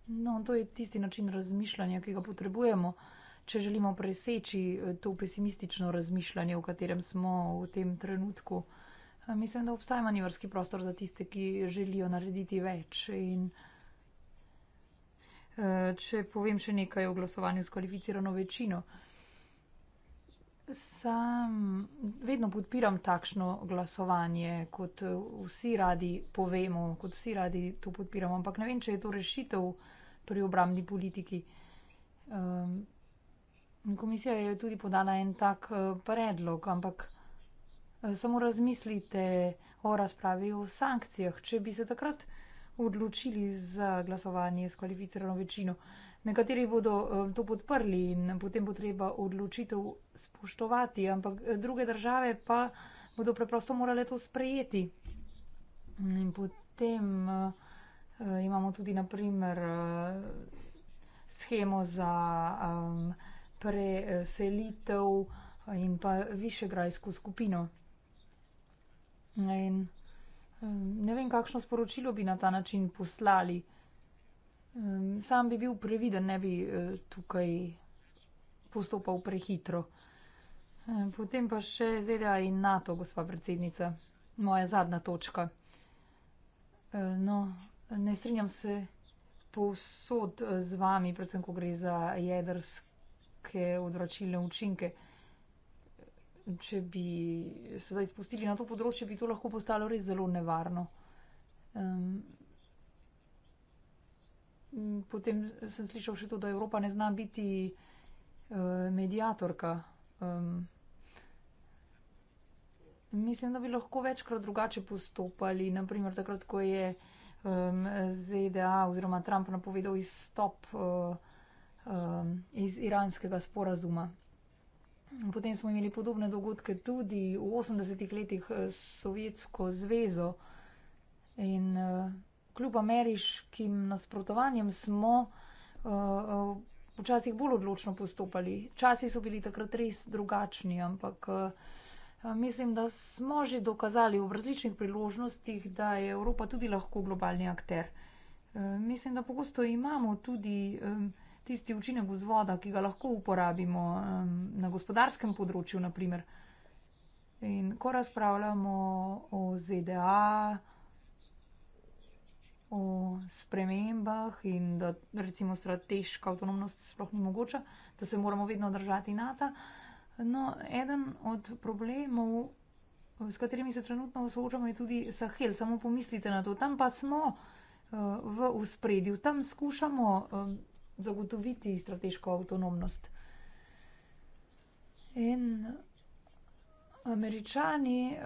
No, to je tisti način razmišljanja, ki ga potrebujemo, če želimo preseči eh, to pesimistično razmišljanje, v katerem smo v tem trenutku. Eh, mislim, da obstaja manjvrski prostor za tiste, ki želijo narediti več. In, uh, Če povem še nekaj o glasovanju s kvalificirano večino. Sam vedno podpiram takšno glasovanje, kot vsi radi povemo, kot vsi radi to podpiramo, ampak ne vem, če je to rešitev pri obramni politiki. Ehm, komisija je tudi podala en tak eh, predlog, ampak eh, samo razmislite o razpravi o sankcijah. Če bi se takrat odločili za glasovanje s kvalificirano večino. Nekateri bodo eh, to podprli in potem bo treba odločitev spoštovati, ampak eh, druge države pa bodo preprosto morale to sprejeti. In potem uh, imamo tudi, naprimer, uh, schemo za um, preselitev in pa višegrajsko skupino. In, Ne vem, kakšno sporočilo bi na ta način poslali. Sam bi bil previden, ne bi e, tukaj postopal prehitro. Potem pa še ZDA in NATO, gospa predsednica, moja zadnja točka. E, no, ne strinjam se povsod e, z vami, predvsem, ko gre za jedrske odvračilne učinke če bi se zdaj spustili na to področje, bi to lahko postalo res zelo nevarno. Um, potem sem slišal še to, da Evropa ne zna biti uh, eh, medijatorka. Um, mislim, da bi lahko večkrat drugače postopali. Naprimer, takrat, ko je um, ZDA oziroma Trump napovedal izstop uh, um, iz iranskega sporazuma. Potem smo imeli podobne dogodke tudi v 80-ih letih eh, s Sovjetsko zvezo in uh, kljub ameriškim nasprotovanjem smo uh, včasih bolj odločno postopali. Časi so bili takrat res drugačni, ampak uh, mislim, da smo že dokazali v različnih priložnostih, da je Evropa tudi lahko globalni akter. Uh, mislim, da pogosto imamo tudi. Um, tisti učinek vzvoda, ki ga lahko uporabimo um, na gospodarskem področju, naprimer. In ko razpravljamo o ZDA, o spremembah in da recimo strateška avtonomnost sploh ni mogoča, da se moramo vedno držati NATO, no, eden od problemov, s katerimi se trenutno soočamo, je tudi Sahel. Samo pomislite na to, tam pa smo uh, v uspredju, tam skušamo. Um, zagotoviti strateško avtonomnost. In američani eh,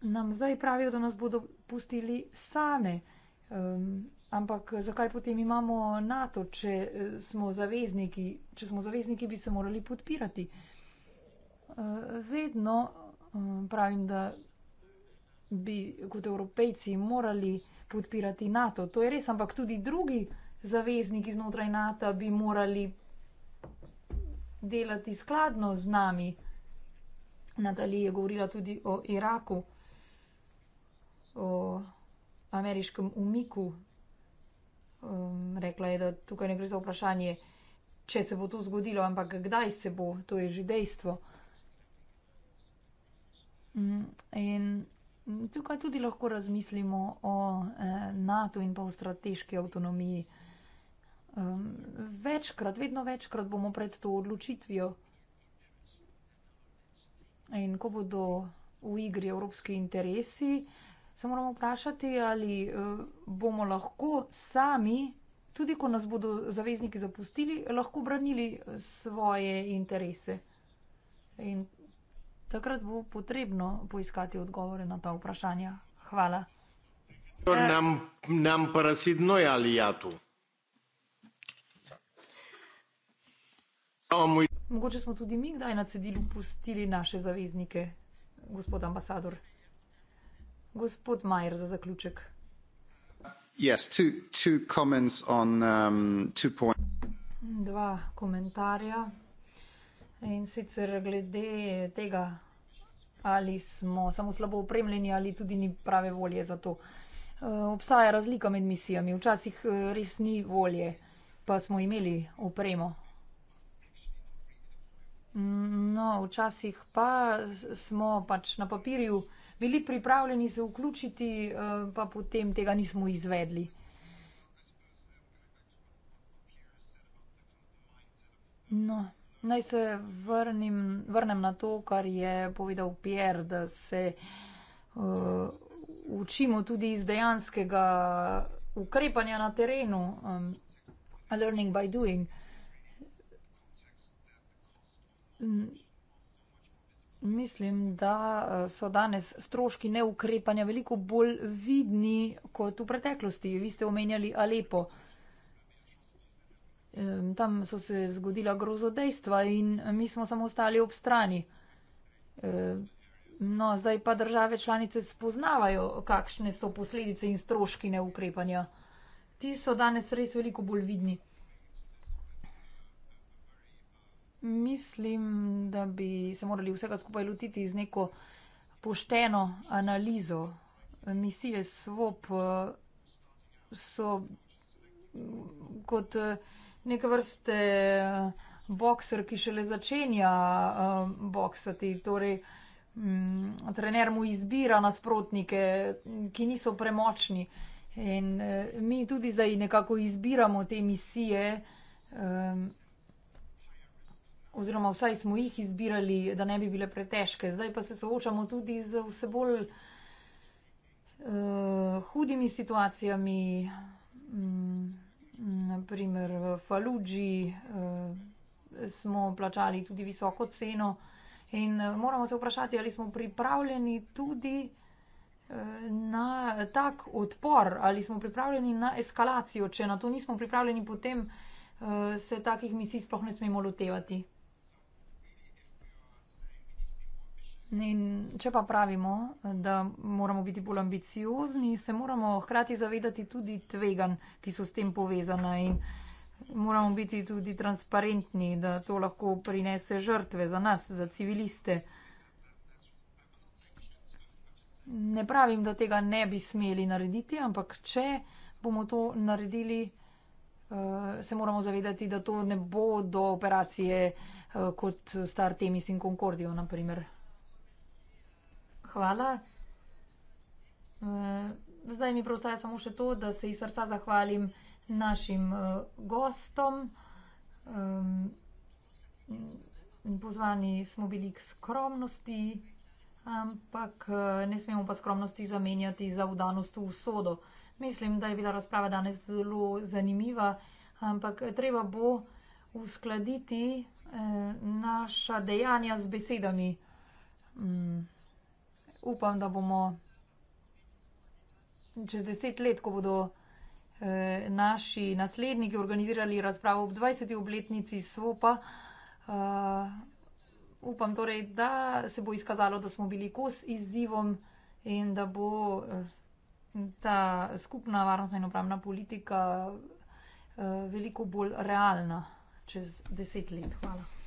nam zdaj pravijo, da nas bodo pustili same. Um, ampak eh, zakaj potem imamo NATO, če eh, smo zavezniki? Če smo zavezniki, bi se morali podpirati. Uh, vedno um, pravim, da bi kot evropejci morali podpirati NATO. To je res, ampak tudi drugi zavezniki znotraj NATO bi morali delati skladno z nami. Nadalje je govorila tudi o Iraku, o ameriškem umiku. Um, rekla je, da tukaj ne gre za vprašanje, če se bo to zgodilo, ampak kdaj se bo, to je že dejstvo. Mm, in tukaj tudi lahko razmislimo o eh, NATO in pa o strateški avtonomiji. Um, večkrat, vedno večkrat bomo pred to odločitvijo. In ko bodo v igri evropski interesi, se moramo vprašati, ali uh, bomo lahko sami, tudi ko nas bodo zavezniki zapustili, lahko branili eh, svoje interese. In takrat bo potrebno poiskati odgovore na ta vprašanja. Hvala. Eh. Nam, nam parasitno je ali ja tu? Um, Mogoče smo tudi mi kdaj na cedilu pustili naše zaveznike, gospod ambasador. Gospod Majer za zaključek. Yes, two, two on, um, two Dva komentarja. In sicer glede tega, ali smo samo slabo opremljeni ali tudi ni prave volje za to. Uh, obstaja razlika med misijami. Včasih uh, res ni volje, pa smo imeli opremo No, včasih pa smo pač na papirju bili pripravljeni se vključiti, eh, pa potem tega nismo izvedli. No, naj se vrnim, vrnem na to, kar je povedal Pierre, da se uh, učimo tudi iz dejanskega ukrepanja na terenu. Um, learning by doing. Mm. Mislim, da eh, so danes stroški neukrepanja veliko bolj vidni kot v preteklosti. Vi ste omenjali Alepo. Tam so se zgodila grozodejstva in mi smo samo stali ob strani. No, zdaj pa države članice spoznavajo, kakšne so posledice in stroški neukrepanja. Ti so danes res veliko bolj vidni. Mislim, da bi se morali vsega skupaj lotiti z neko pošteno analizo. Misije SWOP eh, so kot eh, neke vrste eh, bokser, ki šele začenja boksati. Torej, mm, trener mu izbira nasprotnike, ki niso premočni. In mi tudi zdaj nekako izbiramo te misije oziroma vsaj smo jih izbirali, da ne bi bile pretežke. Zdaj pa se soočamo tudi z vse bolj uh, hudimi situacijami, mm, naprimer v Faludži uh, smo plačali tudi visoko ceno in eh, moramo se vprašati, ali smo pripravljeni tudi na tak odpor ali smo pripravljeni na eskalacijo. Če na to nismo pripravljeni, potem se takih misij sploh ne smemo lotevati. In če pa pravimo, da moramo biti bolj ambiciozni, se moramo hkrati zavedati tudi tvegan, ki so s tem povezane in moramo biti tudi transparentni, da to lahko prinese žrtve za nas, za civiliste. Ne pravim, da tega ne bi smeli narediti, ampak če bomo to naredili, eh, se moramo zavedati, da to ne bo do operacije eh, kot star Temis in Concordio, naprimer hvala. Eh, zdaj mi preostaja samo še to, da se iz srca zahvalim našim eh, gostom. Eh, pozvani smo bili k skromnosti, ampak ne smemo pa skromnosti zamenjati za vdanost v sodo. Mislim, da je bila razprava danes zelo zanimiva, ampak treba bo uskladiti naša dejanja z besedami. Hmm upam, da bomo čez deset let, ko bodo eh, naši nasledniki organizirali razpravo ob 20. obletnici SWOPA, eh, upam torej, da se bo izkazalo, da smo bili kos izzivom in da bo eh, ta skupna varnostna in upravna politika veliko bolj realna čez deset let. Hvala.